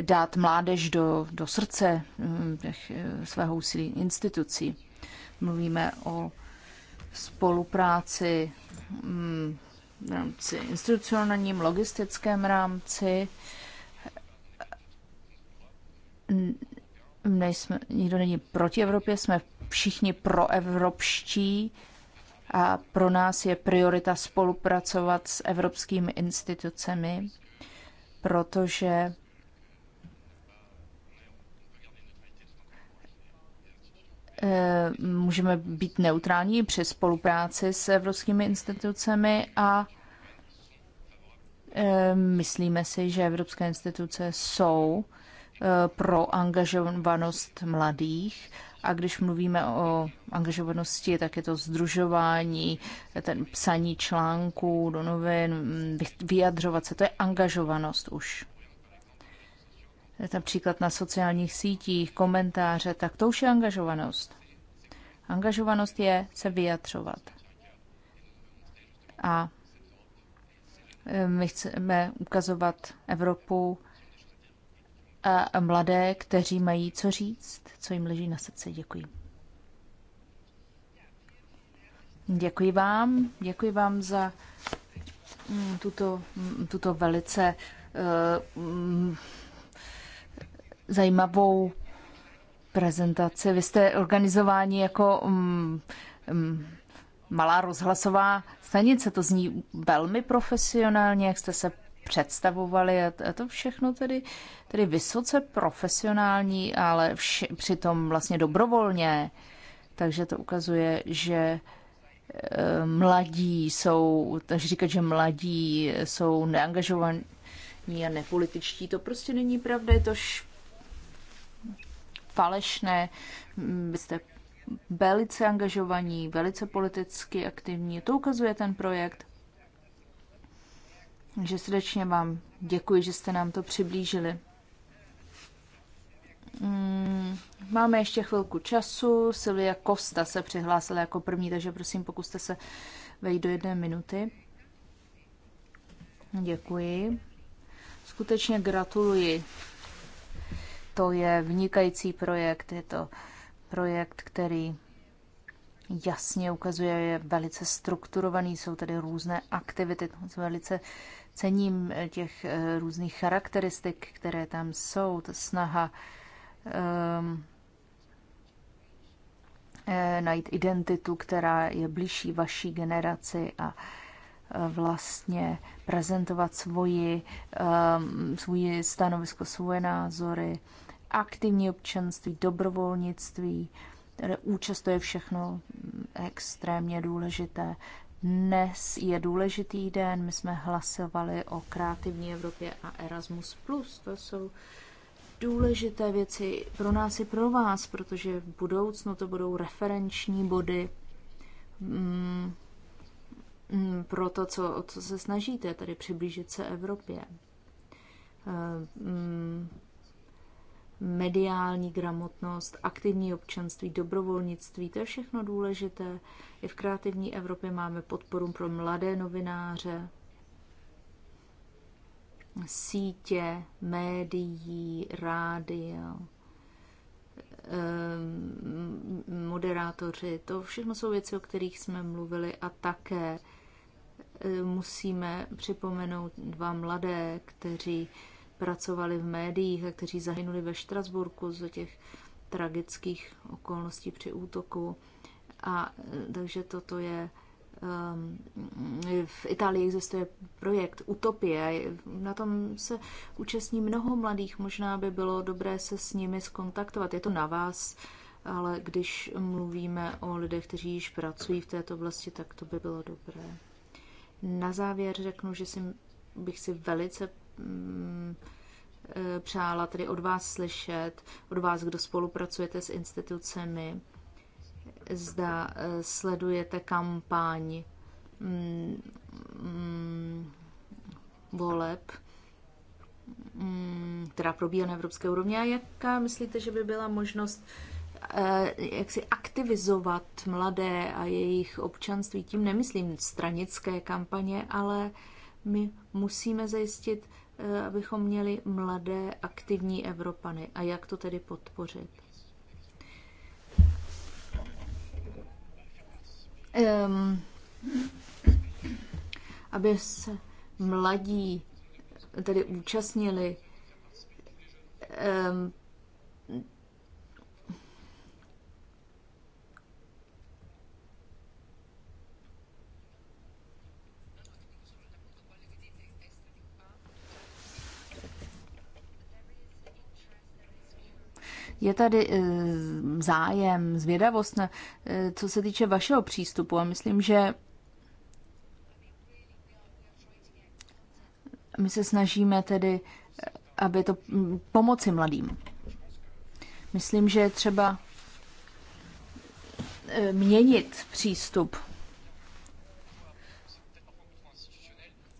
Speaker 3: dát mládež do, do srdce mm, těch eh, svého úsilí institucí. Mluvíme o spolupráci mm, v rámci institucionálním, logistickém rámci. Nejsme, nikdo není proti Evropě, jsme všichni proevropští a pro nás je priorita spolupracovat s evropskými institucemi, protože e, můžeme být neutrální při spolupráci s evropskými institucemi a e, myslíme si, že evropské instituce jsou e, pro angažovanost mladých a když mluvíme o angažovanosti, tak je to združování, ten psaní článků do novin, vyjadřovat se, to je angažovanost už. Například na sociálních sítích, komentáře, tak to už je angažovanost. Angažovanost je se vyjadřovat. A eh, my chceme ukazovat Evropu a mladé, kteří mají co říct, co jim leží na srdci. Děkuji. Děkuji vám, děkuji vám za mm, tuto, mm, tuto velice uh, zajímavou prezentaci. Vy jste organizováni jako um, um, malá rozhlasová stanice, to zní velmi profesionálně, jak jste se představovali a to všechno tedy, tedy vysoce profesionální, ale vši, přitom vlastně dobrovolně. Takže to ukazuje, že eh, mladí jsou, takže říkat, že mladí jsou neangažovaní a nepolitičtí, to prostě není pravda, je to š... falešné. Vy jste velice angažovaní, velice politicky aktivní, to ukazuje ten projekt. Takže srdečně vám děkuji, že jste nám to přiblížili. Mm, máme ještě chvilku času. Silvia Kosta se přihlásila jako první, takže prosím, pokuste se vejít do jedné minuty. Děkuji. Skutečně gratuluji. To je vynikající projekt. Je to projekt, který jasně ukazuje, je velice strukturovaný. Jsou tady různé aktivity, velice cením eh, těch eh, různých charakteristik, které tam jsou, ta snaha um, najít identitu, která je blížší vaší generaci a vlastně prezentovat svoji, um, svoji stanovisko, svoje názory, aktivní občanství, dobrovolnictví, účast, to je všechno mm, extrémně důležité. Dnes je důležitý den, my jsme hlasovali o kreativní Evropě a Erasmus+. To jsou důležité věci pro nás i pro vás, protože v budoucnu to budou referenční body mm, mm, pro to, co, o co se snažíte, tedy přiblížit se Evropě. Eh, mm, mediální gramotnost, aktivní občanství, dobrovolnictví, to je všechno důležité. I v kreativní Evropě máme podporu pro mladé novináře, sítě, médií, rádia, ehm, moderátoři. To všechno jsou věci, o kterých jsme mluvili a také eh, musíme připomenout dva mladé, kteří pracovali v médiích a kteří zahynuli ve Štrasburku z těch tragických okolností při útoku. A eh, takže toto je ehm, v Itálii existuje projekt Utopie. Na tom se účastní mnoho mladých. Možná by bylo dobré se s nimi skontaktovat. Je to na vás, ale když mluvíme o lidech, kteří již pracují v této oblasti, tak to by bylo dobré. Na závěr řeknu, že si, bych si velice Mm, eh, přála tedy od vás slyšet, od vás, kdo spolupracujete s institucemi, zda eh, sledujete kampaň mm, mm, voleb, která probíhá na evropské úrovni a jaká myslíte, že by byla možnost eh, jak si aktivizovat mladé a jejich občanství. Tím nemyslím stranické kampaně, ale my musíme zajistit Eh, abychom měli mladé, aktivní Evropany a jak to tedy podpořit. Um, aby se mladí tedy účastnili um, Je tady eh, zájem, zvědavost, na, eh, co se týče vašeho přístupu a myslím, že my se snažíme tedy, eh, aby to mm, pomoci mladým. Myslím, že je třeba měnit přístup.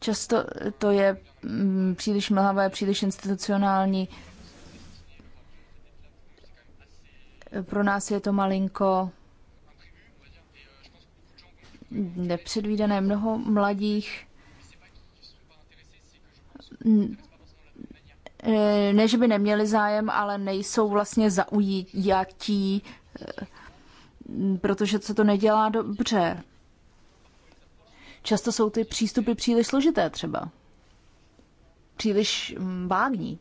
Speaker 3: Často to je mm, příliš mlhavé, příliš institucionální. Pro nás je to malinko nepředvídané. Mnoho mladých ne, že by neměli zájem, ale nejsou vlastně zaujatí, protože se to nedělá dobře. Často jsou ty přístupy příliš složité třeba. Příliš vágní.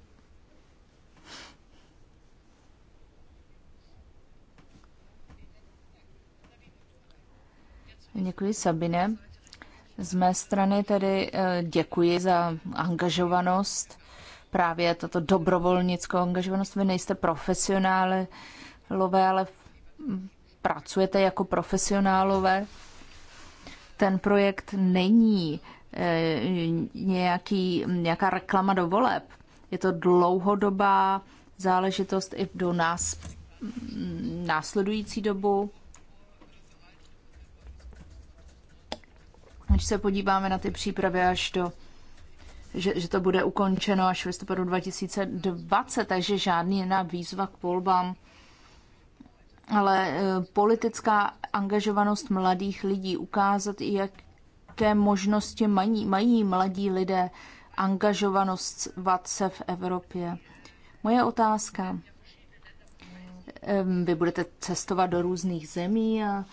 Speaker 3: Děkuji, Sabine. Z mé strany tedy eh, děkuji za angažovanost, právě tato dobrovolnickou angažovanost. Vy nejste profesionálové, ale hm, pracujete jako profesionálové. Ten projekt není eh, nějaký, hm, nějaká reklama do voleb. Je to dlouhodobá záležitost i do nás hm, následující dobu Když se podíváme na ty přípravy až do že, že to bude ukončeno až v listopadu 2020, takže žádný jiná výzva k volbám. Ale eh, politická angažovanost mladých lidí, ukázat, jaké možnosti mají, mají mladí lidé angažovanost se v Evropě. Moje otázka. Ehm, vy budete cestovat do různých zemí a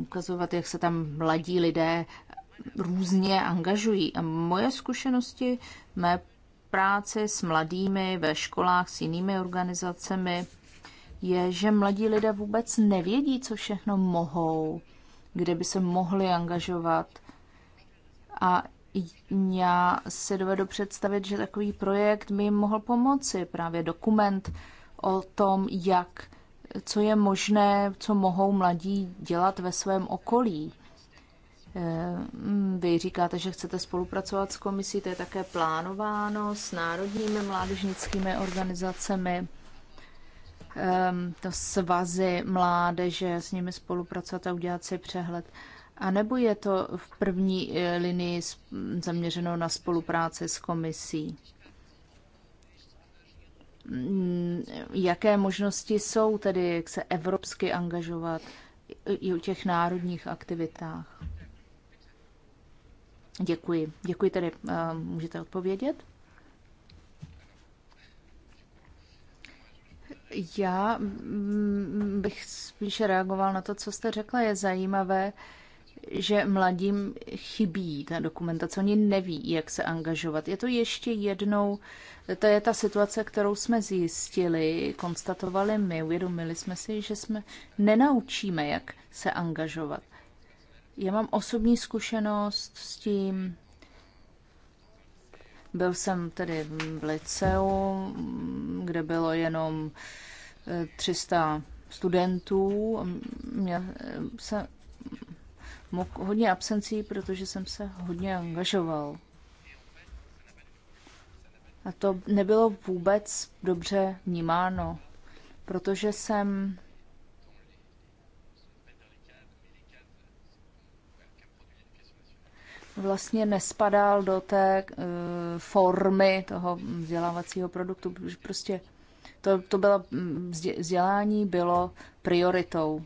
Speaker 3: ukazovat, jak se tam mladí lidé různě angažují. A moje zkušenosti, mé práce s mladými ve školách, s jinými organizacemi, je, že mladí lidé vůbec nevědí, co všechno mohou, kde by se mohli angažovat. A já si dovedu představit, že takový projekt by jim mohl pomoci. Právě dokument o tom, jak, co je možné, co mohou mladí dělat ve svém okolí. Eh, vy říkáte, že chcete spolupracovat s komisí, to je také plánováno s národními mládežnickými organizacemi, ehm, to svazy mládeže, s nimi spolupracovat a udělat si přehled. A nebo je to v první eh, linii zaměřeno na spolupráci s komisí? Mm, jaké možnosti jsou tedy, jak se evropsky angažovat i u těch národních aktivitách? Děkuji. Děkuji tedy. Eh, můžete odpovědět? Já mm, bych spíše reagoval na to, co jste řekla. Je zajímavé, že mladým chybí ta dokumentace. Oni neví, jak se angažovat. Je to ještě jednou, to je ta situace, kterou jsme zjistili, konstatovali my, uvědomili jsme si, že jsme nenaučíme, jak se angažovat. Já mám osobní zkušenost s tím. Byl jsem tedy v liceu, kde bylo jenom 300 eh, studentů. Měl jsem hodně absencí, protože jsem se hodně angažoval. A to nebylo vůbec dobře vnímáno, protože jsem vlastně nespadal do té eh, formy toho vzdělávacího produktu, protože prostě to, to bylo, mm, vzdělání bylo prioritou.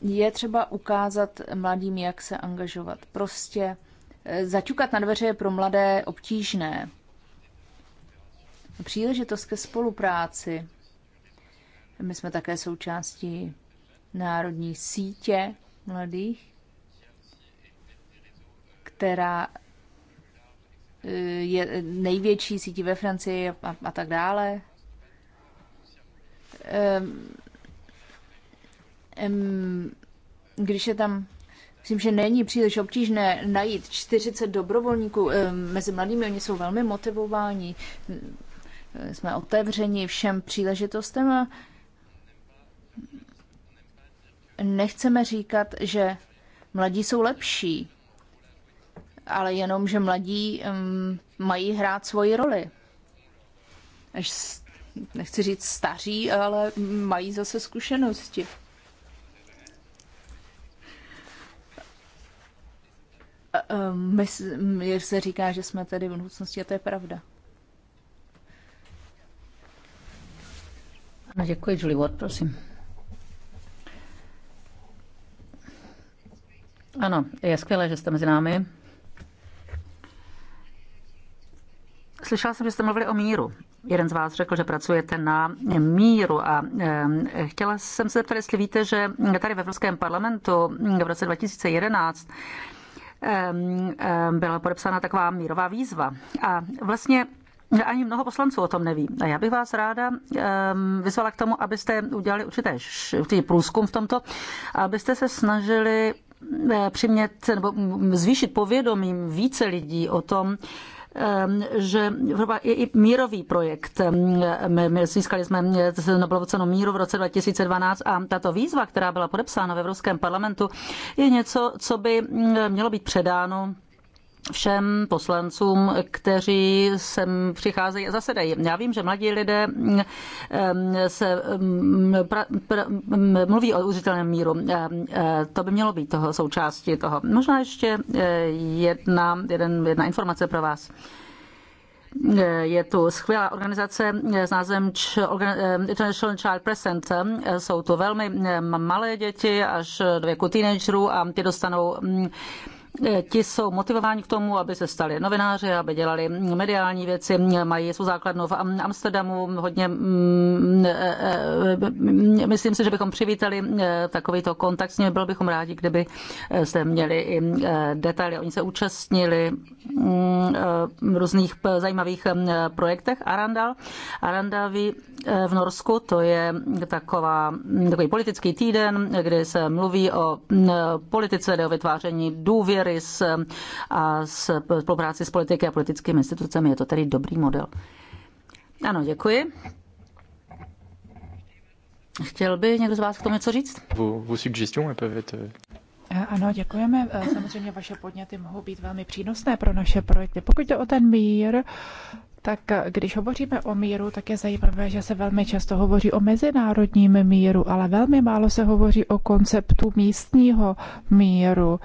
Speaker 3: Je třeba ukázat mladým, jak se angažovat. Prostě eh, zaťukat na dveře je pro mladé obtížné. Příležitost ke spolupráci. My jsme také součástí národní sítě mladých, která e, je největší sítí ve Francii a, a tak dále. Když je tam, myslím, že není příliš obtížné najít 40 dobrovolníků e, mezi mladými, oni jsou velmi motivováni, e, jsme otevřeni všem příležitostem a nechceme říkat, že mladí jsou lepší ale jenom, že mladí um, mají hrát svoji roli. Až, nechci říct staří, ale mají zase zkušenosti. My, my se říká, že jsme tady v budoucnosti a to je pravda.
Speaker 2: Ano, děkuji, Julie Ward, prosím. Ano, je skvělé, že jste mezi námi. Slyšela jsem, že jste mluvili o míru. Jeden z vás řekl, že pracujete na míru a eh, chtěla jsem se zeptat, jestli víte, že tady ve Evropském parlamentu v roce 2011 eh, eh, byla podepsána taková mírová výzva. A vlastně ani mnoho poslanců o tom neví. A já bych vás ráda vyzvala k tomu, abyste udělali určité, průzkum v tomto, abyste se snažili přimět nebo zvýšit povědomím více lidí o tom, Ehm, že i mírový projekt. Ehm, my, my získali jsme Nobelovu cenu míru v roce 2012 a tato výzva, která byla podepsána v Evropském parlamentu, je něco, co by mm, mělo být předáno všem poslancům, kteří sem přicházejí a zasedají. Já vím, že mladí lidé mm, mm, se mm, pra, pra, mluví o užitelném míru. E, e, to by mělo být toho součástí toho. Možná ještě e, jedna, jeden, jedna informace pro vás. Je tu skvělá organizace s názvem International Child Press Center. Jsou tu velmi malé děti až do věku teenagerů a ty dostanou Eh, ti jsou motivováni k tomu, aby se stali novináři, aby dělali mediální věci, mají svou základnu v Amsterdamu, hodně mm, eh, eh, myslím si, že bychom přivítali takovýto kontakt s nimi, byl bychom rádi, kdyby jste měli i detaily. Oni se účastnili mm, různých zajímavých projektech Arandal. Arandavi v Norsku, to je taková, takový politický týden, kdy se mluví o mm, politice, jde o vytváření důvěry Eh, s, a eh, spolupráci s politiky a politickými institucemi. Je to tedy dobrý model. Ano, děkuji.
Speaker 1: Chtěl by někdo z vás k tomu něco říct? V suggestions euh, eh, Ano, děkujeme. Samozřejmě vaše podněty mohou být velmi přínosné pro naše projekty. Pokud jde o ten mír, tak když hovoříme o míru, tak je zajímavé, že se velmi často hovoří o mezinárodním míru, ale velmi málo se hovoří o konceptu místního míru.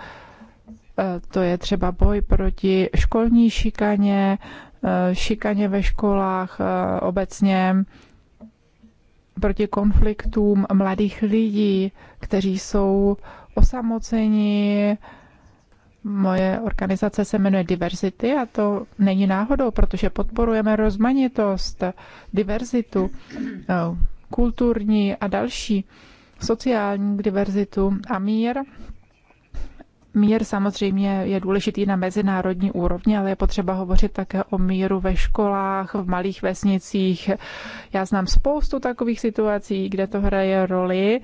Speaker 1: Eh, to je třeba boj proti školní šikaně, eh, šikaně ve školách eh, obecně, proti konfliktům mladých lidí, kteří jsou osamoceni. Moje organizace se jmenuje Diversity a to není náhodou, protože podporujeme rozmanitost, diverzitu, kulturní a další, sociální diverzitu a mír Mír samozřejmě je důležitý na mezinárodní úrovni, ale je potřeba hovořit také o míru ve školách, v malých vesnicích. Já znám spoustu takových situací, kde to hraje roli.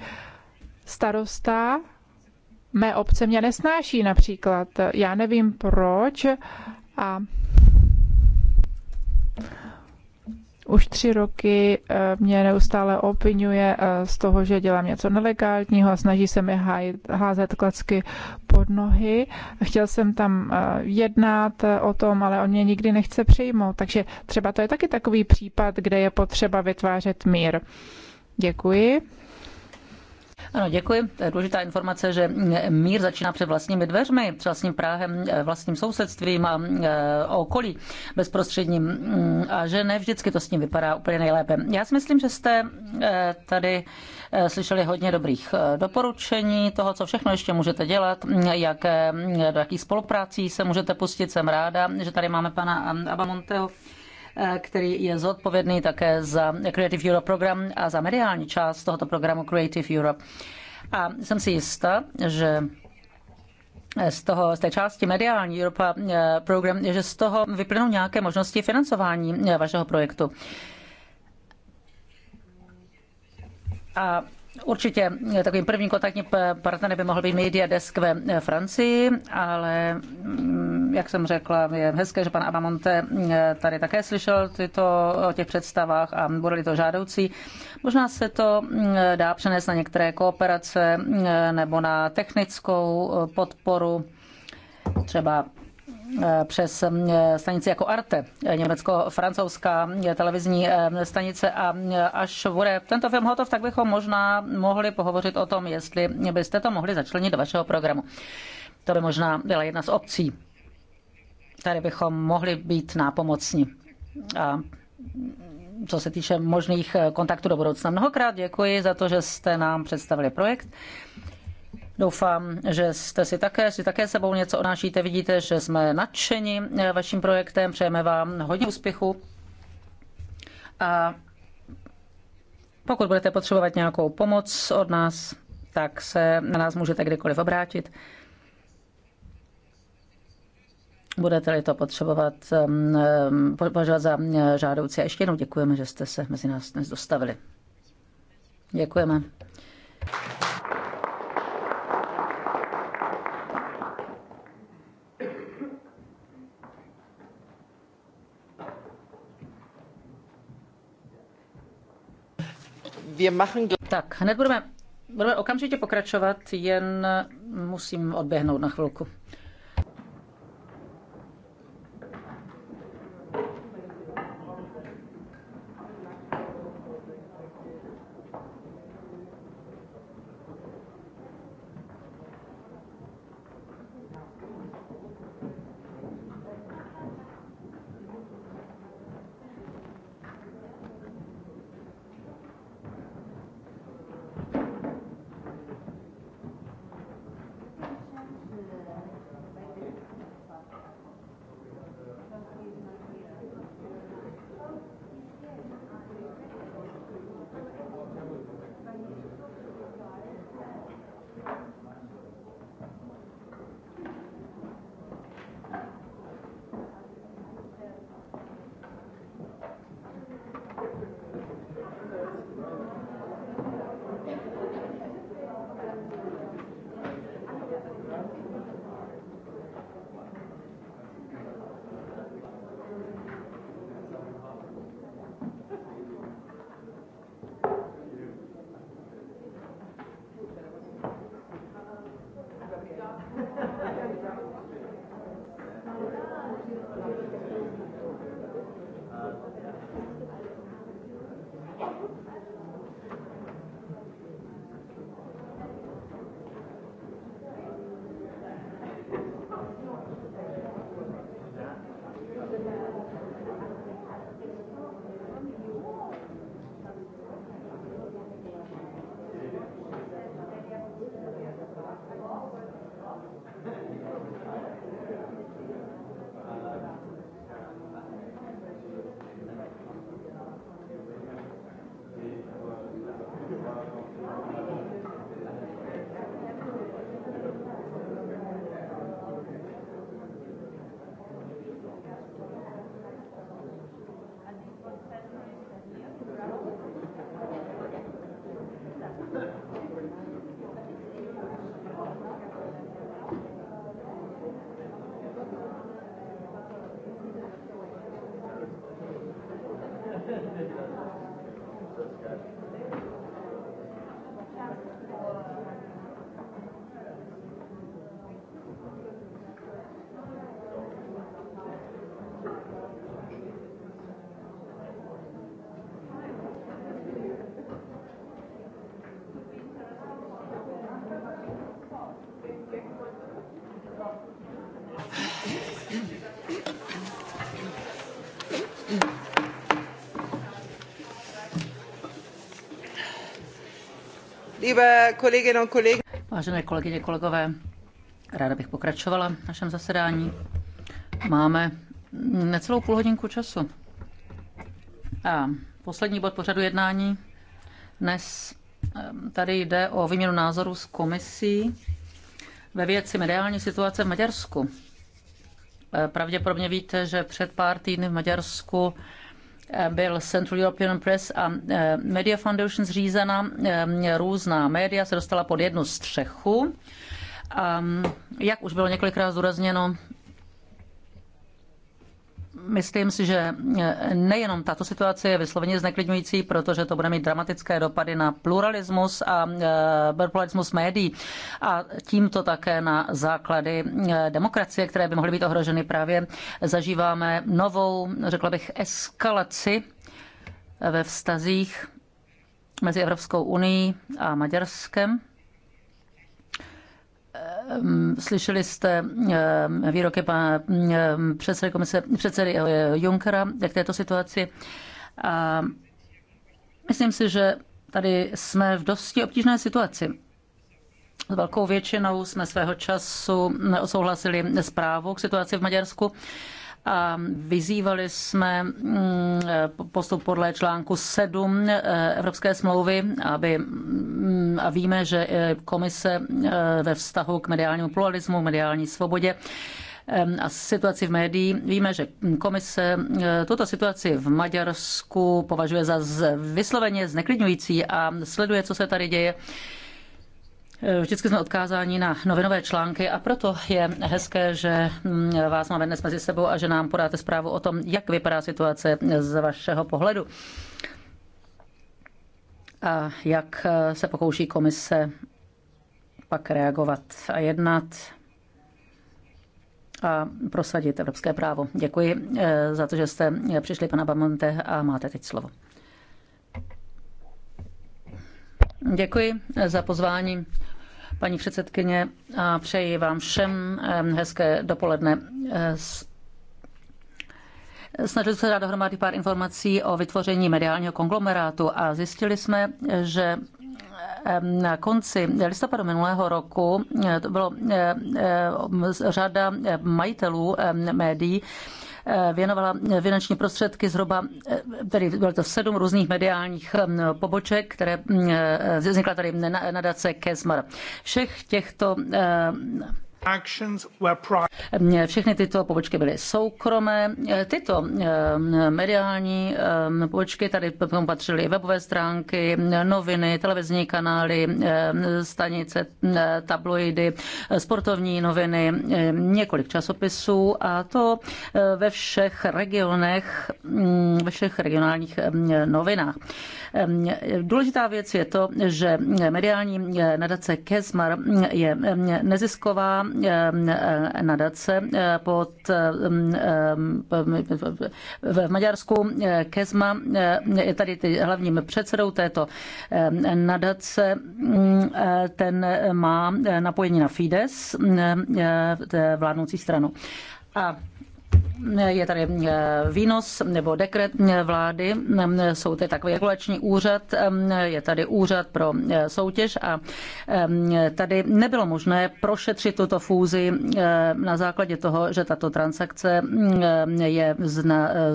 Speaker 1: Starosta mé obce mě nesnáší například. Já nevím proč a Už tři roky eh, mě neustále opinuje, eh, z toho, že dělám něco nelegálního a snaží se mi hájit, házet klacky pod nohy. Chtěl jsem tam eh, jednat o tom, ale on mě nikdy nechce přijmout. Takže třeba to je taky takový případ, kde je potřeba vytvářet mír. Děkuji. Ano, děkuji. To je důležitá informace, že mír začíná před
Speaker 2: vlastními dveřmi, před vlastním Prahem, eh, vlastním sousedstvím a eh, okolí bezprostředním mm, a že ne vždycky to s ním vypadá úplně nejlépe. Já si myslím, že jste eh, tady slyšeli hodně dobrých doporučení toho, co všechno ještě můžete dělat, mm, jak, do jakých spoluprácí se můžete pustit. Jsem ráda, že tady máme pana Abamonteho. Eh, který je zodpovědný také za Creative Europe program a za mediální část tohoto programu Creative Europe. A jsem si jistá, že z, toho, z té části mediální Europa eh, program, že z toho vyplynou nějaké možnosti financování eh, vašeho projektu. A Určitě eh, takovým prvním kontaktním partnerem by mohl být Media Desk ve eh, Francii, ale mm, jak jsem řekla, je hezké, že pan Abamonte mm, eh, tady také slyšel tyto, o těch představách a bude to žádoucí. Možná se to mm, dá přenést na některé kooperace nebo na technickou podporu třeba Eh, přes eh, stanici jako Arte, eh, německo-francouzská televizní stanice a až bude tento film hotov, tak bychom možná mohli pohovořit o tom, jestli byste to mohli začlenit do vašeho programu. To by možná byla jedna z obcí. Tady bychom mohli být nápomocní. A co se týče možných kontaktů do budoucna. Mnohokrát děkuji za to, že jste nám představili projekt. Doufám, že jste si také, si také sebou něco odnášíte. Vidíte, že jsme nadšeni vaším projektem. Přejeme vám hodně úspěchu. A pokud budete potřebovat nějakou pomoc od nás, tak se na nás můžete kdykoliv obrátit. Budete-li to potřebovat, um, um, považovat za um, žádoucí. A ještě jednou děkujeme, že jste se mezi nás dnes dostavili. Děkujeme. Tak, hned budeme, budeme okamžitě pokračovat, jen musím odběhnout na chvilku. Vážené kolegyně, kolegové, ráda bych pokračovala v našem zasedání. Máme necelou půl hodinku času. A poslední bod pořadu jednání dnes ehm, tady jde o výměnu názoru s komisí ve věci mediální situace v Maďarsku. E, pravděpodobně víte, že před pár týdny v Maďarsku byl Central European Press a eh, Media Foundation zřízena. Eh, různá média se dostala pod jednu střechu. A jak už bylo několikrát zdůrazněno, Myslím si, že eh, nejenom tato situace je vysloveně zneklidňující, protože to bude mít dramatické dopady na pluralismus a eh, pluralismus médií a tímto také na základy eh, demokracie, které by mohly být ohroženy právě. Zažíváme novou, řekla bych, eskalaci ve vztazích mezi Evropskou unii a Maďarskem Ehm, slyšeli jste ehm, výroky pana ehm, předsedy komise, předsedy eh, Junckera k této situaci. A myslím si, že tady jsme v dosti obtížné situaci. S velkou většinou jsme svého času neosouhlasili zprávu k situaci v Maďarsku a vyzývali jsme mm, postup podle článku 7 eh, Evropské smlouvy, aby, mm, a víme, že eh, komise eh, ve vztahu k mediálnímu pluralismu, mediální svobodě, a situaci v médií. Víme, že komise tuto situaci v Maďarsku považuje za vysloveně zneklidňující a sleduje, co se tady děje. Eh, vždycky jsme odkázáni na novinové články a proto je hezké, že mm, vás máme dnes mezi sebou a že nám podáte zprávu o tom, jak vypadá situace eh, z vašeho pohledu a jak eh, se pokouší komise pak reagovat a jednat a prosadit evropské právo. Děkuji za to, že jste přišli, pana Bamonte, a máte teď slovo. Děkuji za pozvání, paní předsedkyně, a přeji vám všem eh, hezké dopoledne. Eh, snažili jsme se dát dohromady pár informací o vytvoření mediálního konglomerátu a zjistili jsme, že eh, na konci listopadu minulého roku to bylo řada majitelů médií, Eh, věnovala eh, finanční prostředky zhruba, eh, tedy bylo to sedm různých mediálních poboček, které mm, vznikla tady nadace Kesmar. Všech těchto všechny tyto pobočky byly soukromé. Tyto eh, mediální eh, pobočky, tady patřily webové stránky, noviny, televizní kanály, eh, stanice, tabloidy, sportovní noviny, několik časopisů a to ve všech regionech, mm, ve všech regionálních novinách. Ehm, důležitá věc je to, že mediální eh, nadace Kesmar je ehm, nezisková ehm, eh, nadace eh, pod v Maďarsku Kesma je tady hlavním předsedou této nadace. Mm, ten má napojení na Fides, vládnoucí stranu. A je tady eh, výnos nebo dekret eh, vlády, eh, jsou tady takový regulační úřad, je tady úřad pro soutěž a tady nebylo možné prošetřit tuto fúzi na základě toho, že tato transakce je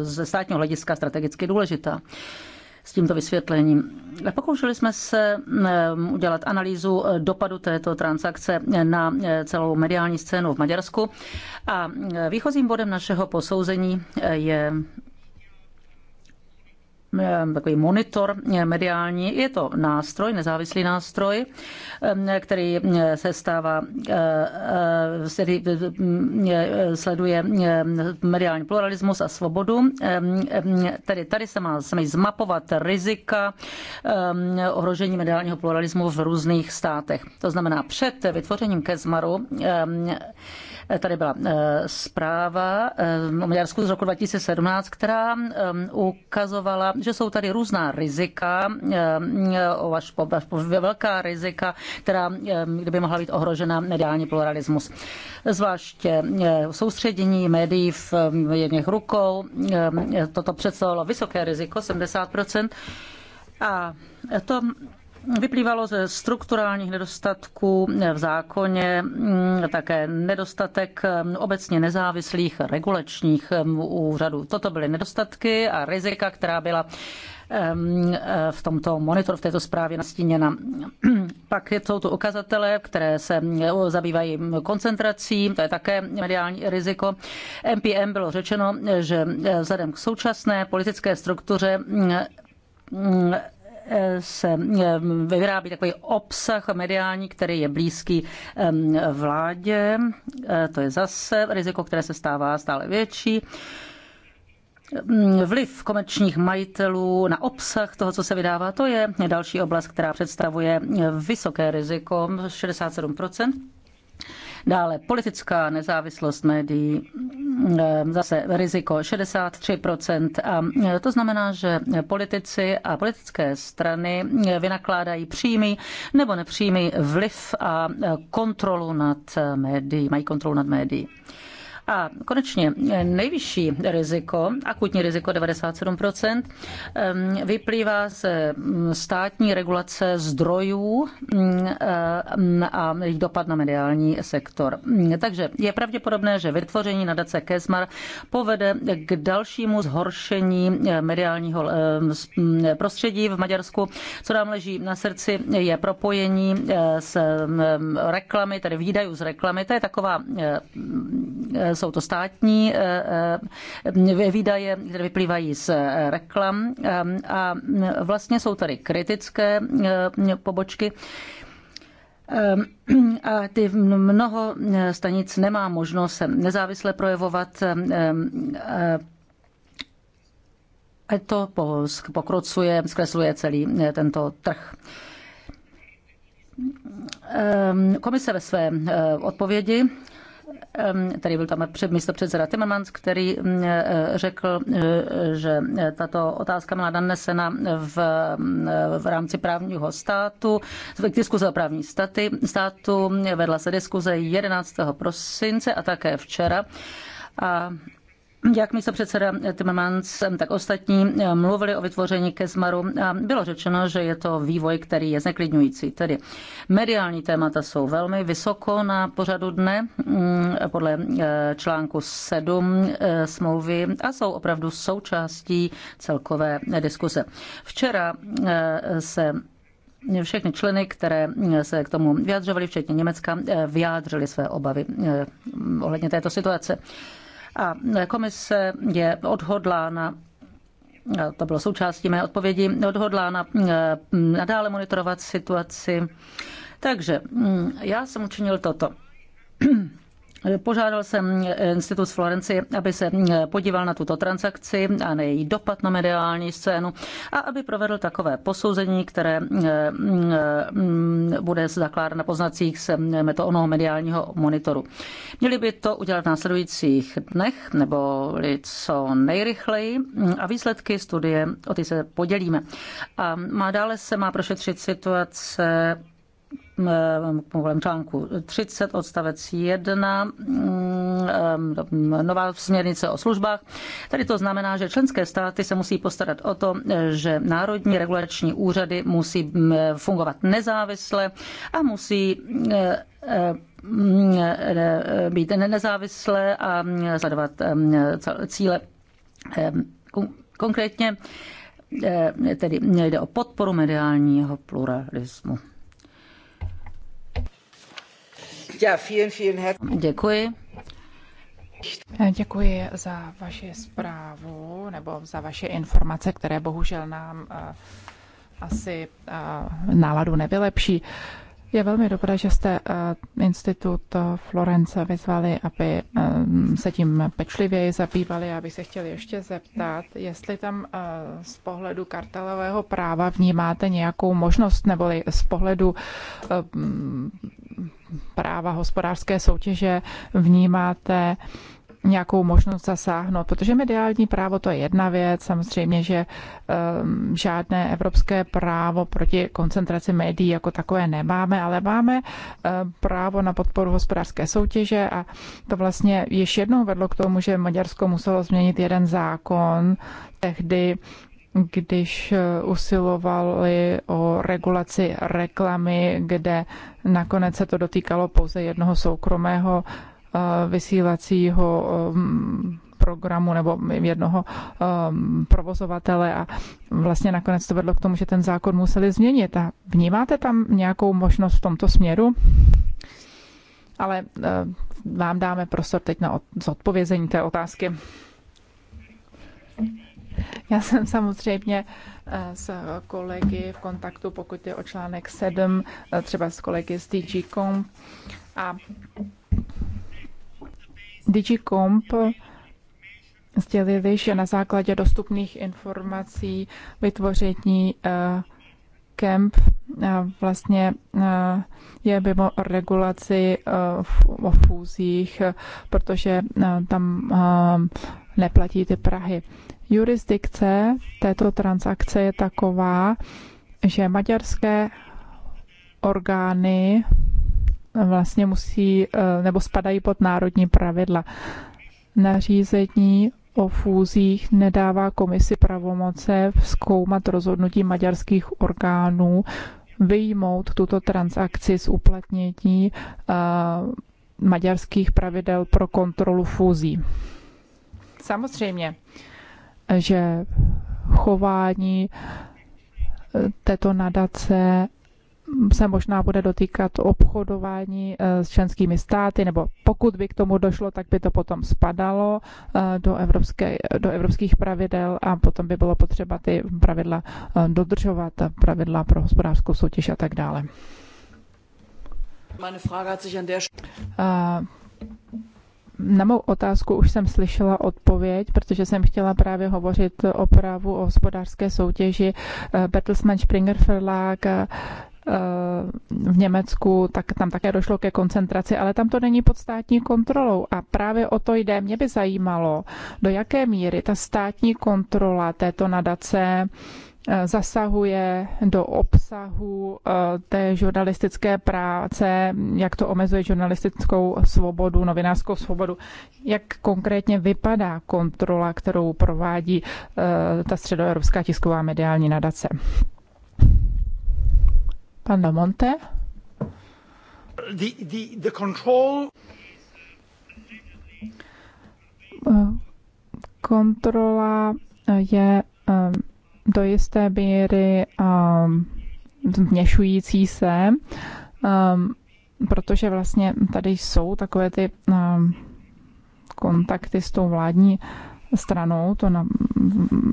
Speaker 2: ze státního hlediska strategicky důležitá s tímto vysvětlením. Pokoušeli jsme se udělat analýzu eh, dopadu této transakce na eh, celou mediální scénu v Maďarsku a eh, výchozím bodem našeho posouzení je Ehm, takový monitor eh, mediální. Je to nástroj, nezávislý nástroj, ehm, který eh, se stává, eh, který sleduje mediální pluralismus a svobodu. Ehm, tady tady se, má, se mají zmapovat rizika ohrožení mediálního pluralismu v různých státech. To znamená, před vytvořením Kezmaru Eh, tady byla eh, zpráva eh, o Maďarsku z roku 2017, která ukazovala, že jsou tady různá rizika, až velká rizika, která kdyby mohla být ohrožena mediální pluralismus. Zvláště soustředění médií v jedných rukou, toto představovalo vysoké riziko, 70%. A to vyplývalo ze strukturálních nedostatků v zákoně, mm, také nedostatek mm, obecně nezávislých regulačních mm, úřadů. Toto byly nedostatky a rizika, která byla v tomto monitoru, v této zprávě nastíněna. (clears throat) Pak jsou tu ukazatele, které se zabývají koncentrací, to je také mediální riziko. MPM bylo řečeno, že vzhledem k současné politické struktuře se eh, vyrábí takový obsah mediální, který je blízký vládě. Eh, to je zase riziko, které se stává stále větší vliv komerčních majitelů na obsah toho, co se vydává, to je další oblast, která představuje eh, vysoké riziko 67 Dále politická nezávislost médií, eh, zase riziko 63%. A eh, to znamená, že politici a politické strany eh, vynakládají přímý nebo nepřímý vliv a kontrolu nad médií, mají kontrolu nad médií. A konečně eh, nejvyšší riziko, akutní riziko 97%, eh, vyplývá z mm, státní regulace zdrojů mm, eh, mm, a jejich dopad na mediální sektor. Takže je pravděpodobné, že vytvoření nadace Kesmar povede k dalšímu zhoršení mediálního prostředí v Maďarsku. Co nám leží na srdci je propojení s reklamy, tedy výdajů z reklamy. To je taková jsou to státní eh, eh, výdaje, které vyplývají z eh, reklam a vlastně jsou tady kritické pobočky. A ty mnoho stanic nemá možnost se nezávisle projevovat. To pokrocuje, zkresluje celý tento trh. Komise ve své odpovědi tady byl tam místo předseda Timmermans, který e, řekl, e, že tato otázka byla nanesena v, e, v rámci právního státu, diskuze o právní státy, státu, vedla se diskuze 11. prosince a také včera. A jak místopředseda Timmermans, tak ostatní eh, mluvili o vytvoření Kesmaru a bylo řečeno, že je to vývoj, který je zneklidňující. Tedy mediální témata jsou velmi vysoko na pořadu dne mm, podle eh, článku 7 eh, smlouvy a jsou opravdu součástí celkové diskuse. Včera se všechny členy, které se k tomu vyjadřovali, včetně Německa, vyjádřili své obavy ohledně této situace. A komise je odhodlána to bylo součástí mé odpovědi, odhodlána eh, nadále monitorovat situaci. Takže mm, já jsem učinil toto. (clears throat) Požádal jsem eh, Institut z Florenci, aby se mm, podíval na tuto transakci a na její dopad na mediální scénu a aby provedl takové posouzení, které mm, eh, mm, bude zakládat na poznacích se onoho mediálního monitoru. Měli by to udělat v následujících dnech nebo co nejrychleji a výsledky studie, o ty se podělíme. A má dále se má prošetřit situace kolem eh, článku 30 odstavec 1 mm, eh, nová směrnice o službách. Tady to znamená, že členské státy se musí postarat o to, že národní regulační úřady musí mm, eh, fungovat nezávisle a musí být nezávislé a mm, sledovat cíle. Konkrétně tedy jde o podporu mediálního pluralismu.
Speaker 1: Děkuji. Děkuji za vaši zprávu nebo za vaše informace, které bohužel nám eh, asi eh, náladu nevylepší. Je velmi dobré, že jste eh, institut Florence vyzvali, aby se tím pečlivěji zabývali. Já bych se chtěl ještě zeptat, jestli tam z pohledu kartelového práva vnímáte nějakou možnost, neboli z pohledu práva hospodářské soutěže vnímáte nějakou možnost zasáhnout, protože mediální právo to je jedna věc, samozřejmě, že um, žádné evropské právo proti koncentraci médií jako takové nemáme, ale máme um, právo na podporu hospodářské soutěže a to vlastně již jednou vedlo k tomu, že Maďarsko muselo změnit jeden zákon, tehdy když eh, usilovali o regulaci reklamy, kde nakonec se to dotýkalo pouze jednoho soukromého eh, vysílacího eh, programu nebo jednoho provozovatele a vlastně nakonec to vedlo k tomu, že ten zákon museli změnit. A vnímáte tam nějakou možnost v tomto směru? Ale vám dáme prostor teď na zodpovězení té otázky. Já jsem samozřejmě eh, s kolegy v kontaktu, pokud je o článek 7, eh, třeba s kolegy z DigiComp. A DigiComp sdělili, že na základě dostupných informací vytvoření eh, kemp vlastně je mimo regulaci o fúzích, protože tam neplatí ty Prahy. Jurisdikce této transakce je taková, že maďarské orgány vlastně musí eh, nebo spadají pod národní pravidla. Nařízení o fúzích nedává komisi pravomoce zkoumat rozhodnutí maďarských orgánů, vyjmout tuto transakci z uplatnění eh, maďarských pravidel pro kontrolu fúzí. Samozřejmě, že chování eh, této nadace se možná bude dotýkat obchodování eh, s členskými státy, nebo pokud by k tomu došlo, tak by to potom spadalo eh, do, evropské, do evropských pravidel a potom by bylo potřeba ty pravidla dodržovat, pravidla pro hospodářskou soutěž a tak dále. Meine Frage hat sich an der na mou otázku už jsem slyšela odpověď, protože jsem chtěla právě hovořit o právu o hospodářské soutěži eh, Bertelsmann Springer Verlag eh, v Německu, tak tam také došlo ke koncentraci, ale tam to není pod státní kontrolou a právě o to jde. Mě by zajímalo, do jaké míry ta státní kontrola této nadace Eh, zasahuje do obsahu eh, té žurnalistické práce, jak to omezuje žurnalistickou svobodu, novinářskou svobodu. Jak konkrétně vypadá kontrola, kterou provádí eh, ta středoevropská tisková mediální nadace? Pan Damonte, The, the, the control... Kontrola je do jisté míry um, měšující se, um, protože vlastně tady jsou takové ty um, kontakty s tou vládní stranou, to na,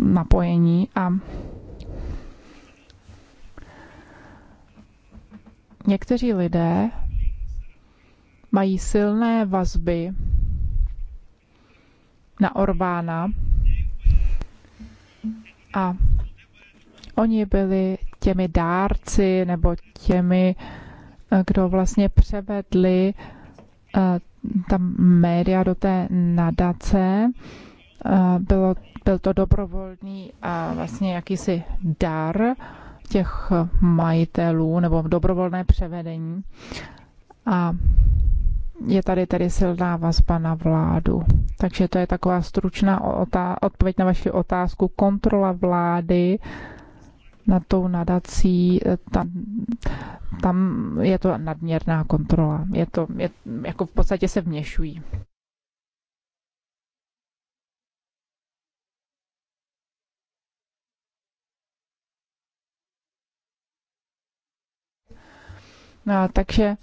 Speaker 1: napojení a někteří lidé mají silné vazby na Orbána a Oni byli těmi dárci nebo těmi, eh, kdo vlastně převedli eh, ta média do té nadace. Eh, bylo, byl to dobrovolný a vlastně jakýsi dar těch majitelů nebo dobrovolné převedení. A je tady tedy silná vazba na vládu. Takže to je taková stručná odpověď na vaši otázku. Kontrola vlády na tou nadací, eh, tam, tam je to nadměrná kontrola. Je to, je, jako v podstatě se vměšují. No, takže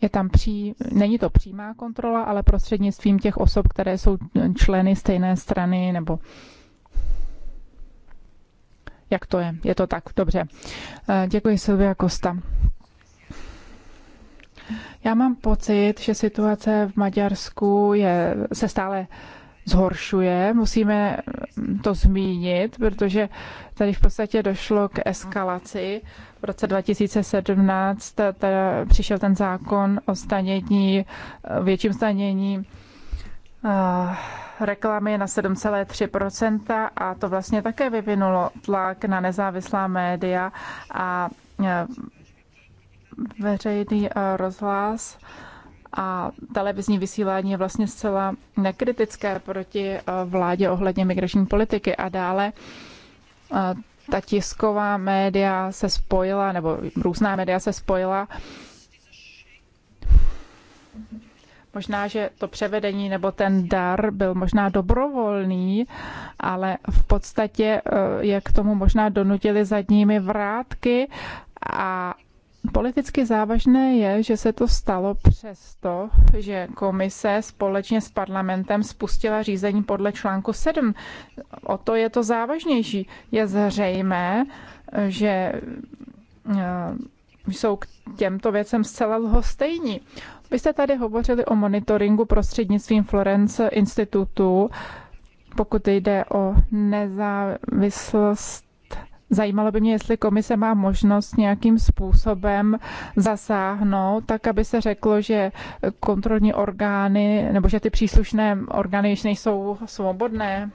Speaker 1: je tam pří, není to přímá kontrola, ale prostřednictvím těch osob, které jsou členy stejné strany nebo jak to je. Je to tak, dobře. Eh, děkuji, Silvia Kosta. Já mám pocit, že situace v Maďarsku je, se stále zhoršuje. Musíme mm, to zmínit, protože tady v podstatě došlo k eskalaci. V roce 2017 ta, eh, přišel ten zákon o stanění, eh, větším stanění Eh, reklamy na 7,3% a to vlastně také vyvinulo tlak na nezávislá média a eh, veřejný eh, rozhlas a televizní vysílání je vlastně zcela nekritické proti vládě ohledně migrační politiky a dále ta tisková média se spojila, nebo různá média se spojila Možná, že to převedení nebo ten dar byl možná dobrovolný, ale v podstatě eh, je k tomu možná donutili zadními vrátky a Politicky závažné je, že se to stalo přesto, že komise společně s parlamentem spustila řízení podle článku 7. O to je to závažnější. Je zřejmé, že eh, jsou k těmto věcem zcela lhostejní. Vy jste tady hovořili o monitoringu prostřednictvím Florence institutu, pokud jde o nezávislost Zajímalo by mě, jestli komise má možnost nějakým způsobem zasáhnout, tak aby se řeklo, že kontrolní orgány nebo že ty příslušné orgány již nejsou svobodné.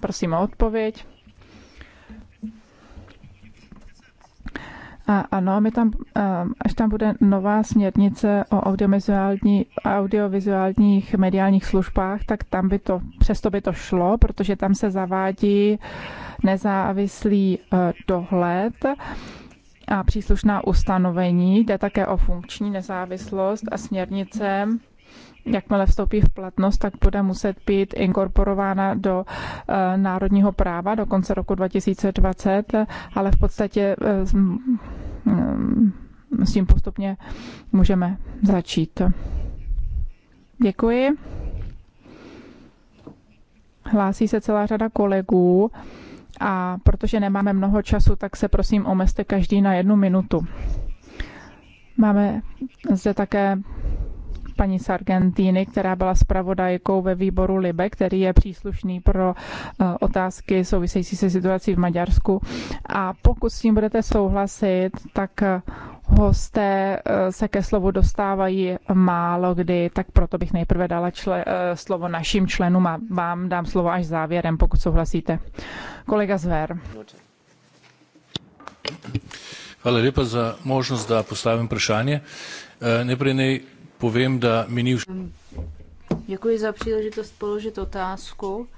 Speaker 1: Prosím o odpověď. A ano, my tam, až tam bude nová směrnice o audiovizuální, audiovizuálních mediálních službách, tak tam by to, přesto by to šlo, protože tam se zavádí nezávislý e, dohled a příslušná ustanovení, jde také o funkční nezávislost a směrnice jakmile vstoupí v platnost, tak bude muset být inkorporována do eh, národního práva do konce roku 2020, ale v podstatě eh, mm, s tím postupně můžeme začít. Děkuji. Hlásí se celá řada kolegů a protože nemáme mnoho času, tak se prosím omezte každý na jednu minutu. Máme zde také paní Sargentini, která byla spravodajkou ve výboru Libe, který je příslušný pro eh, otázky související se situací v Maďarsku. A pokud s tím budete souhlasit, tak eh, hosté eh, se ke slovu dostávají málo kdy, tak proto bych nejprve dala čle, slovo našim členům a vám dám slovo až závěrem, pokud souhlasíte. Kolega Zver. Hvala lepa za možnost, da postavim vprašanje. Najprej naj povím, da mini už...
Speaker 3: Děkuji za příležitost položit otázku.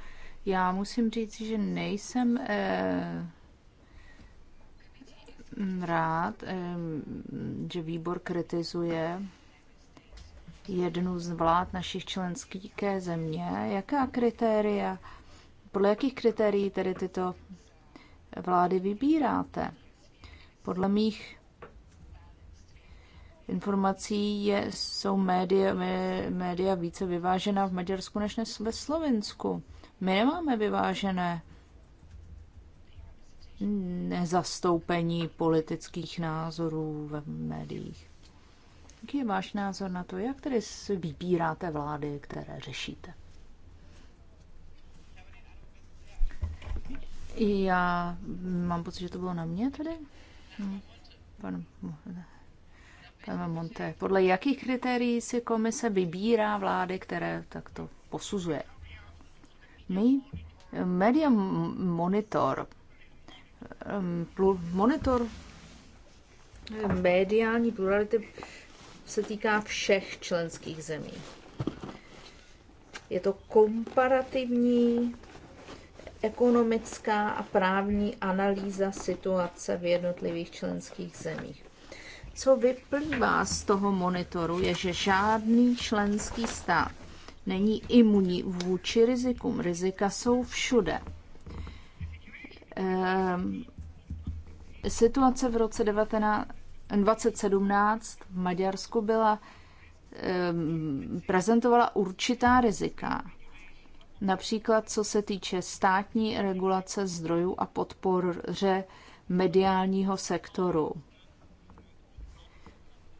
Speaker 3: Já musím říct, že nejsem eh, rád, eh, že výbor kritizuje jednu z vlád našich členských země. Jaká kritéria, podle jakých kritérií tedy tyto vlády vybíráte? Podle mých informací je, jsou média, média více vyvážená v Maďarsku než ve Slovensku. My nemáme vyvážené nezastoupení politických názorů v médiích. Jaký je váš názor na to, jak tedy vybíráte vlády, které řešíte? Já mám pocit, že to bylo na mě tady. Hm. Pan Monte, podle jakých kritérií si komise vybírá vlády, které takto posuzuje? My, Media Monitor, monitor mediální plurality se týká všech členských zemí. Je to komparativní ekonomická a právní analýza situace v jednotlivých členských zemích. Co vyplývá z toho monitoru, je, že žádný členský stát není imunní vůči rizikům. Rizika jsou všude. Ehm, situace v roce 19, 2017 v Maďarsku byla ehm, prezentovala určitá rizika. Například co se týče státní regulace zdrojů a podpor mediálního sektoru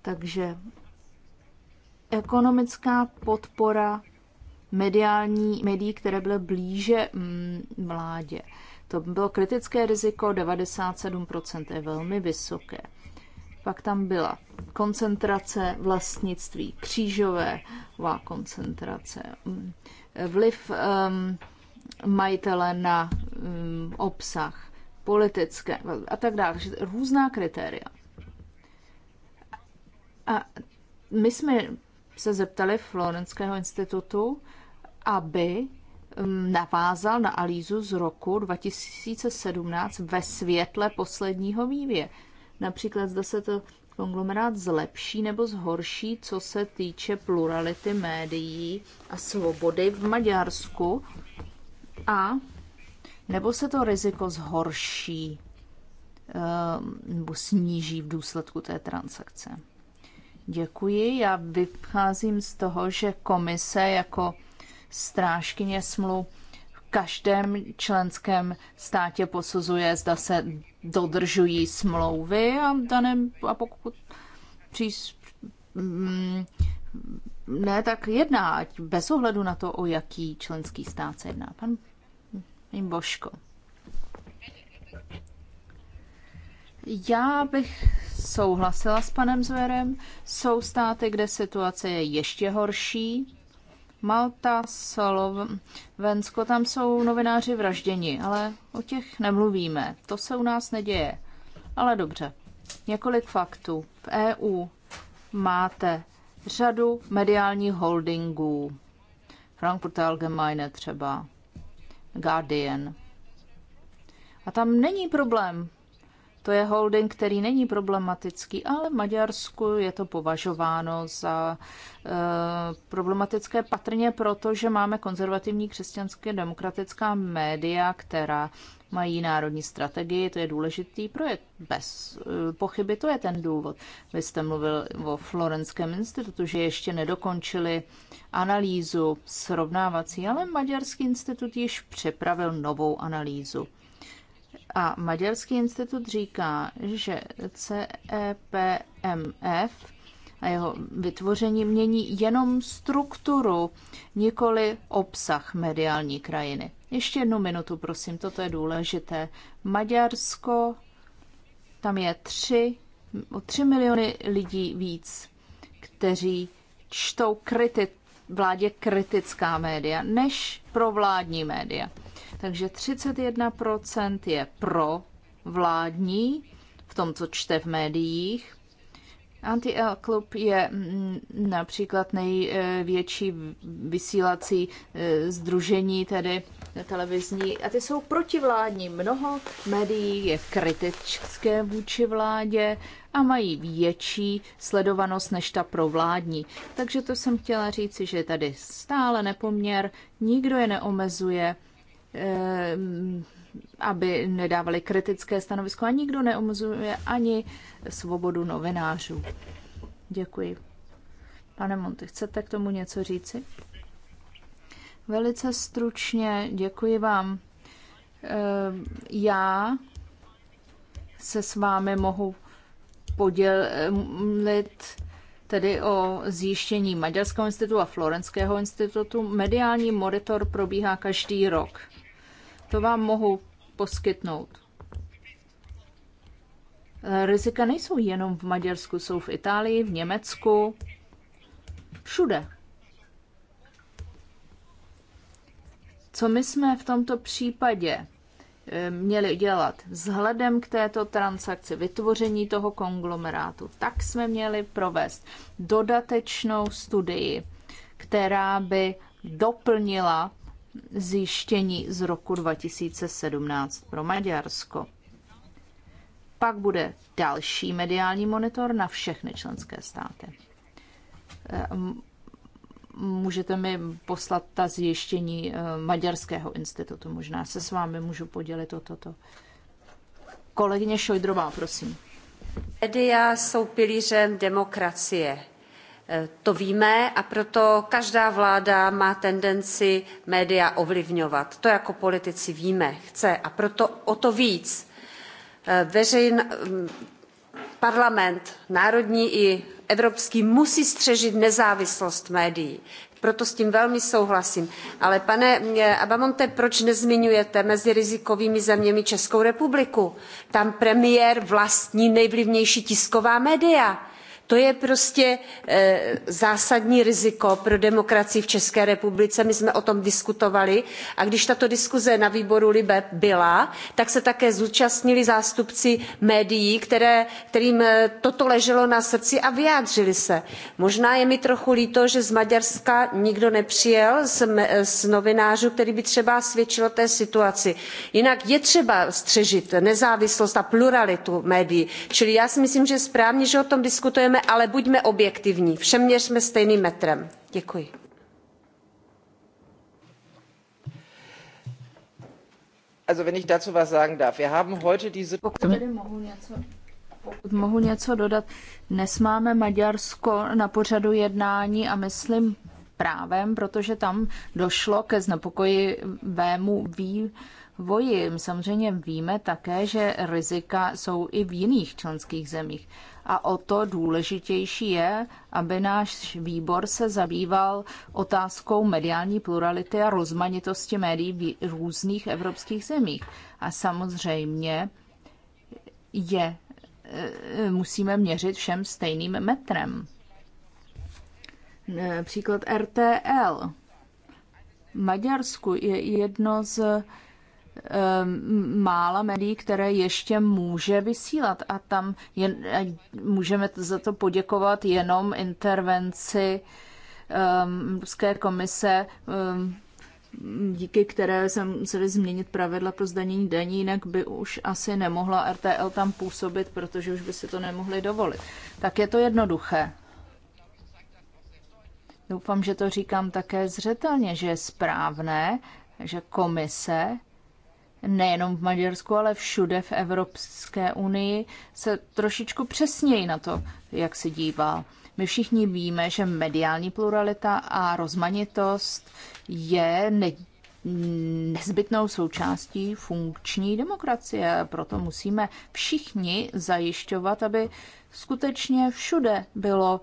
Speaker 3: takže ekonomická podpora mediální, médií, které byly blíže mládě. Mm, to bylo kritické riziko, 97% je velmi vysoké. Pak tam byla koncentrace vlastnictví, křížové koncentrace, mm, vliv um, majitele na um, obsah, politické a tak dále. Různá kritéria. A my jsme se zeptali Florenského institutu, aby mm, navázal na Alízu z roku 2017 ve světle posledního vývě. Například zda se to konglomerát zlepší nebo zhorší, co se týče plurality médií a svobody v Maďarsku a nebo se to riziko zhorší ehm, nebo sníží v důsledku té transakce. Děkuji. Já vycházím z toho, že komise jako strážkyně smluv v každém členském státě posuzuje, zda se dodržují smlouvy a, daném, a pokud přís, mm, ne, tak jedná, bez ohledu na to, o jaký členský stát se jedná. Pan Boško. Já bych souhlasila s panem Zverem. Jsou státy, kde situace je ještě horší. Malta, Slovensko, tam jsou novináři vražděni, ale o těch nemluvíme. To se u nás neděje. Ale dobře, několik faktů. V EU máte řadu mediálních holdingů. Frankfurt Allgemeine třeba, Guardian. A tam není problém to je holding, který není problematický, ale v Maďarsku je to považováno za e, problematické patrně proto, že máme konzervativní křesťanské demokratická média, která mají národní strategii, to je důležitý projekt. Bez eh, pochyby to je ten důvod. Vy jste mluvil o Florenském institutu, že ještě nedokončili analýzu srovnávací, ale Maďarský institut již připravil novou analýzu. A Maďarský institut říká, že CEPMF a jeho vytvoření mění jenom strukturu, nikoli obsah mediální krajiny. Ještě jednu minutu, prosím, toto je důležité. Maďarsko, tam je tři, o tři miliony lidí víc, kteří čtou kriti, vládě kritická média, než provládní média. Takže 31% je pro vládní, v tom, co čte v médiích. anti Club je mm, například největší vysílací e, združení, tedy televizní, a ty jsou protivládní. Mnoho médií je kritické vůči vládě a mají větší sledovanost než ta provládní. Takže to jsem chtěla říci, že je tady stále nepoměr, nikdo je neomezuje Eh, aby nedávali kritické stanovisko a nikdo neomezuje ani svobodu novinářů. Děkuji. Pane Monty, chcete k tomu něco říci? Velice stručně, děkuji vám. Eh, já se s vámi mohu podělit tedy o zjištění Maďarského institutu a Florenského institutu. Mediální monitor probíhá každý rok to vám mohu poskytnout. Eh, rizika nejsou jenom v Maďarsku, jsou v Itálii, v Německu, všude. Co my jsme v tomto případě eh, měli dělat vzhledem k této transakci, vytvoření toho konglomerátu, tak jsme měli provést dodatečnou studii, která by doplnila zjištění z roku 2017 pro Maďarsko. Pak bude další mediální monitor na všechny členské státy. Eh, můžete mi poslat ta zjištění eh, Maďarského institutu. Možná se s vámi můžu
Speaker 5: podělit o toto. Kolegyně Šojdrová, prosím. Media jsou pilířem demokracie Eh, to víme a proto každá vláda má tendenci média ovlivňovat. To jako politici víme, chce a proto o to víc eh, veřejn, mm, parlament národní i evropský musí střežit nezávislost médií. Proto s tím velmi souhlasím. Ale pane eh, Abamonte, proč nezmiňujete mezi rizikovými zeměmi Českou republiku? Tam premiér vlastní nejvlivnější tisková média to je prostě eh, zásadní riziko pro demokracii v české republice my jsme o tom diskutovali a když tato diskuze na výboru libe byla tak se také zúčastnili zástupci médií kterým eh, toto leželo na srdci a vyjádřili se. možná je mi trochu líto že z maďarska nikdo nepřijel eh, z novinářů který by třeba svědčil o té situaci. jinak je třeba střežit nezávislost a pluralitu médií čili já si myslím že je správně že o tom diskutujeme ale buďme objektivní. Vše měřme stejným metrem. Děkuji.
Speaker 1: Also wenn ich dazu was sagen darf, wir haben heute diese... Pokud tedy mohu
Speaker 3: něco, pokud mohu něco dodat, dnes máme Maďarsko na pořadu jednání a myslím právem, protože tam došlo ke znepokojivému vývoji voji. Samozřejmě víme také, že rizika jsou i v jiných členských zemích. A o to důležitější je, aby náš výbor se zabýval otázkou mediální plurality a rozmanitosti médií v různých evropských zemích. A samozřejmě je, e, musíme měřit všem stejným metrem. E, příklad RTL. Maďarsku je jedno z Ehm, mála médií, které ještě může vysílat a tam jen, můžeme za to poděkovat jenom intervenci ehm, Ruské um, komise, um, díky které se museli změnit pravidla pro zdanění daní, jinak by už asi nemohla RTL tam působit, protože už by si to nemohli dovolit. Tak je to jednoduché. Doufám, že to říkám také zřetelně, že je správné, že komise nejenom v Maďarsku, ale všude v Evropské unii se trošičku přesněji na to, jak se dívá. My všichni víme, že mediální pluralita a rozmanitost je ne- nezbytnou součástí funkční demokracie. Proto musíme všichni zajišťovat, aby skutečně všude bylo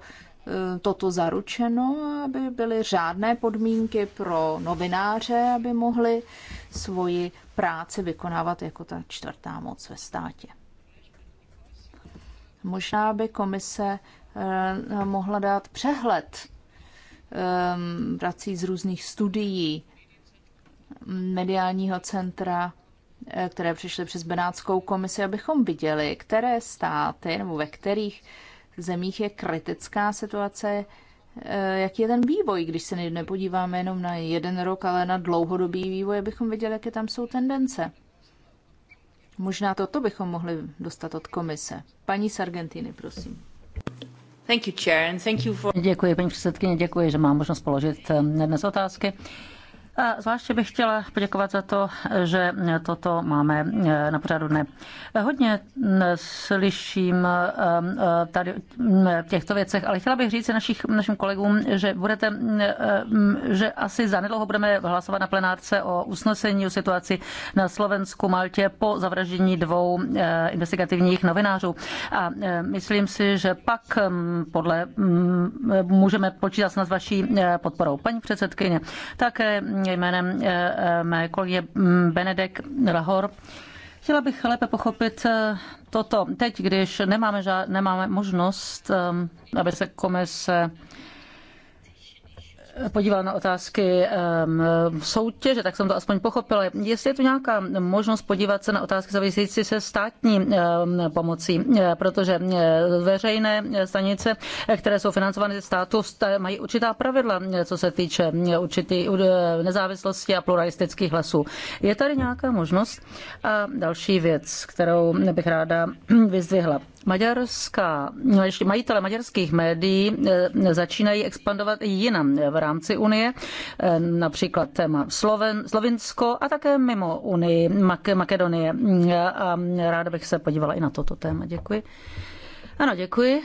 Speaker 3: E, toto zaručeno, aby byly řádné podmínky pro novináře, aby mohli svoji práci vykonávat jako ta čtvrtá moc ve státě. Možná by komise e, mohla dát přehled prací e, z různých studií mediálního centra, které přišly přes Benátskou komisi, abychom viděli, které státy nebo ve kterých zemích je kritická situace, eh, jaký je ten vývoj, když se nepodíváme jenom na jeden rok, ale na dlouhodobý vývoj, abychom viděli, jaké tam jsou tendence. Možná toto bychom mohli dostat od komise. Paní z Argentiny, prosím.
Speaker 2: Thank you, Chair, and thank you for... Děkuji, paní předsedkyně, děkuji, že mám možnost položit eh, dnes otázky. A zvláště bych chtěla poděkovat za to, že toto máme eh, na pořadu dne. Hodně mm, slyším eh, tady v těchto věcech, ale chtěla bych říct našich, našim kolegům, že budete, mm, eh, mm, že asi zanedlouho budeme hlasovat na plenárce o usnesení o situaci na Slovensku, Maltě po zavraždění dvou investigativních novinářů. A myslím si, že pak podle můžeme počítat s vaší podporou. Paní předsedkyně, také jménem eh, eh, mé kolegy mm, Benedek Lahor. Chtěla bych lépe pochopit eh, toto. Teď, když nemáme, žád, nemáme možnost, aby se komise podívala na otázky soutěže, tak jsem to aspoň pochopila. Jestli je tu nějaká možnost podívat se na otázky související se státní pomocí, e, protože e, veřejné stanice, e, které jsou financovány ze státu, mají určitá pravidla, co se týče určitý nezávislosti a pluralistických hlasů. Je tady nějaká možnost? A další věc, kterou bych ráda vyzdvihla. Maďarská, no, majitele maďarských médií eh, začínají expandovat i jinam eh, v rámci Unie, eh, například téma Sloven, Slovinsko a také mimo Unii, Makedonie. A ráda bych se podívala i na toto téma. Děkuji. Ano, děkuji.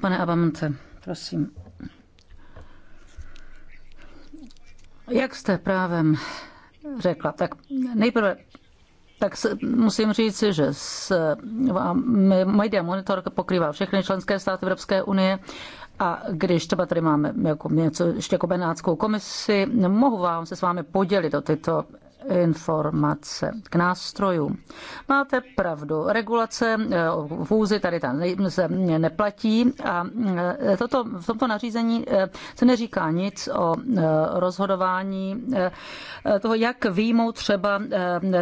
Speaker 2: Pane Abamante, prosím. Jak jste právě řekla, tak nejprve tak musím říct, že s, Media Monitor pokrývá všechny členské státy Evropské unie a když třeba tady máme jako něco, ještě jako benátskou komisi, mohu vám se s vámi podělit o tyto informace k nástrojům. Máte pravdu, regulace eh, vůzy tady ta neplatí a eh, toto, v tomto nařízení eh, se neříká nic o rozhodování toho, jak výjmout třeba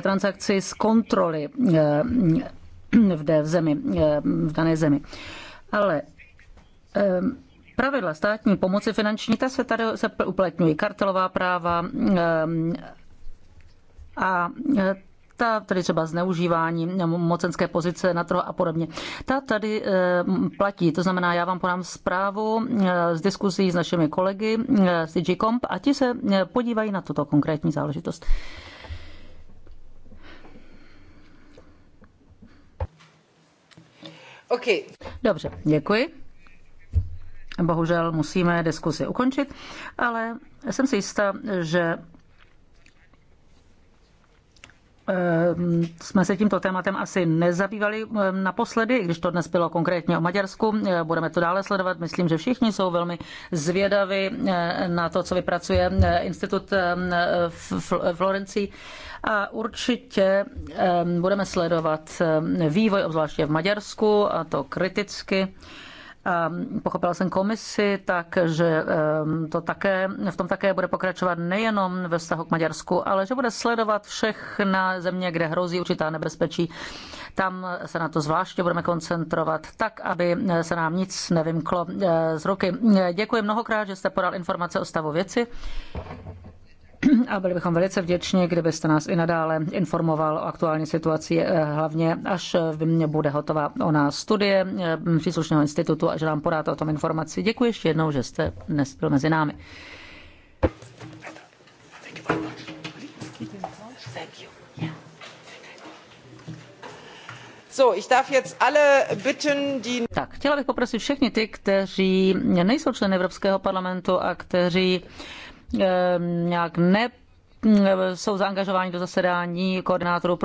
Speaker 2: transakci z kontroly v, zemi, v dané zemi. Ale pravidla státní pomoci finanční, ta se tady se uplatňují kartelová práva, a e, ta tady třeba zneužívání mocenské pozice na trhu a podobně. Ta tady e, platí, to znamená, já vám podám zprávu e, z diskusí s našimi kolegy z DigiComp a ti se podívají na tuto konkrétní záležitost. Okay. Dobře, děkuji. Bohužel musíme diskusi ukončit, ale jsem si jistá, že Ehm, jsme se tímto tématem asi nezabývali ehm, naposledy, když to dnes bylo konkrétně o Maďarsku. Eh, budeme to dále sledovat. Myslím, že všichni jsou velmi zvědaví eh, na to, co vypracuje eh, Institut ehm, Florencí. A určitě budeme sledovat vývoj, obzvláště v Maďarsku, a to kriticky. Ehm, pochopila jsem komisi tak, že ehm, to také, v tom také bude pokračovat nejenom ve vztahu k Maďarsku, ale že bude sledovat všechna země, kde hrozí určitá nebezpečí. Tam se na to zvláště budeme koncentrovat, tak, aby se nám nic nevymklo eh, z ruky. Děkuji mnohokrát, že jste podal informace o stavu věci a byli bychom velice vděční, kdybyste nás i nadále informoval o aktuální situaci, eh, hlavně až bude hotová ona studie eh, příslušného institutu a že nám podáte o tom informaci. Děkuji ještě jednou, že jste dnes byl mezi námi. Tak, chtěla bych poprosit všechny ty, kteří nejsou členy Evropského parlamentu a kteří Ehm, nějak ne ehm, jsou zaangažováni do zasedání koordinátorů.